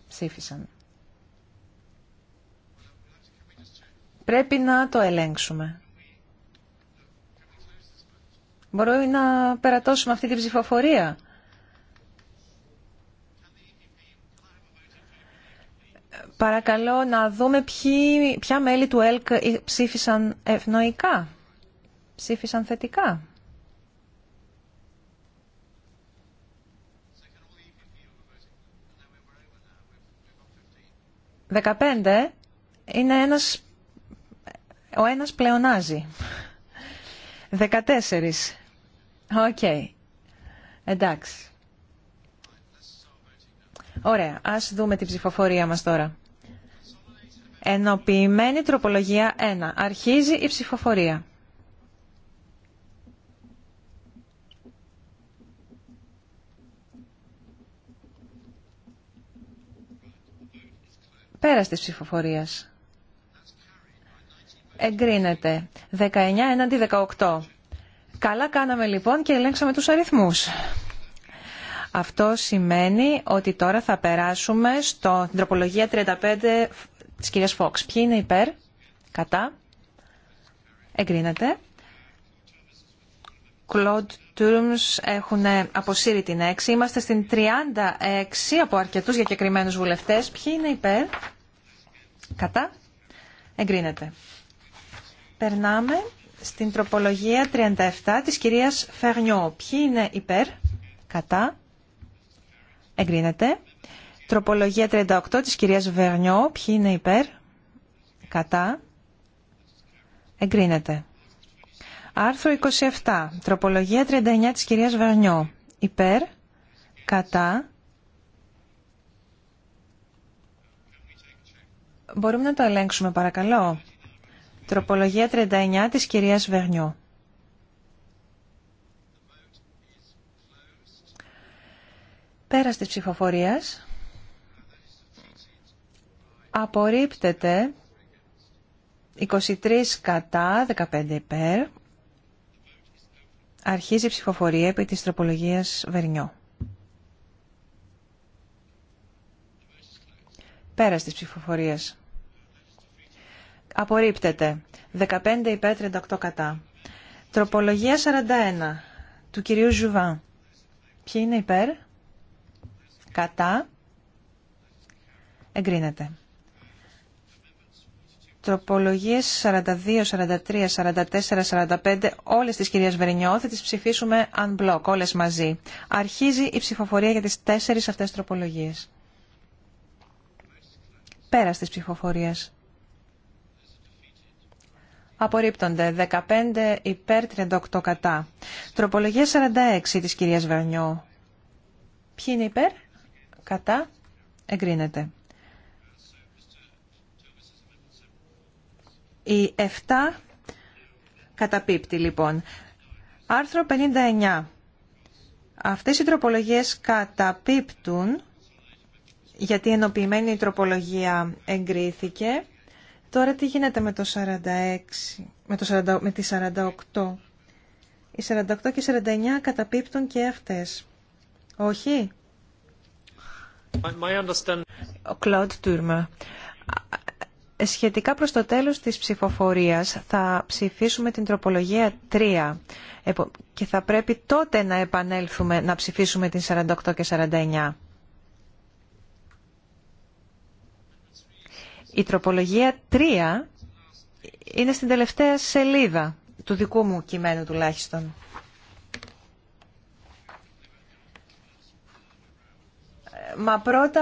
ψήφισαν. Πρέπει να το ελέγξουμε. Μπορούμε να περατώσουμε αυτή την ψηφοφορία. Παρακαλώ να δούμε ποια μέλη του ΕΛΚ ψήφισαν ευνοϊκά, ψήφισαν θετικά. 15 είναι ένας ο ένας πλεονάζει. 14. Οκ. Εντάξει. Ωραία. Ας δούμε την ψηφοφορία μας τώρα. Ενοποιημένη τροπολογία 1. Αρχίζει η ψηφοφορία. Πέρας της ψηφοφορίας εγκρίνεται. 19 έναντι 18. Καλά κάναμε λοιπόν και ελέγξαμε τους αριθμούς. Αυτό σημαίνει ότι τώρα θα περάσουμε στην τροπολογία 35 της κυρίας Φόξ. Ποιοι είναι υπέρ, κατά, εγκρίνεται. Κλοντ Τούρμς έχουν αποσύρει την 6. Είμαστε στην 36 από αρκετούς διακεκριμένους βουλευτές. Ποιοι είναι υπέρ, κατά, εγκρίνεται. Περνάμε στην τροπολογία 37 της κυρίας Φερνιό. Ποιοι είναι υπέρ, κατά, εγκρίνεται. Τροπολογία 38 της κυρίας Βερνιό. Ποιοι είναι υπέρ, κατά, εγκρίνεται. Άρθρο 27. Τροπολογία 39 της κυρίας Βερνιό. Υπέρ, κατά, Μπορούμε να το ελέγξουμε παρακαλώ. Τροπολογία 39 της κυρίας Βερνιό. Πέρας της ψηφοφορίας απορρίπτεται 23 κατά, 15 υπέρ. Αρχίζει η ψηφοφορία επί της τροπολογίας Βερνιό. Πέρας της ψηφοφορίας. Απορρίπτεται. 15 υπέρ 38 κατά. Τροπολογία 41 του κυρίου Ζουβά. Ποιοι είναι υπέρ. Κατά. Εγκρίνεται. Τροπολογίες 42, 43, 44, 45, όλες τις κυρίες βερνιωθη θα τις ψηφίσουμε unblock, όλες μαζί. Αρχίζει η ψηφοφορία για τις τέσσερις αυτές τροπολογίες. Πέρας της ψηφοφορίας. Απορρίπτονται 15 υπέρ 38 κατά. Τροπολογία 46 της κυρίας Βερνιό. Ποιοι είναι υπέρ, κατά, εγκρίνεται. Οι 7 καταπίπτει λοιπόν. Άρθρο 59. Αυτές οι τροπολογίες καταπίπτουν γιατί η ενοποιημένη τροπολογία εγκρίθηκε Τώρα τι γίνεται με το 46, με, το με τη 48. Οι 48 και 49 καταπίπτουν και αυτές. Όχι. My Ο Κλοντ Τούρμα. Σχετικά προς το τέλος της ψηφοφορίας θα ψηφίσουμε την τροπολογία 3 και θα πρέπει τότε να επανέλθουμε να ψηφίσουμε την 48 και 49. Η τροπολογία 3 είναι στην τελευταία σελίδα του δικού μου κειμένου τουλάχιστον. Μα πρώτα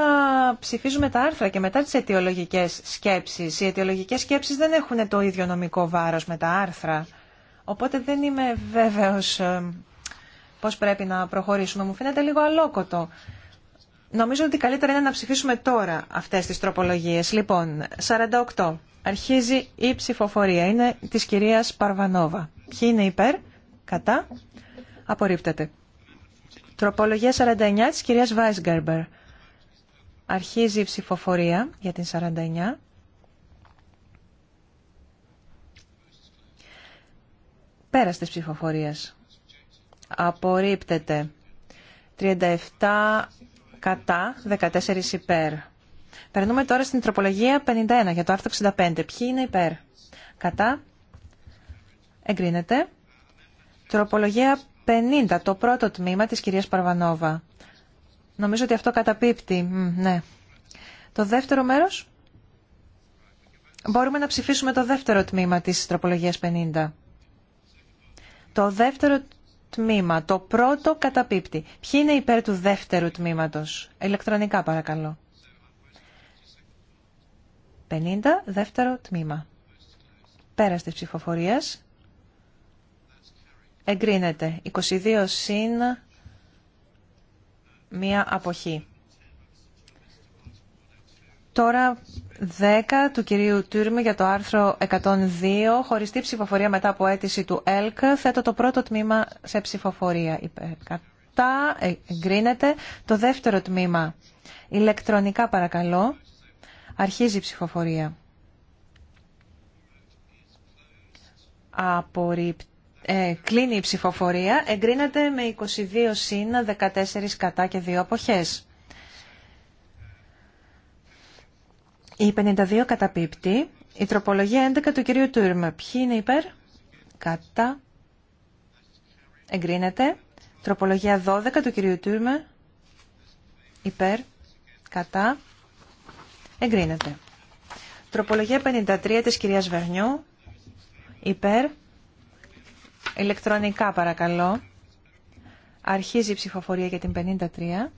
ψηφίζουμε τα άρθρα και μετά τις αιτιολογικές σκέψεις. Οι αιτιολογικές σκέψεις δεν έχουν το ίδιο νομικό βάρος με τα άρθρα. Οπότε δεν είμαι βέβαιος ε, πώς πρέπει να προχωρήσουμε. Μου φαίνεται λίγο αλόκοτο Νομίζω ότι καλύτερα είναι να ψηφίσουμε τώρα αυτές τις τροπολογίες. Λοιπόν, 48. Αρχίζει η ψηφοφορία. Είναι της κυρίας Παρβανόβα. Ποιοι είναι υπέρ, κατά, απορρίπτεται. Τροπολογία 49 της κυρίας Βάισγκαρμπερ. Αρχίζει η ψηφοφορία για την 49. Πέρα τη ψηφοφορίας. Απορρίπτεται. 37 κατά, 14 υπέρ. Περνούμε τώρα στην τροπολογία 51 για το άρθρο 65. Ποιοι είναι υπέρ. Κατά. Εγκρίνεται. Τροπολογία 50, το πρώτο τμήμα της κυρίας Παρβανόβα. Νομίζω ότι αυτό καταπίπτει. Μ, ναι. Το δεύτερο μέρος. Μπορούμε να ψηφίσουμε το δεύτερο τμήμα της τροπολογίας 50. Το δεύτερο τμήμα. Το πρώτο καταπίπτει. Ποιοι είναι υπέρ του δεύτερου τμήματος. Ηλεκτρονικά παρακαλώ. 50, δεύτερο τμήμα. Πέρας της ψηφοφορίας. Εγκρίνεται. 22 συν μία αποχή. Τώρα 10 του κυρίου τύρμη για το άρθρο 102, χωριστή ψηφοφορία μετά από αίτηση του ΕΛΚ. Θέτω το πρώτο τμήμα σε ψηφοφορία. Κατά ε, εγκρίνεται το δεύτερο τμήμα. Ηλεκτρονικά παρακαλώ. Αρχίζει η ψηφοφορία. Απορρίπτει. κλείνει η ψηφοφορία. Εγκρίνεται με 22 σύν, 14 κατά και 2 αποχές. Η 52 καταπίπτει. Η τροπολογία 11 του κυρίου Τούρμε. Ποιοι είναι υπέρ? Κατά. Εγκρίνεται. Τροπολογία 12 του κυρίου Τούρμε. Υπέρ. Κατά. Εγκρίνεται. Τροπολογία 53 της κυρίας Βερνιού. Υπέρ. Ηλεκτρονικά παρακαλώ. Αρχίζει η ψηφοφορία για την 53.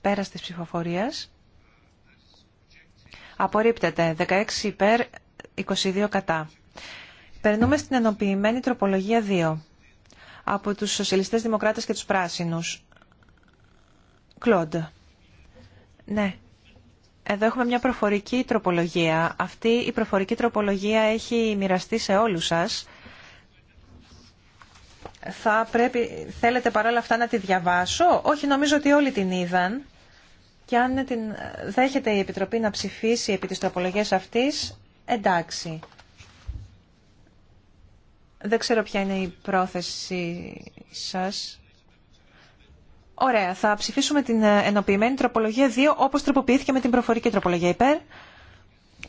Πέρας της ψηφοφορίας. Απορρίπτεται. 16 υπέρ, 22 κατά. Περνούμε στην ενοποιημένη τροπολογία 2. Από τους σοσιαλιστές δημοκράτες και τους πράσινους. Κλοντ. Ναι. Εδώ έχουμε μια προφορική τροπολογία. Αυτή η προφορική τροπολογία έχει μοιραστεί σε όλους σας. Θα πρέπει... Θέλετε παρόλα αυτά να τη διαβάσω. Όχι, νομίζω ότι όλοι την είδαν. Και αν την δέχεται η Επιτροπή να ψηφίσει επί της τροπολογίας αυτής, εντάξει. Δεν ξέρω ποια είναι η πρόθεση σας. Ωραία, θα ψηφίσουμε την ε, ενοποιημένη τροπολογία 2 όπως τροποποιήθηκε με την προφορική τροπολογία υπέρ.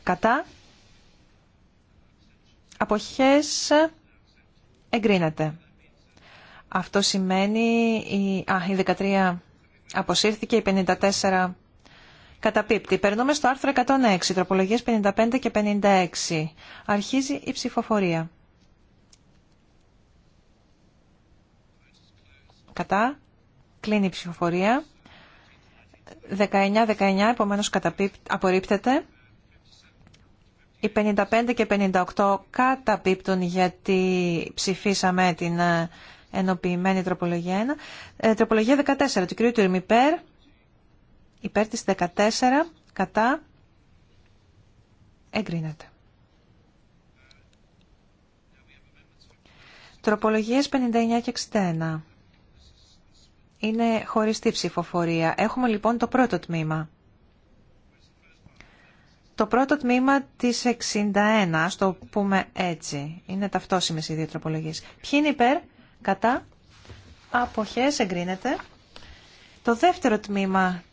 Κατά. Αποχές εγκρίνεται. Αυτό σημαίνει... Η... Α, η 13 Αποσύρθηκε η 54 καταπίπτει. Περνούμε στο άρθρο 106, τροπολογίες 55 και 56. Αρχίζει η ψηφοφορία. Κατά. Κλείνει η ψηφοφορία. 19-19, επομένως απορρίπτεται. Οι 55 και 58 καταπίπτουν γιατί ψηφίσαμε την ε, ενοποιημένη τροπολογία 1. Ε, τροπολογία 14 του κ. του υπέρ, υπέρ της 14, κατά, εγκρίνεται. Τροπολογίες 59 και 61. Είναι χωριστή ψηφοφορία. Έχουμε λοιπόν το πρώτο τμήμα. Το πρώτο τμήμα της 61, ας το πούμε έτσι. Είναι ταυτόσιμες οι δύο τροπολογίες. Ποιοι είναι υπέρ, κατά, αποχές εγκρίνεται. Το δεύτερο τμήμα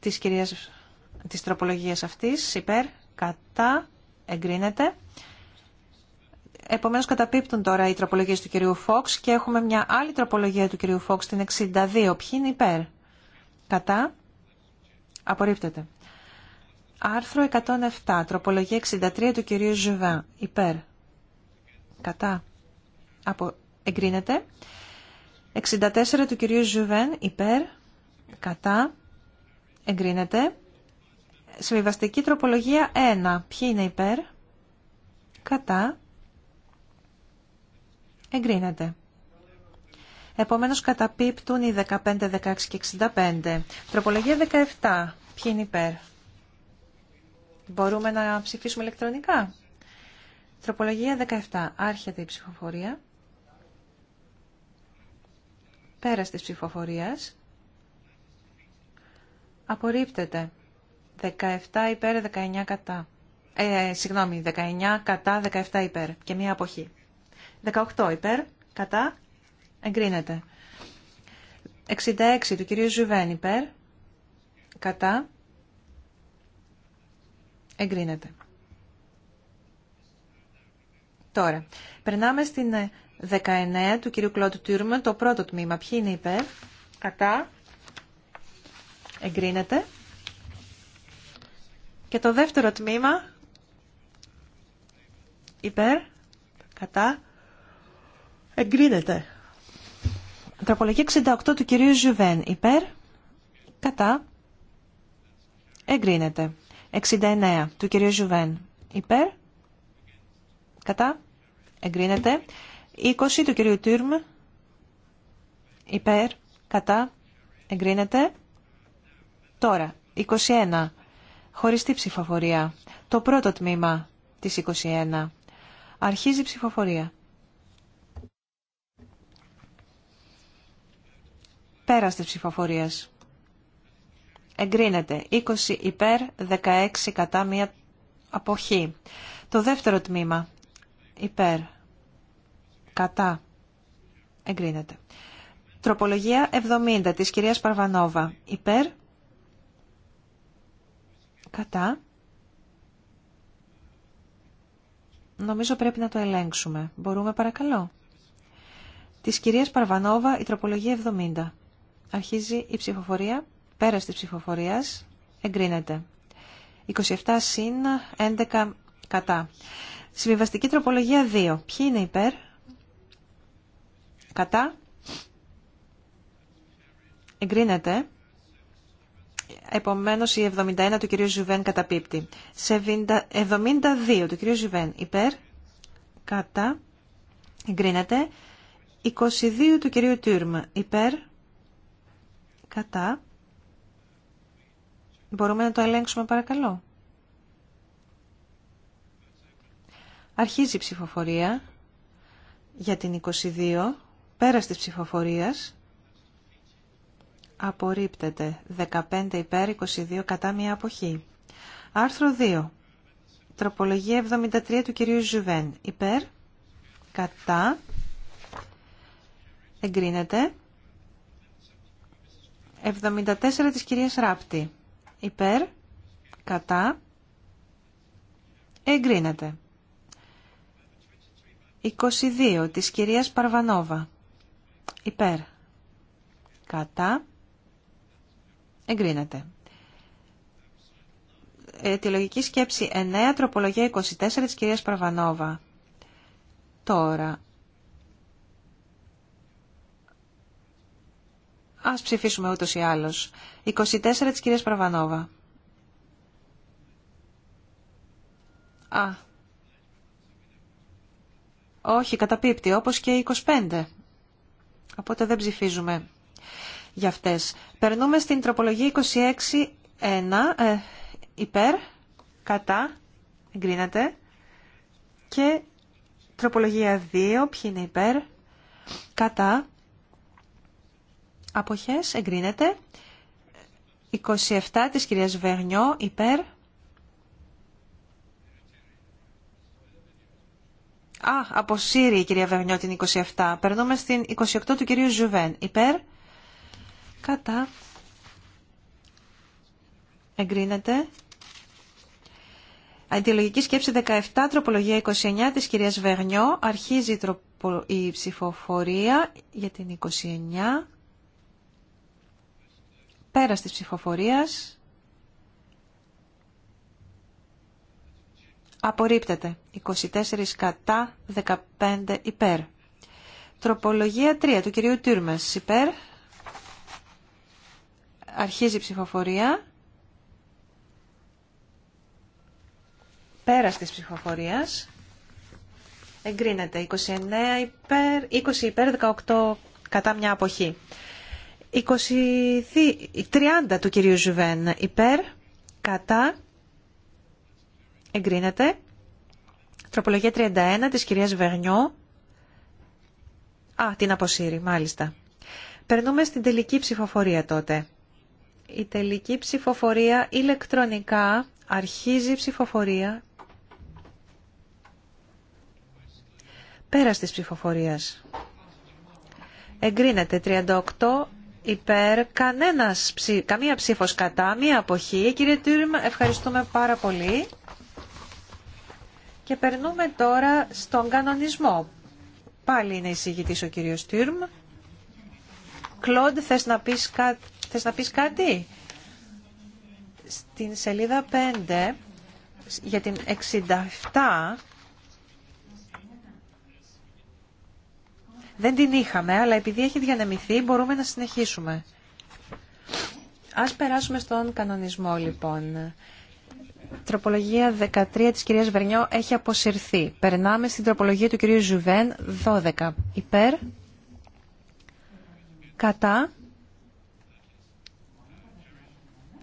της, κυρίας, της τροπολογίας αυτής, υπέρ, κατά, εγκρίνεται. Επομένως καταπίπτουν τώρα οι τροπολογίες του κυρίου Φόξ και έχουμε μια άλλη τροπολογία του κυρίου Φόξ, την 62. Ποιοι είναι υπέρ, κατά, απορρίπτεται. Άρθρο 107, τροπολογία 63 του κυρίου Ζουβά, υπέρ, κατά, απο, εγκρίνεται. 64 του κυρίου Ζουβέν υπέρ, κατά, εγκρίνεται. Συμβιβαστική τροπολογία 1. Ποιοι είναι υπέρ, κατά, εγκρίνεται. Επομένως καταπίπτουν οι 15, 16 και 65. Τροπολογία 17. Ποιοι είναι υπέρ. Μπορούμε να ψηφίσουμε ηλεκτρονικά. Τροπολογία 17. Άρχεται η ψηφοφορία. Πέρας της ψηφοφορίας. Απορρίπτεται. 17 υπέρ, 19 κατά. Ε, συγγνώμη, 19 κατά, 17 υπέρ και μία αποχή. 18 υπέρ, κατά, εγκρίνεται. 66 του κυρίου Ζουβέν υπέρ, κατά, εγκρίνεται. Τώρα, περνάμε στην ε, 19 του κυρίου Κλώτου Τούρμε, το πρώτο τμήμα. Ποιοι είναι υπέρ, κατά, εγκρίνεται. Και το δεύτερο τμήμα, υπέρ, κατά, εγκρίνεται. Τροπολογία 68 του κυρίου Ζουβέν, υπέρ, κατά, εγκρίνεται. 69 του κυρίου Ζουβέν, υπέρ, κατά, εγκρίνεται. 20 του κυρίου Τούρμ υπέρ, κατά, εγκρίνεται. Τώρα, 21. Χωριστή ψηφοφορία. Το πρώτο τμήμα της 21. Αρχίζει ψηφοφορία. Πέρας της ψηφοφορίας. Εγκρίνεται. 20 υπέρ, 16 κατά μία αποχή. Το δεύτερο τμήμα. Υπέρ. Κατά. Εγκρίνεται. Τροπολογία 70 της κυρίας Παρβανόβα. Υπέρ. Κατά. Νομίζω πρέπει να το ελέγξουμε. Μπορούμε παρακαλώ. Της κυρίας Παρβανόβα η τροπολογία 70. Αρχίζει η ψηφοφορία. Πέρας της ψηφοφορίας. Εγκρίνεται. 27 συν 11 κατά. Συμβιβαστική τροπολογία 2. Ποιοι είναι υπέρ. Κατά. Εγκρίνεται. Επομένως η 71 του κυρίου Ζουβέν καταπίπτει. Σε 72 του κυρίου Ζουβέν υπέρ. Κατά. Εγκρίνεται. 22 του κυρίου Τούρμ υπέρ. Κατά. Μπορούμε να το ελέγξουμε παρακαλώ. Αρχίζει η ψηφοφορία για την 22. Πέρας της ψηφοφορίας απορρίπτεται 15 υπέρ 22 κατά μία αποχή. Άρθρο 2. Τροπολογία 73 του κυρίου Ζουβέν. Υπέρ, κατά, εγκρίνεται. 74 της κυρίας Ράπτη. Υπέρ, κατά, εγκρίνεται. 22 της κυρίας Παρβανόβα. Υπέρ. Κατά. Εγκρίνεται. λογική σκέψη 9, τροπολογία 24 της κυρίας Παρβανόβα. Τώρα. Ας ψηφίσουμε ούτως ή άλλως. 24 της κυρίας Παρβανόβα. Α. Όχι, καταπίπτει, όπως και 25. Οπότε δεν ψηφίζουμε για αυτές. Περνούμε στην τροπολογία 26.1 ε, υπέρ, κατά, εγκρίνεται. Και τροπολογία 2, ποιοι είναι υπέρ, κατά, αποχές, εγκρίνεται. 27 της κυρίας Βερνιό, υπέρ, Α, αποσύρει η κυρία βερνιό την 27. Περνούμε στην 28 του κυρίου Ζουβέν. Υπέρ. Κατά. Εγκρίνεται. Αντιλογική σκέψη 17, τροπολογία 29 της κυρίας Βεγνιό. Αρχίζει η ψηφοφορία για την 29. Πέρας της ψηφοφορίας. Απορρίπτεται. 24 κατά, 15 υπέρ. Τροπολογία 3 του κυρίου Τύρμες. Υπέρ. Αρχίζει η ψηφοφορία. Πέρας της ψηφοφορίας. Εγκρίνεται. 29 υπέρ, 20 υπέρ, 18 κατά μια αποχή. 20, 30 του κυρίου Ζουβέν υπέρ, κατά, εγκρίνεται. Τροπολογία 31 της κυρίας Βερνιό. Α, την αποσύρει, μάλιστα. Περνούμε στην τελική ψηφοφορία τότε. Η τελική ψηφοφορία ηλεκτρονικά αρχίζει η ψηφοφορία πέρας της ψηφοφορίας. Εγκρίνεται 38 υπέρ, κανένας, καμία ψήφος κατά, μία αποχή. Κύριε Τούρμα, ευχαριστούμε πάρα πολύ. Και περνούμε τώρα στον κανονισμό. Πάλι είναι εισηγητής ο κύριος Τύρμ. Κλοντ, θες να πεις, κα... θες να πεις κάτι? Στην σελίδα 5, για την 67, δεν την είχαμε, αλλά επειδή έχει διανεμηθεί μπορούμε να συνεχίσουμε. Ας περάσουμε στον κανονισμό λοιπόν τροπολογία 13 της κυρίας Βερνιό έχει αποσυρθεί. Περνάμε στην τροπολογία του κυρίου Ζουβέν 12. Υπέρ, κατά,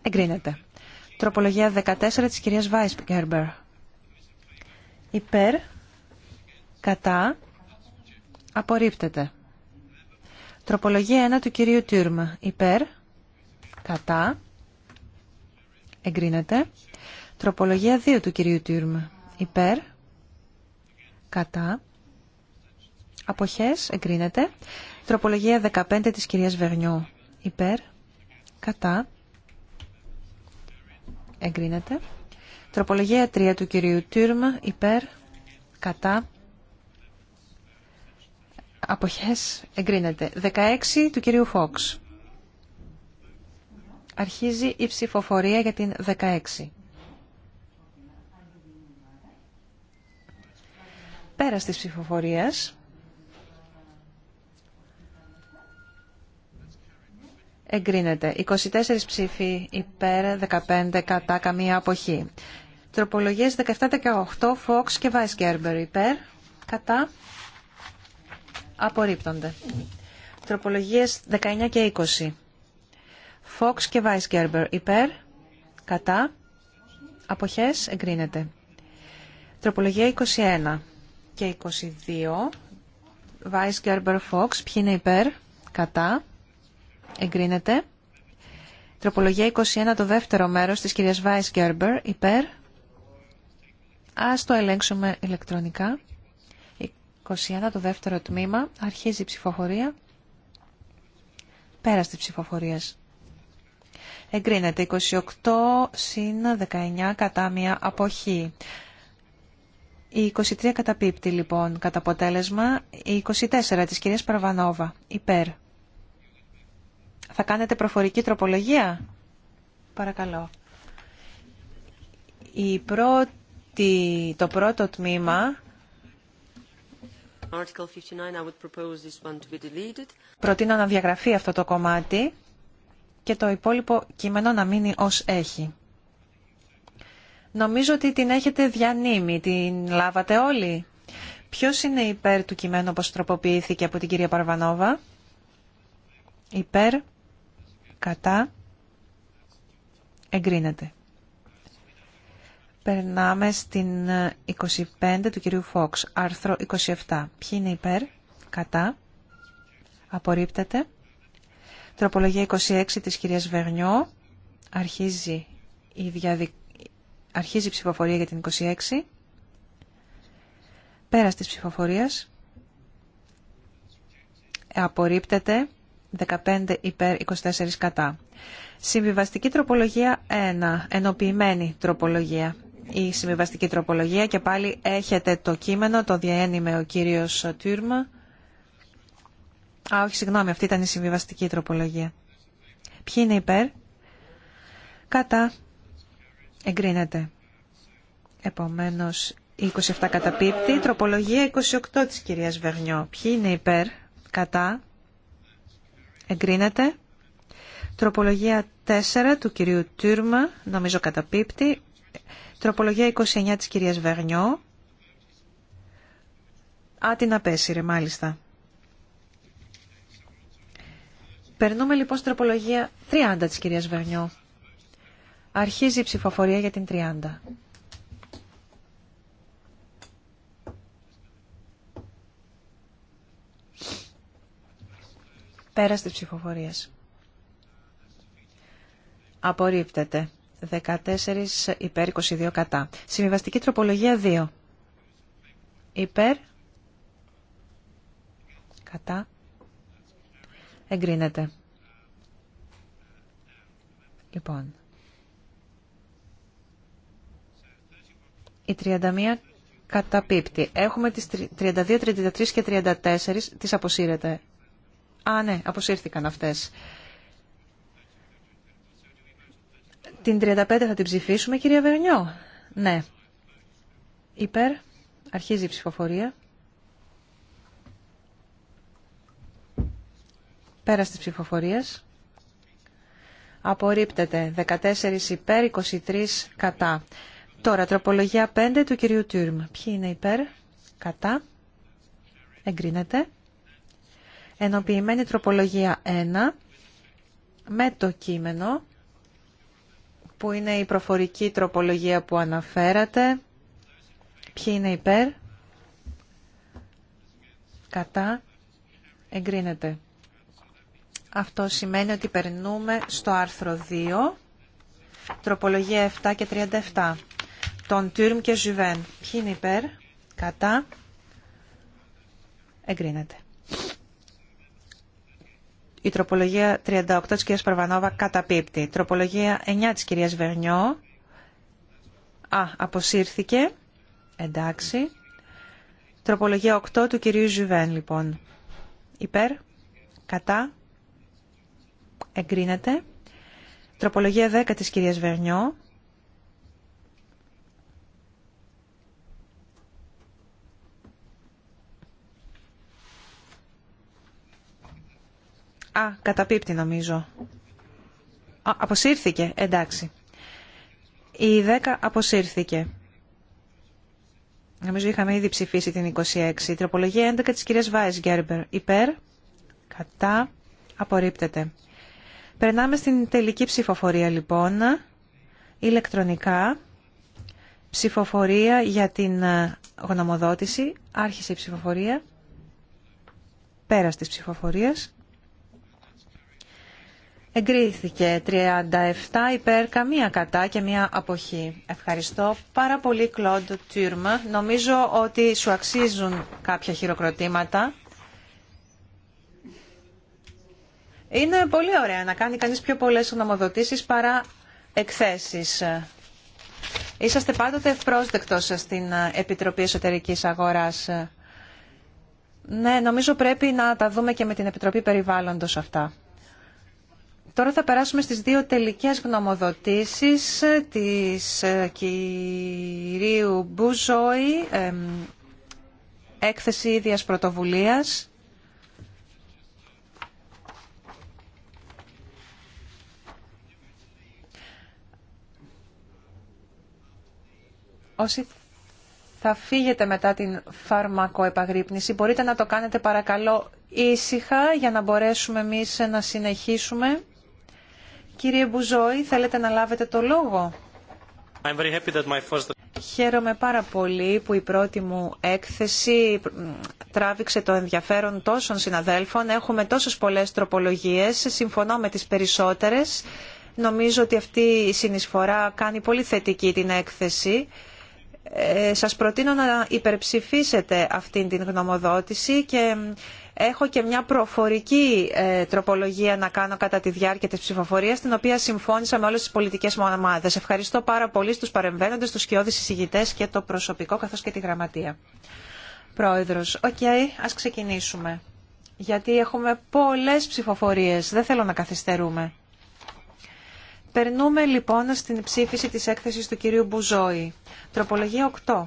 εγκρίνεται. Τροπολογία 14 της κυρίας Βάισπικερμπερ. Υπέρ, κατά, απορρίπτεται. Τροπολογία 1 του κυρίου Τύρμα. Υπέρ, κατά, εγκρίνεται. Τροπολογία 2 του κυρίου Τύρμα. Υπέρ. Κατά. Αποχές. Εγκρίνεται. Τροπολογία 15 της κυρίας Βερνιό. Υπέρ. Κατά. Εγκρίνεται. Τροπολογία 3 του κυρίου Τύρμα. Υπέρ. Κατά. Αποχές. Εγκρίνεται. 16 του κυρίου Φόξ. Αρχίζει η ψηφοφορία για την 16. Πέρας της ψηφοφορίας. Εγκρίνεται. 24 ψήφοι υπέρ, 15 κατά, καμία αποχή. Τροπολογίες 17-18, Fox και Βάις υπέρ, κατά, απορρίπτονται. Τροπολογίες 19 και 20, Fox και Γκέρμπερ υπέρ, κατά, αποχές, εγκρίνεται. Τροπολογία 21, και 22. Vice Gerber Fox, ποιοι είναι υπέρ, κατά, εγκρίνεται. Τροπολογία 21, το δεύτερο μέρος της κυρίας Vice Gerber, υπέρ. Ας το ελέγξουμε ηλεκτρονικά. 21, το δεύτερο τμήμα, αρχίζει η ψηφοφορία. Πέρα ψηφοφορίες. ψηφοφορια Εγκρίνεται 28 συν 19 κατά μία αποχή. Η 23 καταπίπτει λοιπόν κατά αποτέλεσμα. Η 24 της κυρίας Παρβανόβα. Υπέρ. Θα κάνετε προφορική τροπολογία. Παρακαλώ. Η πρώτη, το πρώτο τμήμα... Προτείνω να διαγραφεί αυτό το κομμάτι και το υπόλοιπο κείμενο να μείνει ως έχει. Νομίζω ότι την έχετε διανύμει, την λάβατε όλοι. Ποιο είναι υπέρ του κειμένου όπω τροποποιήθηκε από την κυρία Παρβανόβα. Υπέρ, κατά, εγκρίνεται. Περνάμε στην 25 του κυρίου Φόξ, άρθρο 27. Ποιοι είναι υπέρ, κατά, απορρίπτεται. Τροπολογία 26 της κυρίας Βερνιό, αρχίζει η διαδικασία Αρχίζει η ψηφοφορία για την 26. Πέρας της ψηφοφορίας. Απορρίπτεται 15 υπέρ 24 κατά. Συμβιβαστική τροπολογία 1. Ενοποιημένη τροπολογία. Η συμβιβαστική τροπολογία και πάλι έχετε το κείμενο, το διένυμε ο κύριος Τούρμα. Α, όχι, συγγνώμη, αυτή ήταν η συμβιβαστική τροπολογία. Ποιοι είναι υπέρ? Κατά. Εγκρίνεται. Επομένως, 27 καταπίπτει. Τροπολογία 28 της κυρίας Βερνιό. Ποιοι είναι υπέρ, κατά. Εγκρίνεται. Τροπολογία 4 του κυρίου Τούρμα, νομίζω καταπίπτει. Τροπολογία 29 της κυρίας Βερνιό. Α, την απέσυρε, μάλιστα. Περνούμε λοιπόν στην τροπολογία 30 της κυρίας Βερνιό. Αρχίζει η ψηφοφορία για την 30. Πέρας της ψηφοφορίας. Απορρίπτεται. 14 υπέρ 22 κατά. Συμβιβαστική τροπολογία 2. Υπέρ. Κατά. Εγκρίνεται. Λοιπόν. η 31 καταπίπτει. Έχουμε τις 32, 33 και 34. Τις αποσύρετε. Α, ναι, αποσύρθηκαν αυτές. Την 35 θα την ψηφίσουμε, κυρία Βερνιό. Ναι. Υπέρ. Αρχίζει η ψηφοφορία. Πέρα στις ψηφοφορίες. Απορρίπτεται. 14 υπέρ, 23 κατά. Τώρα, τροπολογία 5 του κυρίου Τύρμ. Ποιοι είναι υπέρ, κατά, εγκρίνεται. Ενοποιημένη τροπολογία 1 με το κείμενο που είναι η προφορική τροπολογία που αναφέρατε. Ποιοι είναι υπέρ, κατά, εγκρίνεται. Αυτό σημαίνει ότι περνούμε στο άρθρο 2, τροπολογία 7 και 37. Τον Τουρμ και Ζιβέν. Ποιοι είναι υπέρ, κατά, εγκρίνεται. Η τροπολογία 38 της κυρίας Παρβανόβα καταπίπτει. Τροπολογία 9 της κυρίας Βερνιό. Α, αποσύρθηκε. Εντάξει. Τροπολογία 8 του κυρίου Ζουβέν, λοιπόν. Υπέρ, κατά, εγκρίνεται. Τροπολογία 10 της κυρίας Βερνιό. Α, καταπίπτει νομίζω. Α, αποσύρθηκε. Εντάξει. Η 10 αποσύρθηκε. Νομίζω είχαμε ήδη ψηφίσει την 26. Η τροπολογία 11 της κυρίας Βάις Γκέρμπερ. Υπέρ, κατά, απορρίπτεται. Περνάμε στην τελική ψηφοφορία λοιπόν, ηλεκτρονικά. Ψηφοφορία για την ε, γνωμοδότηση. Άρχισε η ψηφοφορία. Πέρας της ψηφοφορίας. Εγκρίθηκε 37 υπέρ καμία κατά και μία αποχή. Ευχαριστώ πάρα πολύ Κλοντ Τύρμα. Νομίζω ότι σου αξίζουν κάποια χειροκροτήματα. Είναι πολύ ωραία να κάνει κανείς πιο πολλές ονομοδοτήσεις παρά εκθέσεις. Είσαστε πάντοτε ευπρόσδεκτος στην Επιτροπή Εσωτερικής Αγοράς. Ναι, νομίζω πρέπει να τα δούμε και με την Επιτροπή Περιβάλλοντος αυτά. Τώρα θα περάσουμε στις δύο τελικές γνωμοδοτήσεις της ε, κυρίου Μπουζόη, έκθεση ίδιας πρωτοβουλίας. Όσοι θα φύγετε μετά την φαρμακοεπαγρύπνηση, μπορείτε να το κάνετε παρακαλώ ήσυχα για να μπορέσουμε εμείς να συνεχίσουμε. Κύριε Μπουζόη, θέλετε να λάβετε το λόγο. Χαίρομαι πάρα πολύ που η πρώτη μου έκθεση τράβηξε το ενδιαφέρον τόσων συναδέλφων. Έχουμε τόσες πολλές τροπολογίες, συμφωνώ με τις περισσότερες. Νομίζω ότι αυτή η συνεισφορά κάνει πολύ θετική την έκθεση. Ε, σας προτείνω να υπερψηφίσετε αυτήν την γνωμοδότηση και Έχω και μια προφορική ε, τροπολογία να κάνω κατά τη διάρκεια της ψηφοφορίας, την οποία συμφώνησα με όλες τις πολιτικές μου ομάδες. Ευχαριστώ πάρα πολύ στους παρεμβαίνοντες, τους σκιώδεις εισηγητές και το προσωπικό, καθώς και τη γραμματεία. Πρόεδρος, οκ, okay, ας ξεκινήσουμε. Γιατί έχουμε πολλές ψηφοφορίες, δεν θέλω να καθυστερούμε. Περνούμε λοιπόν στην ψήφιση της έκθεσης του κυρίου Μπουζόη. Τροπολογία 8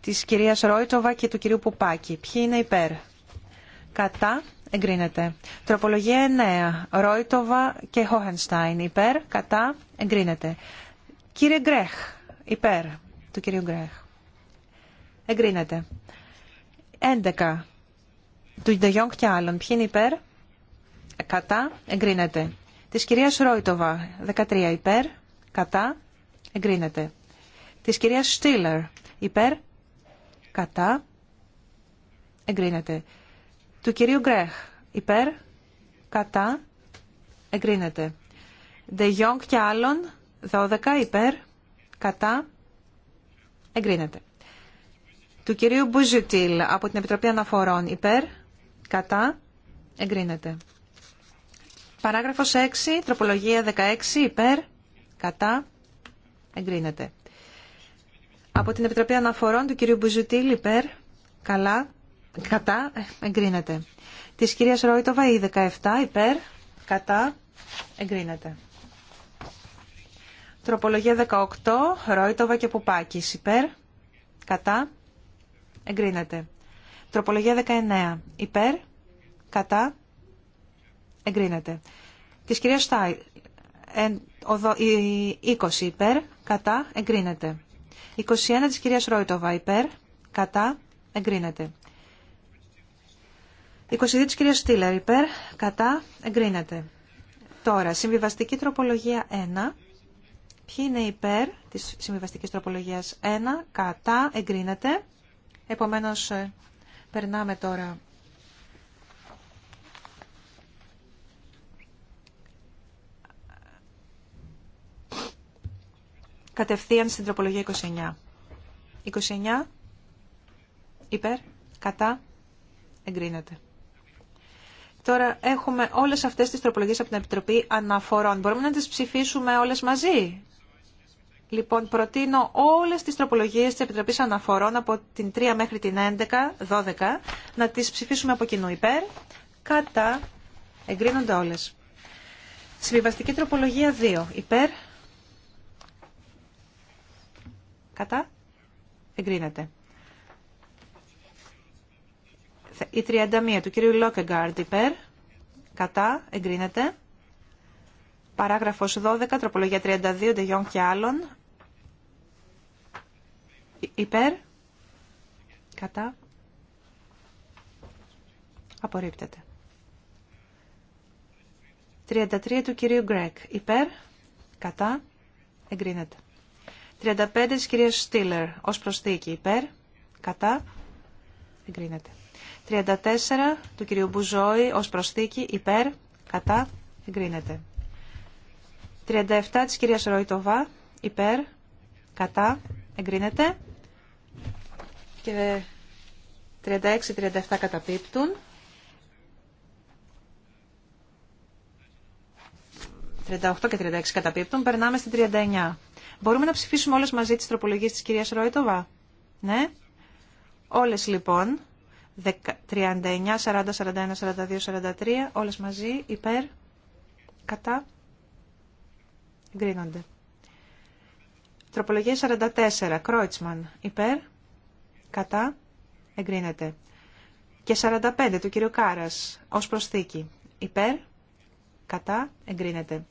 της κυρίας Ρόιτοβα και του κυρίου Πουπάκη. Ποιοι είναι υπέρ κατά, εγκρίνεται. Τροπολογία 9. Ρόιτοβα και Χόχενστάιν. Υπέρ, κατά, εγκρίνεται. Κύριε Γκρέχ, υπέρ του κύριου Γκρέχ. Εγκρίνεται. 11. Του Ντεγιόνγκ και άλλων. Ποιοι είναι υπέρ, κατά, εγκρίνεται. Τη κυρία Ρόιτοβα, 13. Υπέρ, κατά, εγκρίνεται. Τη κυρία Στίλερ, υπέρ, κατά, εγκρίνεται του κυρίου Γκρέχ. Υπέρ, κατά, εγκρίνεται. Δε Γιόγκ και άλλων, 12 υπέρ, κατά, εγκρίνεται. Του κυρίου Μπουζουτήλ από την Επιτροπή Αναφορών υπέρ, κατά, εγκρίνεται. Παράγραφος 6, τροπολογία 16 υπέρ, κατά, εγκρίνεται. Από την Επιτροπή Αναφορών του κυρίου Μπουζουτήλ υπέρ, καλά, Κατά. Ε, εγκρίνεται. Της κυρίας Ρόιτοβα η 17 υπέρ. Κατά. Εγκρίνεται. Τροπολογία 18. Ρόιτοβα και Πουπάκης υπέρ. Κατά. Εγκρίνεται. Τροπολογία 19. Υπέρ. Κατά. Εγκρίνεται. Της κυρίας Στάιλ Η 20 υπέρ. Κατά. Εγκρίνεται. 21 της κυρίας Ρόιτοβα υπέρ. Κατά. Εγκρίνεται. 22 της κυρίας Στήλερ υπέρ, κατά, εγκρίνεται. Τώρα, συμβιβαστική τροπολογία 1. Ποιοι είναι υπέρ της συμβιβαστικής τροπολογίας 1, κατά, εγκρίνεται. Επομένως, ε, περνάμε τώρα κατευθείαν στην τροπολογία 29. 29, υπέρ, κατά, εγκρίνεται. Τώρα έχουμε όλες αυτές τις τροπολογίες από την Επιτροπή Αναφορών. Μπορούμε να τις ψηφίσουμε όλες μαζί. Λοιπόν, προτείνω όλες τις τροπολογίες της Επιτροπής Αναφορών από την 3 μέχρι την 11, 12, να τις ψηφίσουμε από κοινού υπέρ, κατά, εγκρίνονται όλες. Συμβιβαστική τροπολογία 2, υπέρ, κατά, εγκρίνεται. Η 31 του κυρίου Λόκεγκάρντ υπέρ. Κατά. Εγκρίνεται. Παράγραφος 12, τροπολογία 32, ντεγιόν και άλλων. Υπέρ. Κατά. Απορρίπτεται. 33 του κυρίου Γκρέκ. Υπέρ. Κατά. Εγκρίνεται. 35 της κυρίας Στίλερ. Ως προσθήκη. Υπέρ. Κατά. Εγκρίνεται. 34 του κυρίου Μπουζόη ως προσθήκη υπέρ, κατά, εγκρίνεται. 37 της κυρίας Ροϊτοβά υπέρ, κατά, εγκρίνεται. Και 36-37 καταπίπτουν. 38 και 36 καταπίπτουν. Περνάμε στην 39. Μπορούμε να ψηφίσουμε όλες μαζί τις τροπολογίες της κυρίας Ρόιτοβα. Ναι. Όλες λοιπόν 39, 40, 41, 42, 43, όλες μαζί, υπέρ, κατά, εγκρίνονται. Τροπολογία 44, Κρόιτσμαν, υπέρ, κατά, εγκρίνεται. Και 45 του κύριου Κάρας, ως προσθήκη, υπέρ, κατά, εγκρίνεται.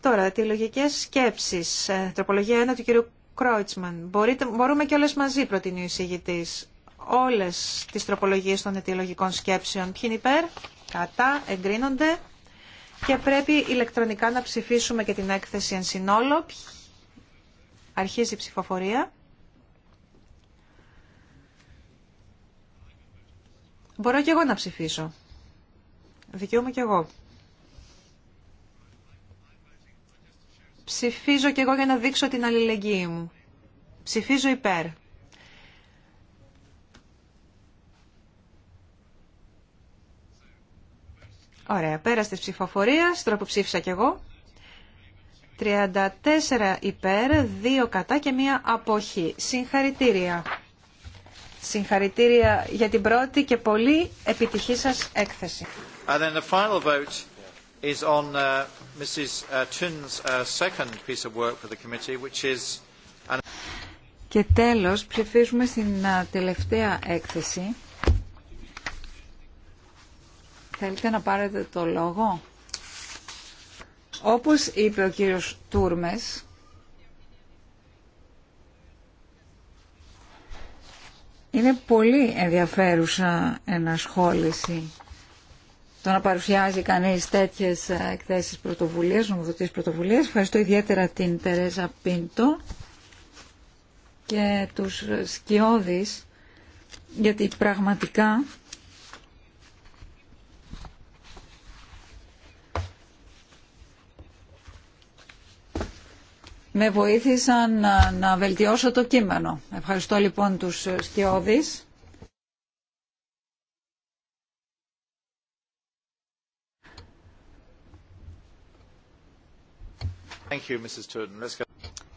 Τώρα, τη λογικές σκέψεις, ε, τροπολογία 1 του κύριου Κρόιτσμαν, μπορούμε και όλες μαζί, προτείνει ο εισηγητής όλες τις τροπολογίες των αιτιολογικών σκέψεων. Ποιοι είναι υπέρ, κατά, εγκρίνονται και πρέπει ηλεκτρονικά να ψηφίσουμε και την έκθεση εν συνόλο. Αρχίζει η ψηφοφορία. Μπορώ και εγώ να ψηφίσω. Δικαιούμαι και εγώ. Ψηφίζω και εγώ για να δείξω την αλληλεγγύη μου. Ψηφίζω υπέρ. Ωραία, πέρα ψηφοφορία, τρόπο ψήφισα κι εγώ. 34 υπέρ, 2 κατά και μία αποχή. Συγχαρητήρια. Συγχαρητήρια για την πρώτη και πολύ επιτυχή σας έκθεση. Και τέλος ψηφίζουμε στην uh, τελευταία έκθεση Θέλετε να πάρετε το λόγο. Όπως είπε ο κύριος Τούρμες, είναι πολύ ενδιαφέρουσα ενασχόληση το να παρουσιάζει κανείς τέτοιες εκθέσεις πρωτοβουλίας, νομοδοτήσεις πρωτοβουλίας. Ευχαριστώ ιδιαίτερα την Τερέζα Πίντο και τους σκιώδεις γιατί πραγματικά με βοήθησαν να, να βελτιώσω το κείμενο. Ευχαριστώ λοιπόν τους ε, Σκιώδης.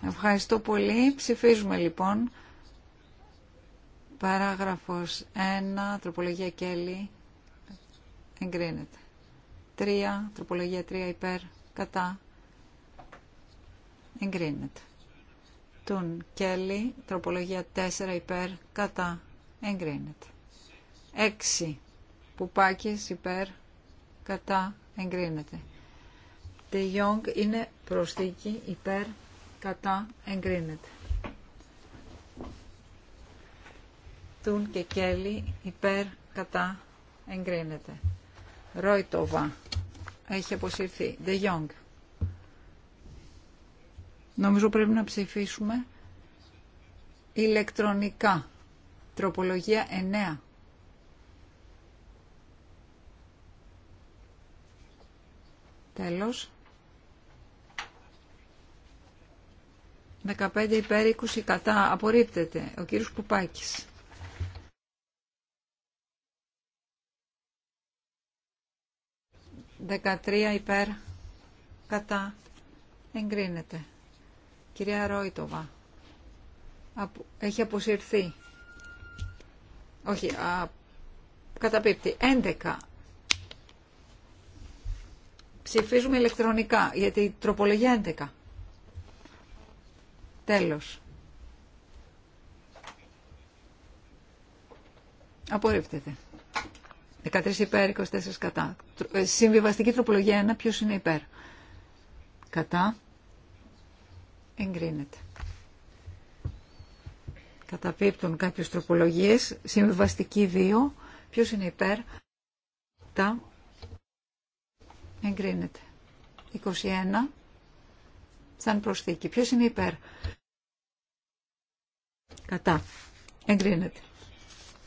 Ευχαριστώ πολύ. Ψηφίζουμε λοιπόν. Παράγραφος 1, τροπολογία Κέλλη, εγκρίνεται. 3, τροπολογία 3 υπέρ, κατά, εγκρίνεται. Τουν Κέλλη, τροπολογία 4 υπέρ, κατά, εγκρίνεται. 6. Πουπάκης υπέρ, κατά, εγκρίνεται. Τε Ιόγκ είναι προσθήκη υπέρ, κατά, εγκρίνεται. Τουν και Κέλλη υπέρ, κατά, εγκρίνεται. Ρόιτοβα, έχει αποσυρθεί. Τε Ιόγκ Νομίζω πρέπει να ψηφίσουμε ηλεκτρονικά. Τροπολογία 9. Τέλος. 15 υπέρ 20 κατά. Απορρίπτεται. Ο κύριος Πουπάκης. Δεκατρία υπέρ κατά εγκρίνεται. Κυρία Ρόιτοβα, έχει αποσυρθεί. Όχι, α, καταπίπτει. 11. Ψηφίζουμε ηλεκτρονικά, γιατί η τροπολογία 11. Τέλος. Απορρίπτεται. 13 υπέρ, 24 κατά. Ε, συμβιβαστική τροπολογία 1, ποιος είναι υπέρ. Κατά εγκρίνεται. Καταπίπτουν κάποιες τροπολογίες. Συμβιβαστική 2. Ποιος είναι υπέρ. Τα. Εγκρίνεται. 21. Σαν προσθήκη. Ποιος είναι υπέρ. Κατά. Εγκρίνεται.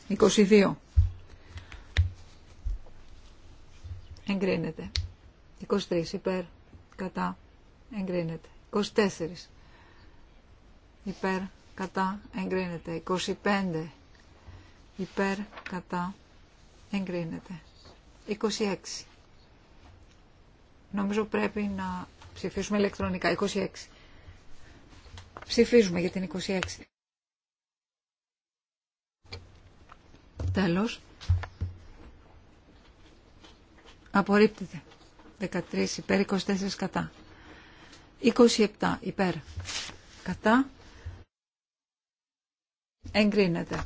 22. Εγκρίνεται. 23. Υπέρ. Κατά. Εγκρίνεται. 24 υπέρ κατά εγκρίνεται. 25 υπέρ κατά εγκρίνεται. 26. Νομίζω πρέπει να ψηφίσουμε ηλεκτρονικά. 26. Ψηφίζουμε για την 26. Τέλος. Απορρίπτεται. 13 υπέρ, 24 κατά. 27 υπέρ. Κατά. Εγκρίνεται.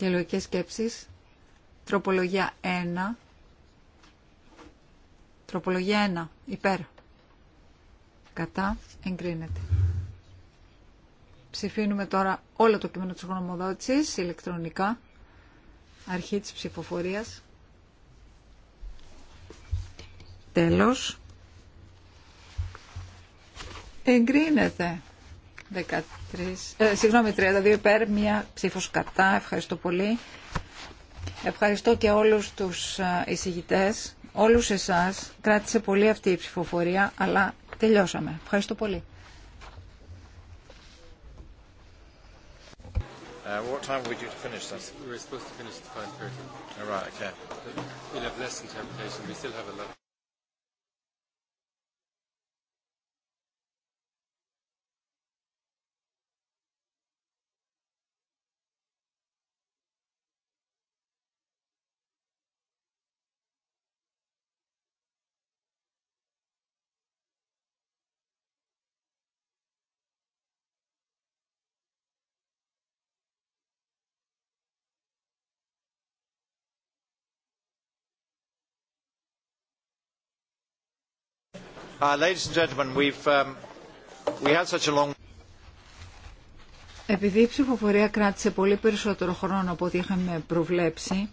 λογικές σκέψεις. Τροπολογία 1. Τροπολογία 1. Υπέρ. Κατά. Εγκρίνεται. Ψηφίνουμε τώρα όλο το κείμενο της γνωμοδότησης ηλεκτρονικά. Αρχή της ψηφοφορίας. Τέλος. Εγκρίνεται. 13, ε, συγγνώμη, 32 υπέρ, μία ψήφος κατά. Ευχαριστώ πολύ. Ευχαριστώ και όλους τους ε, εισηγητές, όλους εσάς. Κράτησε πολύ αυτή η ψηφοφορία, αλλά τελειώσαμε. Ευχαριστώ πολύ. Uh, Επειδή η ψηφοφορία κράτησε πολύ περισσότερο χρόνο από ό,τι είχαμε προβλέψει,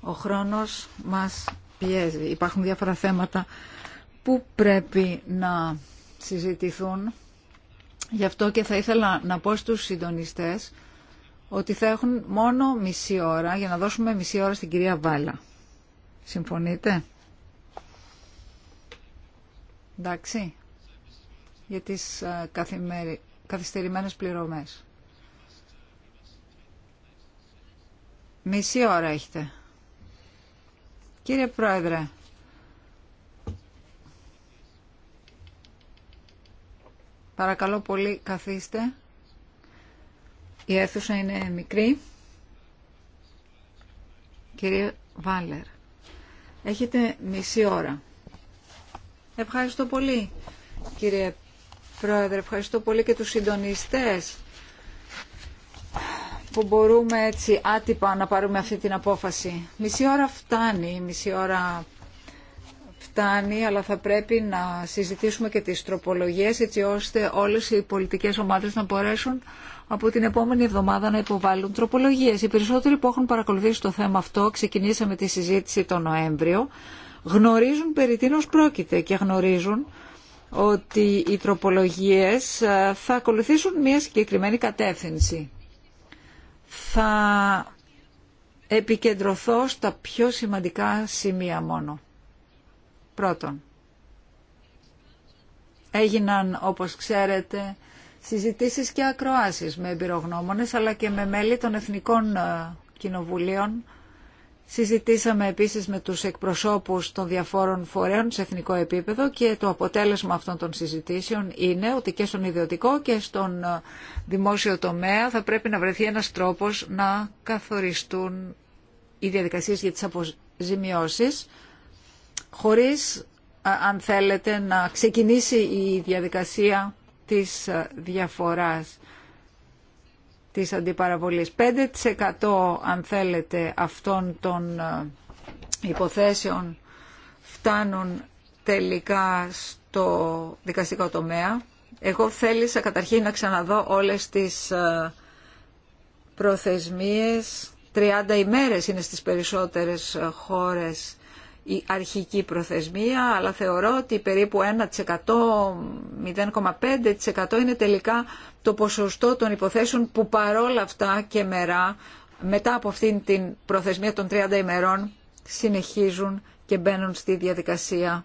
ο χρόνος μας πιέζει. Υπάρχουν διάφορα θέματα που πρέπει να συζητηθούν. Γι' αυτό και θα ήθελα να πω στους συντονιστές ότι θα έχουν μόνο μισή ώρα για να δώσουμε μισή ώρα στην κυρία Βάλα. Συμφωνείτε? εντάξει, για τις ε, καθημερι... καθυστερημένες πληρωμές. Μισή ώρα έχετε. Κύριε Πρόεδρε, παρακαλώ πολύ καθίστε. Η αίθουσα είναι μικρή. Κύριε Βάλερ, έχετε μισή ώρα. Ευχαριστώ πολύ, κύριε Πρόεδρε. Ευχαριστώ πολύ και τους συντονιστές που μπορούμε έτσι άτυπα να πάρουμε αυτή την απόφαση. Μισή ώρα φτάνει, μισή ώρα φτάνει, αλλά θα πρέπει να συζητήσουμε και τις τροπολογίες έτσι ώστε όλες οι πολιτικές ομάδες να μπορέσουν από την επόμενη εβδομάδα να υποβάλουν τροπολογίες. Οι περισσότεροι που έχουν παρακολουθήσει το θέμα αυτό ξεκινήσαμε τη συζήτηση τον Νοέμβριο γνωρίζουν περί τίνος πρόκειται και γνωρίζουν ότι οι τροπολογίες ε, θα ακολουθήσουν μια συγκεκριμένη κατεύθυνση. Θα επικεντρωθώ στα πιο σημαντικά σημεία μόνο. Πρώτον, έγιναν όπως ξέρετε συζητήσεις και ακροάσεις με εμπειρογνώμονες αλλά και με μέλη των Εθνικών ε, Κοινοβουλίων Συζητήσαμε επίσης με τους εκπροσώπους των διαφόρων φορέων σε εθνικό επίπεδο και το αποτέλεσμα αυτών των συζητήσεων είναι ότι και στον ιδιωτικό και στον ε, δημόσιο τομέα θα πρέπει να βρεθεί ένας τρόπος να καθοριστούν οι διαδικασίες για τις αποζημιώσεις χωρίς, ε, αν θέλετε, να ξεκινήσει η διαδικασία της ε, διαφοράς της αντιπαραβολής. 5% αν θέλετε αυτών των ε, υποθέσεων φτάνουν τελικά στο δικαστικό τομέα. Εγώ θέλησα καταρχήν να ξαναδώ όλες τις ε, προθεσμίες. 30 ημέρες είναι στις περισσότερες ε, χώρες η αρχική προθεσμία, αλλά θεωρώ ότι περίπου 1%, 0,5% είναι τελικά το ποσοστό των υποθέσεων που παρόλα αυτά και μερά, μετά από αυτήν την προθεσμία των 30 ημερών, συνεχίζουν και μπαίνουν στη διαδικασία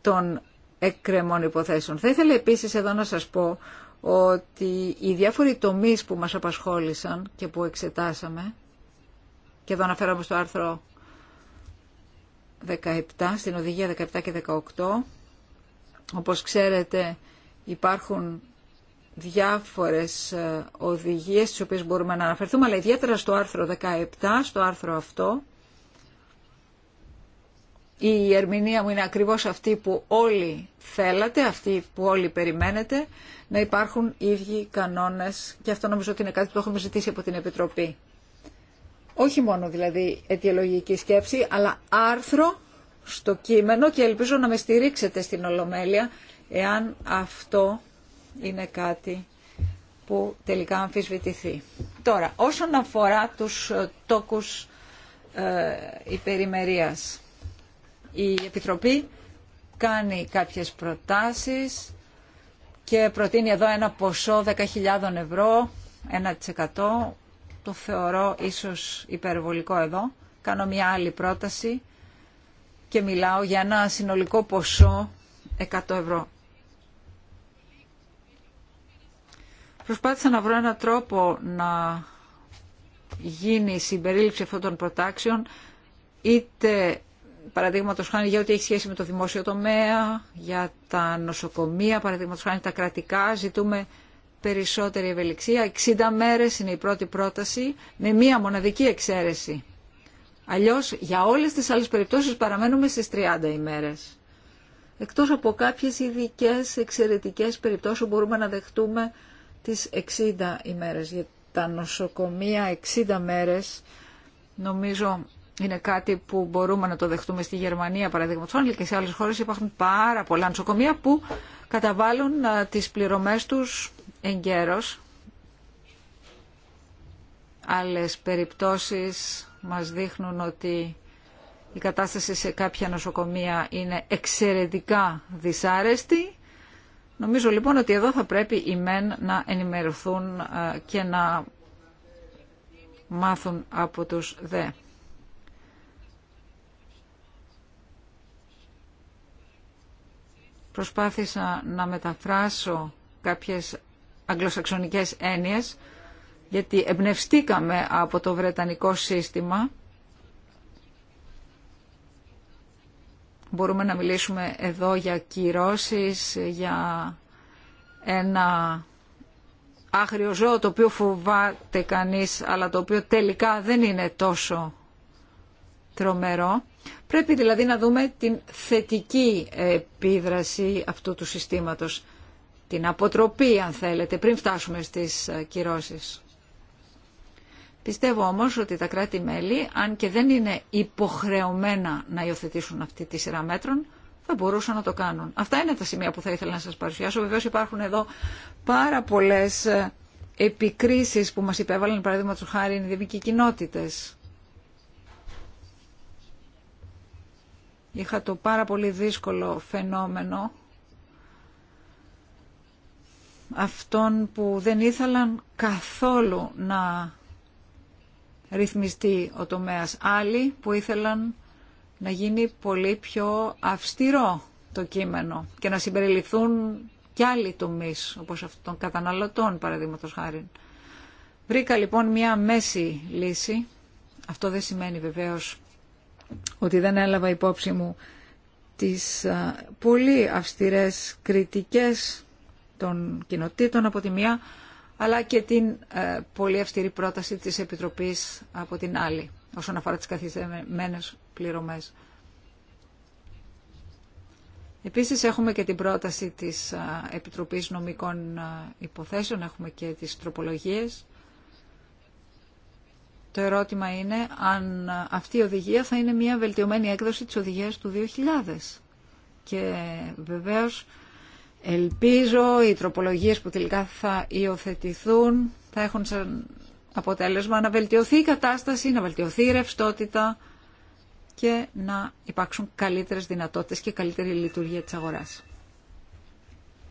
των εκκρεμών υποθέσεων. Θα ήθελα επίσης εδώ να σας πω ότι οι διάφοροι τομείς που μας απασχόλησαν και που εξετάσαμε και εδώ αναφέρομαι στο άρθρο 17, στην οδηγία 17 και 18. Όπως ξέρετε υπάρχουν διάφορες ε, οδηγίες στις οποίες μπορούμε να αναφερθούμε, αλλά ιδιαίτερα στο άρθρο 17, στο άρθρο αυτό, η ερμηνεία μου είναι ακριβώς αυτή που όλοι θέλατε, αυτή που όλοι περιμένετε, να υπάρχουν ίδιοι κανόνες και αυτό νομίζω ότι είναι κάτι που το έχουμε ζητήσει από την Επιτροπή όχι μόνο δηλαδή αιτιολογική σκέψη, αλλά άρθρο στο κείμενο και ελπίζω να με στηρίξετε στην Ολομέλεια εάν αυτό είναι κάτι που τελικά αμφισβητηθεί. Τώρα, όσον αφορά τους ε, τόκους ε, υπερημερίας, η Επιτροπή κάνει κάποιες προτάσεις και προτείνει εδώ ένα ποσό 10.000 ευρώ, 1% το θεωρώ ίσως υπερβολικό εδώ. Κάνω μια άλλη πρόταση και μιλάω για ένα συνολικό ποσό 100 ευρώ. Προσπάθησα να βρω έναν τρόπο να γίνει η συμπερίληψη αυτών των προτάξεων είτε παραδείγματο χάνει για ό,τι έχει σχέση με το δημόσιο τομέα, για τα νοσοκομεία, παραδείγματο χάνει τα κρατικά. Ζητούμε περισσότερη ευελιξία. 60 μέρες είναι η πρώτη πρόταση με μία μοναδική εξαίρεση. Αλλιώς για όλες τις άλλες περιπτώσεις παραμένουμε στις 30 ημέρες. Εκτός από κάποιες ειδικέ εξαιρετικές περιπτώσεις μπορούμε να δεχτούμε τις 60 ημέρες. Για τα νοσοκομεία 60 μέρες νομίζω είναι κάτι που μπορούμε να το δεχτούμε στη Γερμανία παραδείγματος και σε άλλες χώρες υπάρχουν πάρα πολλά νοσοκομεία που καταβάλουν τις πληρωμές τους Εγκέρος, Άλλες περιπτώσεις μας δείχνουν ότι η κατάσταση σε κάποια νοσοκομεία είναι εξαιρετικά δυσάρεστη. Νομίζω λοιπόν ότι εδώ θα πρέπει οι μεν να ενημερωθούν ε, και να μάθουν από τους δε. Προσπάθησα να μεταφράσω κάποιες αγγλοσαξονικές έννοιες, γιατί εμπνευστήκαμε από το βρετανικό σύστημα. Μπορούμε να μιλήσουμε εδώ για κυρώσεις, για ένα άγριο ζώο το οποίο φοβάται κανείς, αλλά το οποίο τελικά δεν είναι τόσο τρομερό. Πρέπει δηλαδή να δούμε την θετική επίδραση αυτού του συστήματος την αποτροπή αν θέλετε πριν φτάσουμε στις ε, κυρώσεις. Πιστεύω όμως ότι τα κράτη-μέλη, αν και δεν είναι υποχρεωμένα να υιοθετήσουν αυτή τη σειρά μέτρων, θα μπορούσαν να το κάνουν. Αυτά είναι τα σημεία που θα ήθελα να σας παρουσιάσω. Βεβαίως υπάρχουν εδώ πάρα πολλές ε, επικρίσεις που μας υπέβαλαν, παράδειγμα του χάρη, οι δημικοί κοινότητες. Είχα το πάρα πολύ δύσκολο φαινόμενο αυτών που δεν ήθελαν καθόλου να ρυθμιστεί ο τομέας. Άλλοι που ήθελαν να γίνει πολύ πιο αυστηρό το κείμενο και να συμπεριληφθούν κι άλλοι τομείς, όπως αυτών των καταναλωτών παραδείγματος χάρη. Βρήκα λοιπόν μια μέση λύση. Αυτό δεν σημαίνει βεβαίως ότι δεν έλαβα υπόψη μου τις πολύ αυστηρές κριτικές των κοινοτήτων από τη μία, αλλά και την ε, πολύ αυστηρή πρόταση της Επιτροπής από την άλλη, όσον αφορά τις καθιστεμένες πληρωμές. Επίσης έχουμε και την πρόταση της ε, Επιτροπής Νομικών ε, Υποθέσεων, έχουμε και τις τροπολογίες. Το ερώτημα είναι αν αυτή η οδηγία θα είναι μια βελτιωμένη έκδοση της οδηγίας του 2000. Και βεβαίως Ελπίζω οι τροπολογίες που τελικά θα υιοθετηθούν θα έχουν σαν αποτέλεσμα να βελτιωθεί η κατάσταση, να βελτιωθεί η ρευστότητα και να υπάρξουν καλύτερες δυνατότητες και καλύτερη λειτουργία της αγοράς.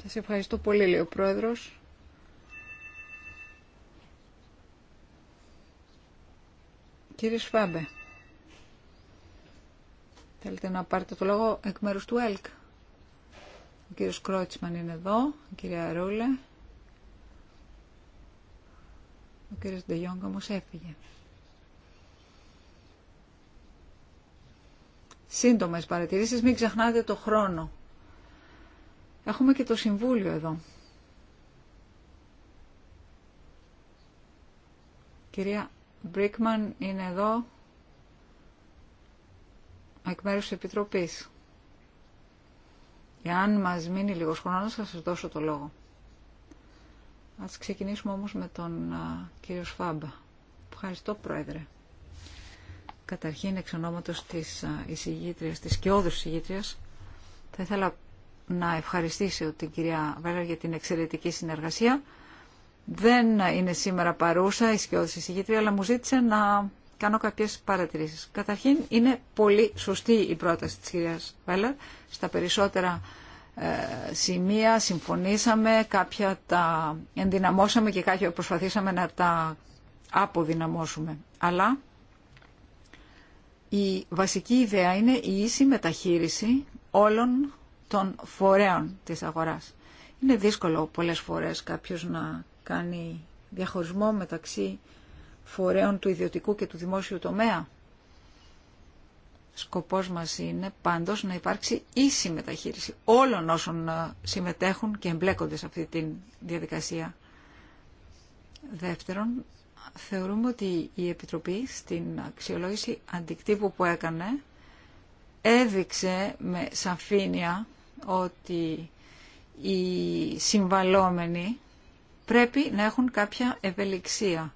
Σας ευχαριστώ πολύ, λέει ο Πρόεδρος. Κύριε Σφάμπε, θέλετε να πάρετε το λόγο εκ μέρους του ΕΛΚ. Ο κύριος Κρότσμαν είναι εδώ, η κυρία Ρούλε. Ο κύριος Ντεγιόγκ όμως έφυγε. Σύντομες παρατηρήσεις, μην ξεχνάτε το χρόνο. Έχουμε και το Συμβούλιο εδώ. Η κυρία Μπρίκμαν είναι εδώ εκ μέρους της Επιτροπής. Εάν μας μείνει λίγος χρόνος θα σας δώσω το λόγο. Ας ξεκινήσουμε όμως με τον κύριο Σφάμπα. Ευχαριστώ Πρόεδρε. Καταρχήν εξ ονόματος της α, εισηγήτριας, της σκιώδους εισηγήτριας, θα ήθελα να ευχαριστήσω την κυρία Βέλλα για την εξαιρετική συνεργασία. Δεν είναι σήμερα παρούσα η σκιώδης εισηγήτρια, αλλά μου ζήτησε να κάνω κάποιες παρατηρήσεις. Καταρχήν είναι πολύ σωστή η πρόταση της κυρίας Βέλλερ. Στα περισσότερα ε, σημεία συμφωνήσαμε, κάποια τα ενδυναμώσαμε και κάποια προσπαθήσαμε να τα αποδυναμώσουμε. Αλλά η βασική ιδέα είναι η ίση μεταχείριση όλων των φορέων της αγοράς. Είναι δύσκολο πολλές φορές κάποιος να κάνει διαχωρισμό μεταξύ φορέων του ιδιωτικού και του δημόσιου τομέα. Σκοπός μας είναι πάντως να υπάρξει ίση μεταχείριση όλων όσων ε, συμμετέχουν και εμπλέκονται σε αυτή τη διαδικασία. Δεύτερον, θεωρούμε ότι η Επιτροπή στην αξιολόγηση αντικτύπου που έκανε έδειξε με σαφήνεια ότι οι συμβαλόμενοι πρέπει να έχουν κάποια ευελιξία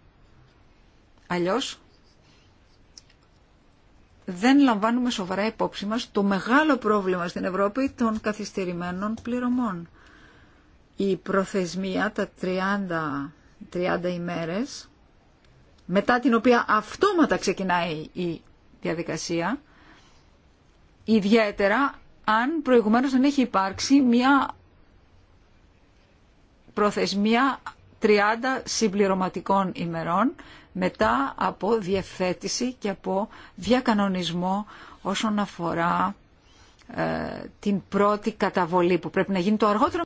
Αλλιώς δεν λαμβάνουμε σοβαρά υπόψη μας το μεγάλο πρόβλημα στην Ευρώπη των καθυστερημένων πληρωμών. Η προθεσμία τα 30, 30 ημέρες, μετά την οποία αυτόματα ξεκινάει η διαδικασία, ιδιαίτερα αν προηγουμένως δεν έχει υπάρξει μια προθεσμία 30 συμπληρωματικών ημερών μετά από διευθέτηση και από διακανονισμό όσον αφορά ε, την πρώτη καταβολή που πρέπει να γίνει το αργότερο.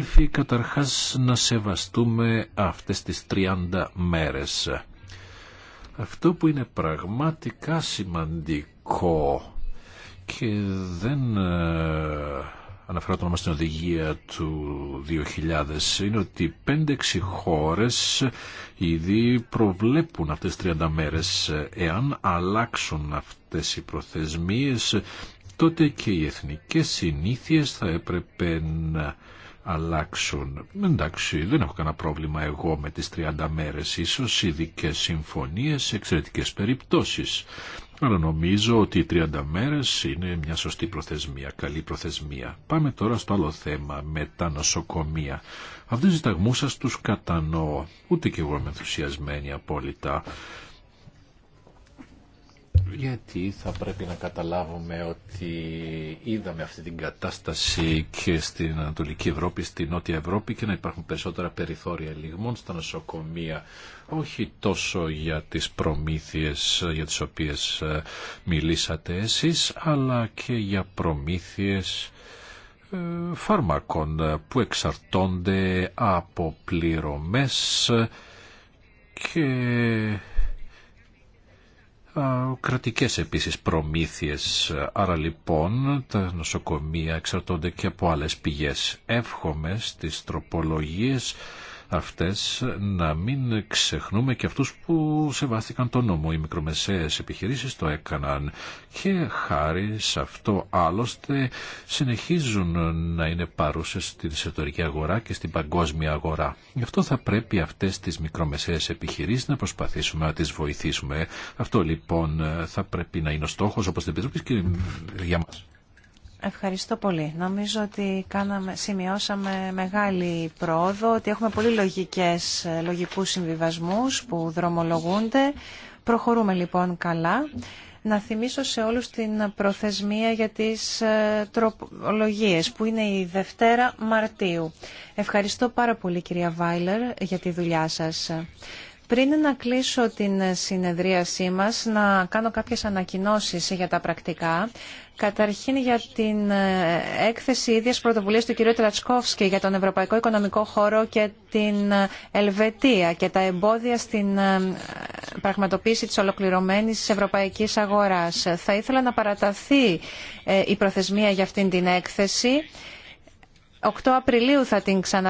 Καταρχά καταρχάς να σεβαστούμε αυτές τις 30 μέρες. Αυτό που είναι πραγματικά σημαντικό και δεν ε, αναφέρω το όνομα στην οδηγία του 2000, είναι ότι 5-6 χώρες ήδη προβλέπουν αυτές τις 30 μέρες. Εάν αλλάξουν αυτές οι προθεσμίες, τότε και οι εθνικές συνήθειες θα έπρεπε να αλλάξουν. Εντάξει, δεν έχω κανένα πρόβλημα εγώ με τις 30 μέρες ίσως, ειδικέ συμφωνίες, εξαιρετικές περιπτώσεις. Αλλά νομίζω ότι οι 30 μέρες είναι μια σωστή προθεσμία, καλή προθεσμία. Πάμε τώρα στο άλλο θέμα, με τα νοσοκομεία. Αυτές τις ταγμούς σας τους κατανοώ, ούτε κι εγώ είμαι ενθουσιασμένη απόλυτα γιατί θα πρέπει να καταλάβουμε ότι είδαμε αυτή την κατάσταση και στην Ανατολική Ευρώπη, στην Νότια Ευρώπη και να υπάρχουν περισσότερα περιθώρια λιγμών στα νοσοκομεία, όχι τόσο για τις προμήθειες για τις οποίες ε, μιλήσατε εσείς, αλλά και για προμήθειες ε, φάρμακων ε, που εξαρτώνται από πληρωμές και κρατικές επίσης προμήθειες. Άρα λοιπόν τα νοσοκομεία εξαρτώνται και από άλλες πηγές. Εύχομαι στις τροπολογίες αυτές να μην ξεχνούμε και αυτούς που σεβάστηκαν τον νόμο. Οι μικρομεσαίες επιχειρήσεις το έκαναν και χάρη σε αυτό άλλωστε συνεχίζουν να είναι παρούσες στην εσωτερική αγορά και στην παγκόσμια αγορά. Γι' αυτό θα πρέπει αυτές τις μικρομεσαίες επιχειρήσεις να προσπαθήσουμε να τις βοηθήσουμε. Αυτό λοιπόν θα πρέπει να είναι ο στόχος όπως την Επιτροπή και για μα. Ευχαριστώ πολύ. Νομίζω ότι κάναμε, σημειώσαμε μεγάλη πρόοδο, ότι έχουμε πολύ λογικές, ε, λογικούς συμβιβασμούς που δρομολογούνται. Προχωρούμε λοιπόν καλά. Να θυμίσω σε όλους την προθεσμία για τις ε, τροπολογίες που είναι η Δευτέρα Μαρτίου. Ευχαριστώ πάρα πολύ κυρία Βάιλερ για τη δουλειά σας. Πριν να κλείσω την συνεδρίασή μας, να κάνω κάποιες ανακοινώσεις για τα πρακτικά. Καταρχήν για την ε, έκθεση ίδιας πρωτοβουλίας του κ. Τρατσκόφσκη για τον Ευρωπαϊκό Οικονομικό Χώρο και την ε, Ελβετία και τα εμπόδια στην ε, πραγματοποίηση της ολοκληρωμένης ευρωπαϊκής αγοράς. Θα ήθελα να παραταθεί η προθεσμία για αυτήν την έκθεση. 8 Απριλίου θα την ξανα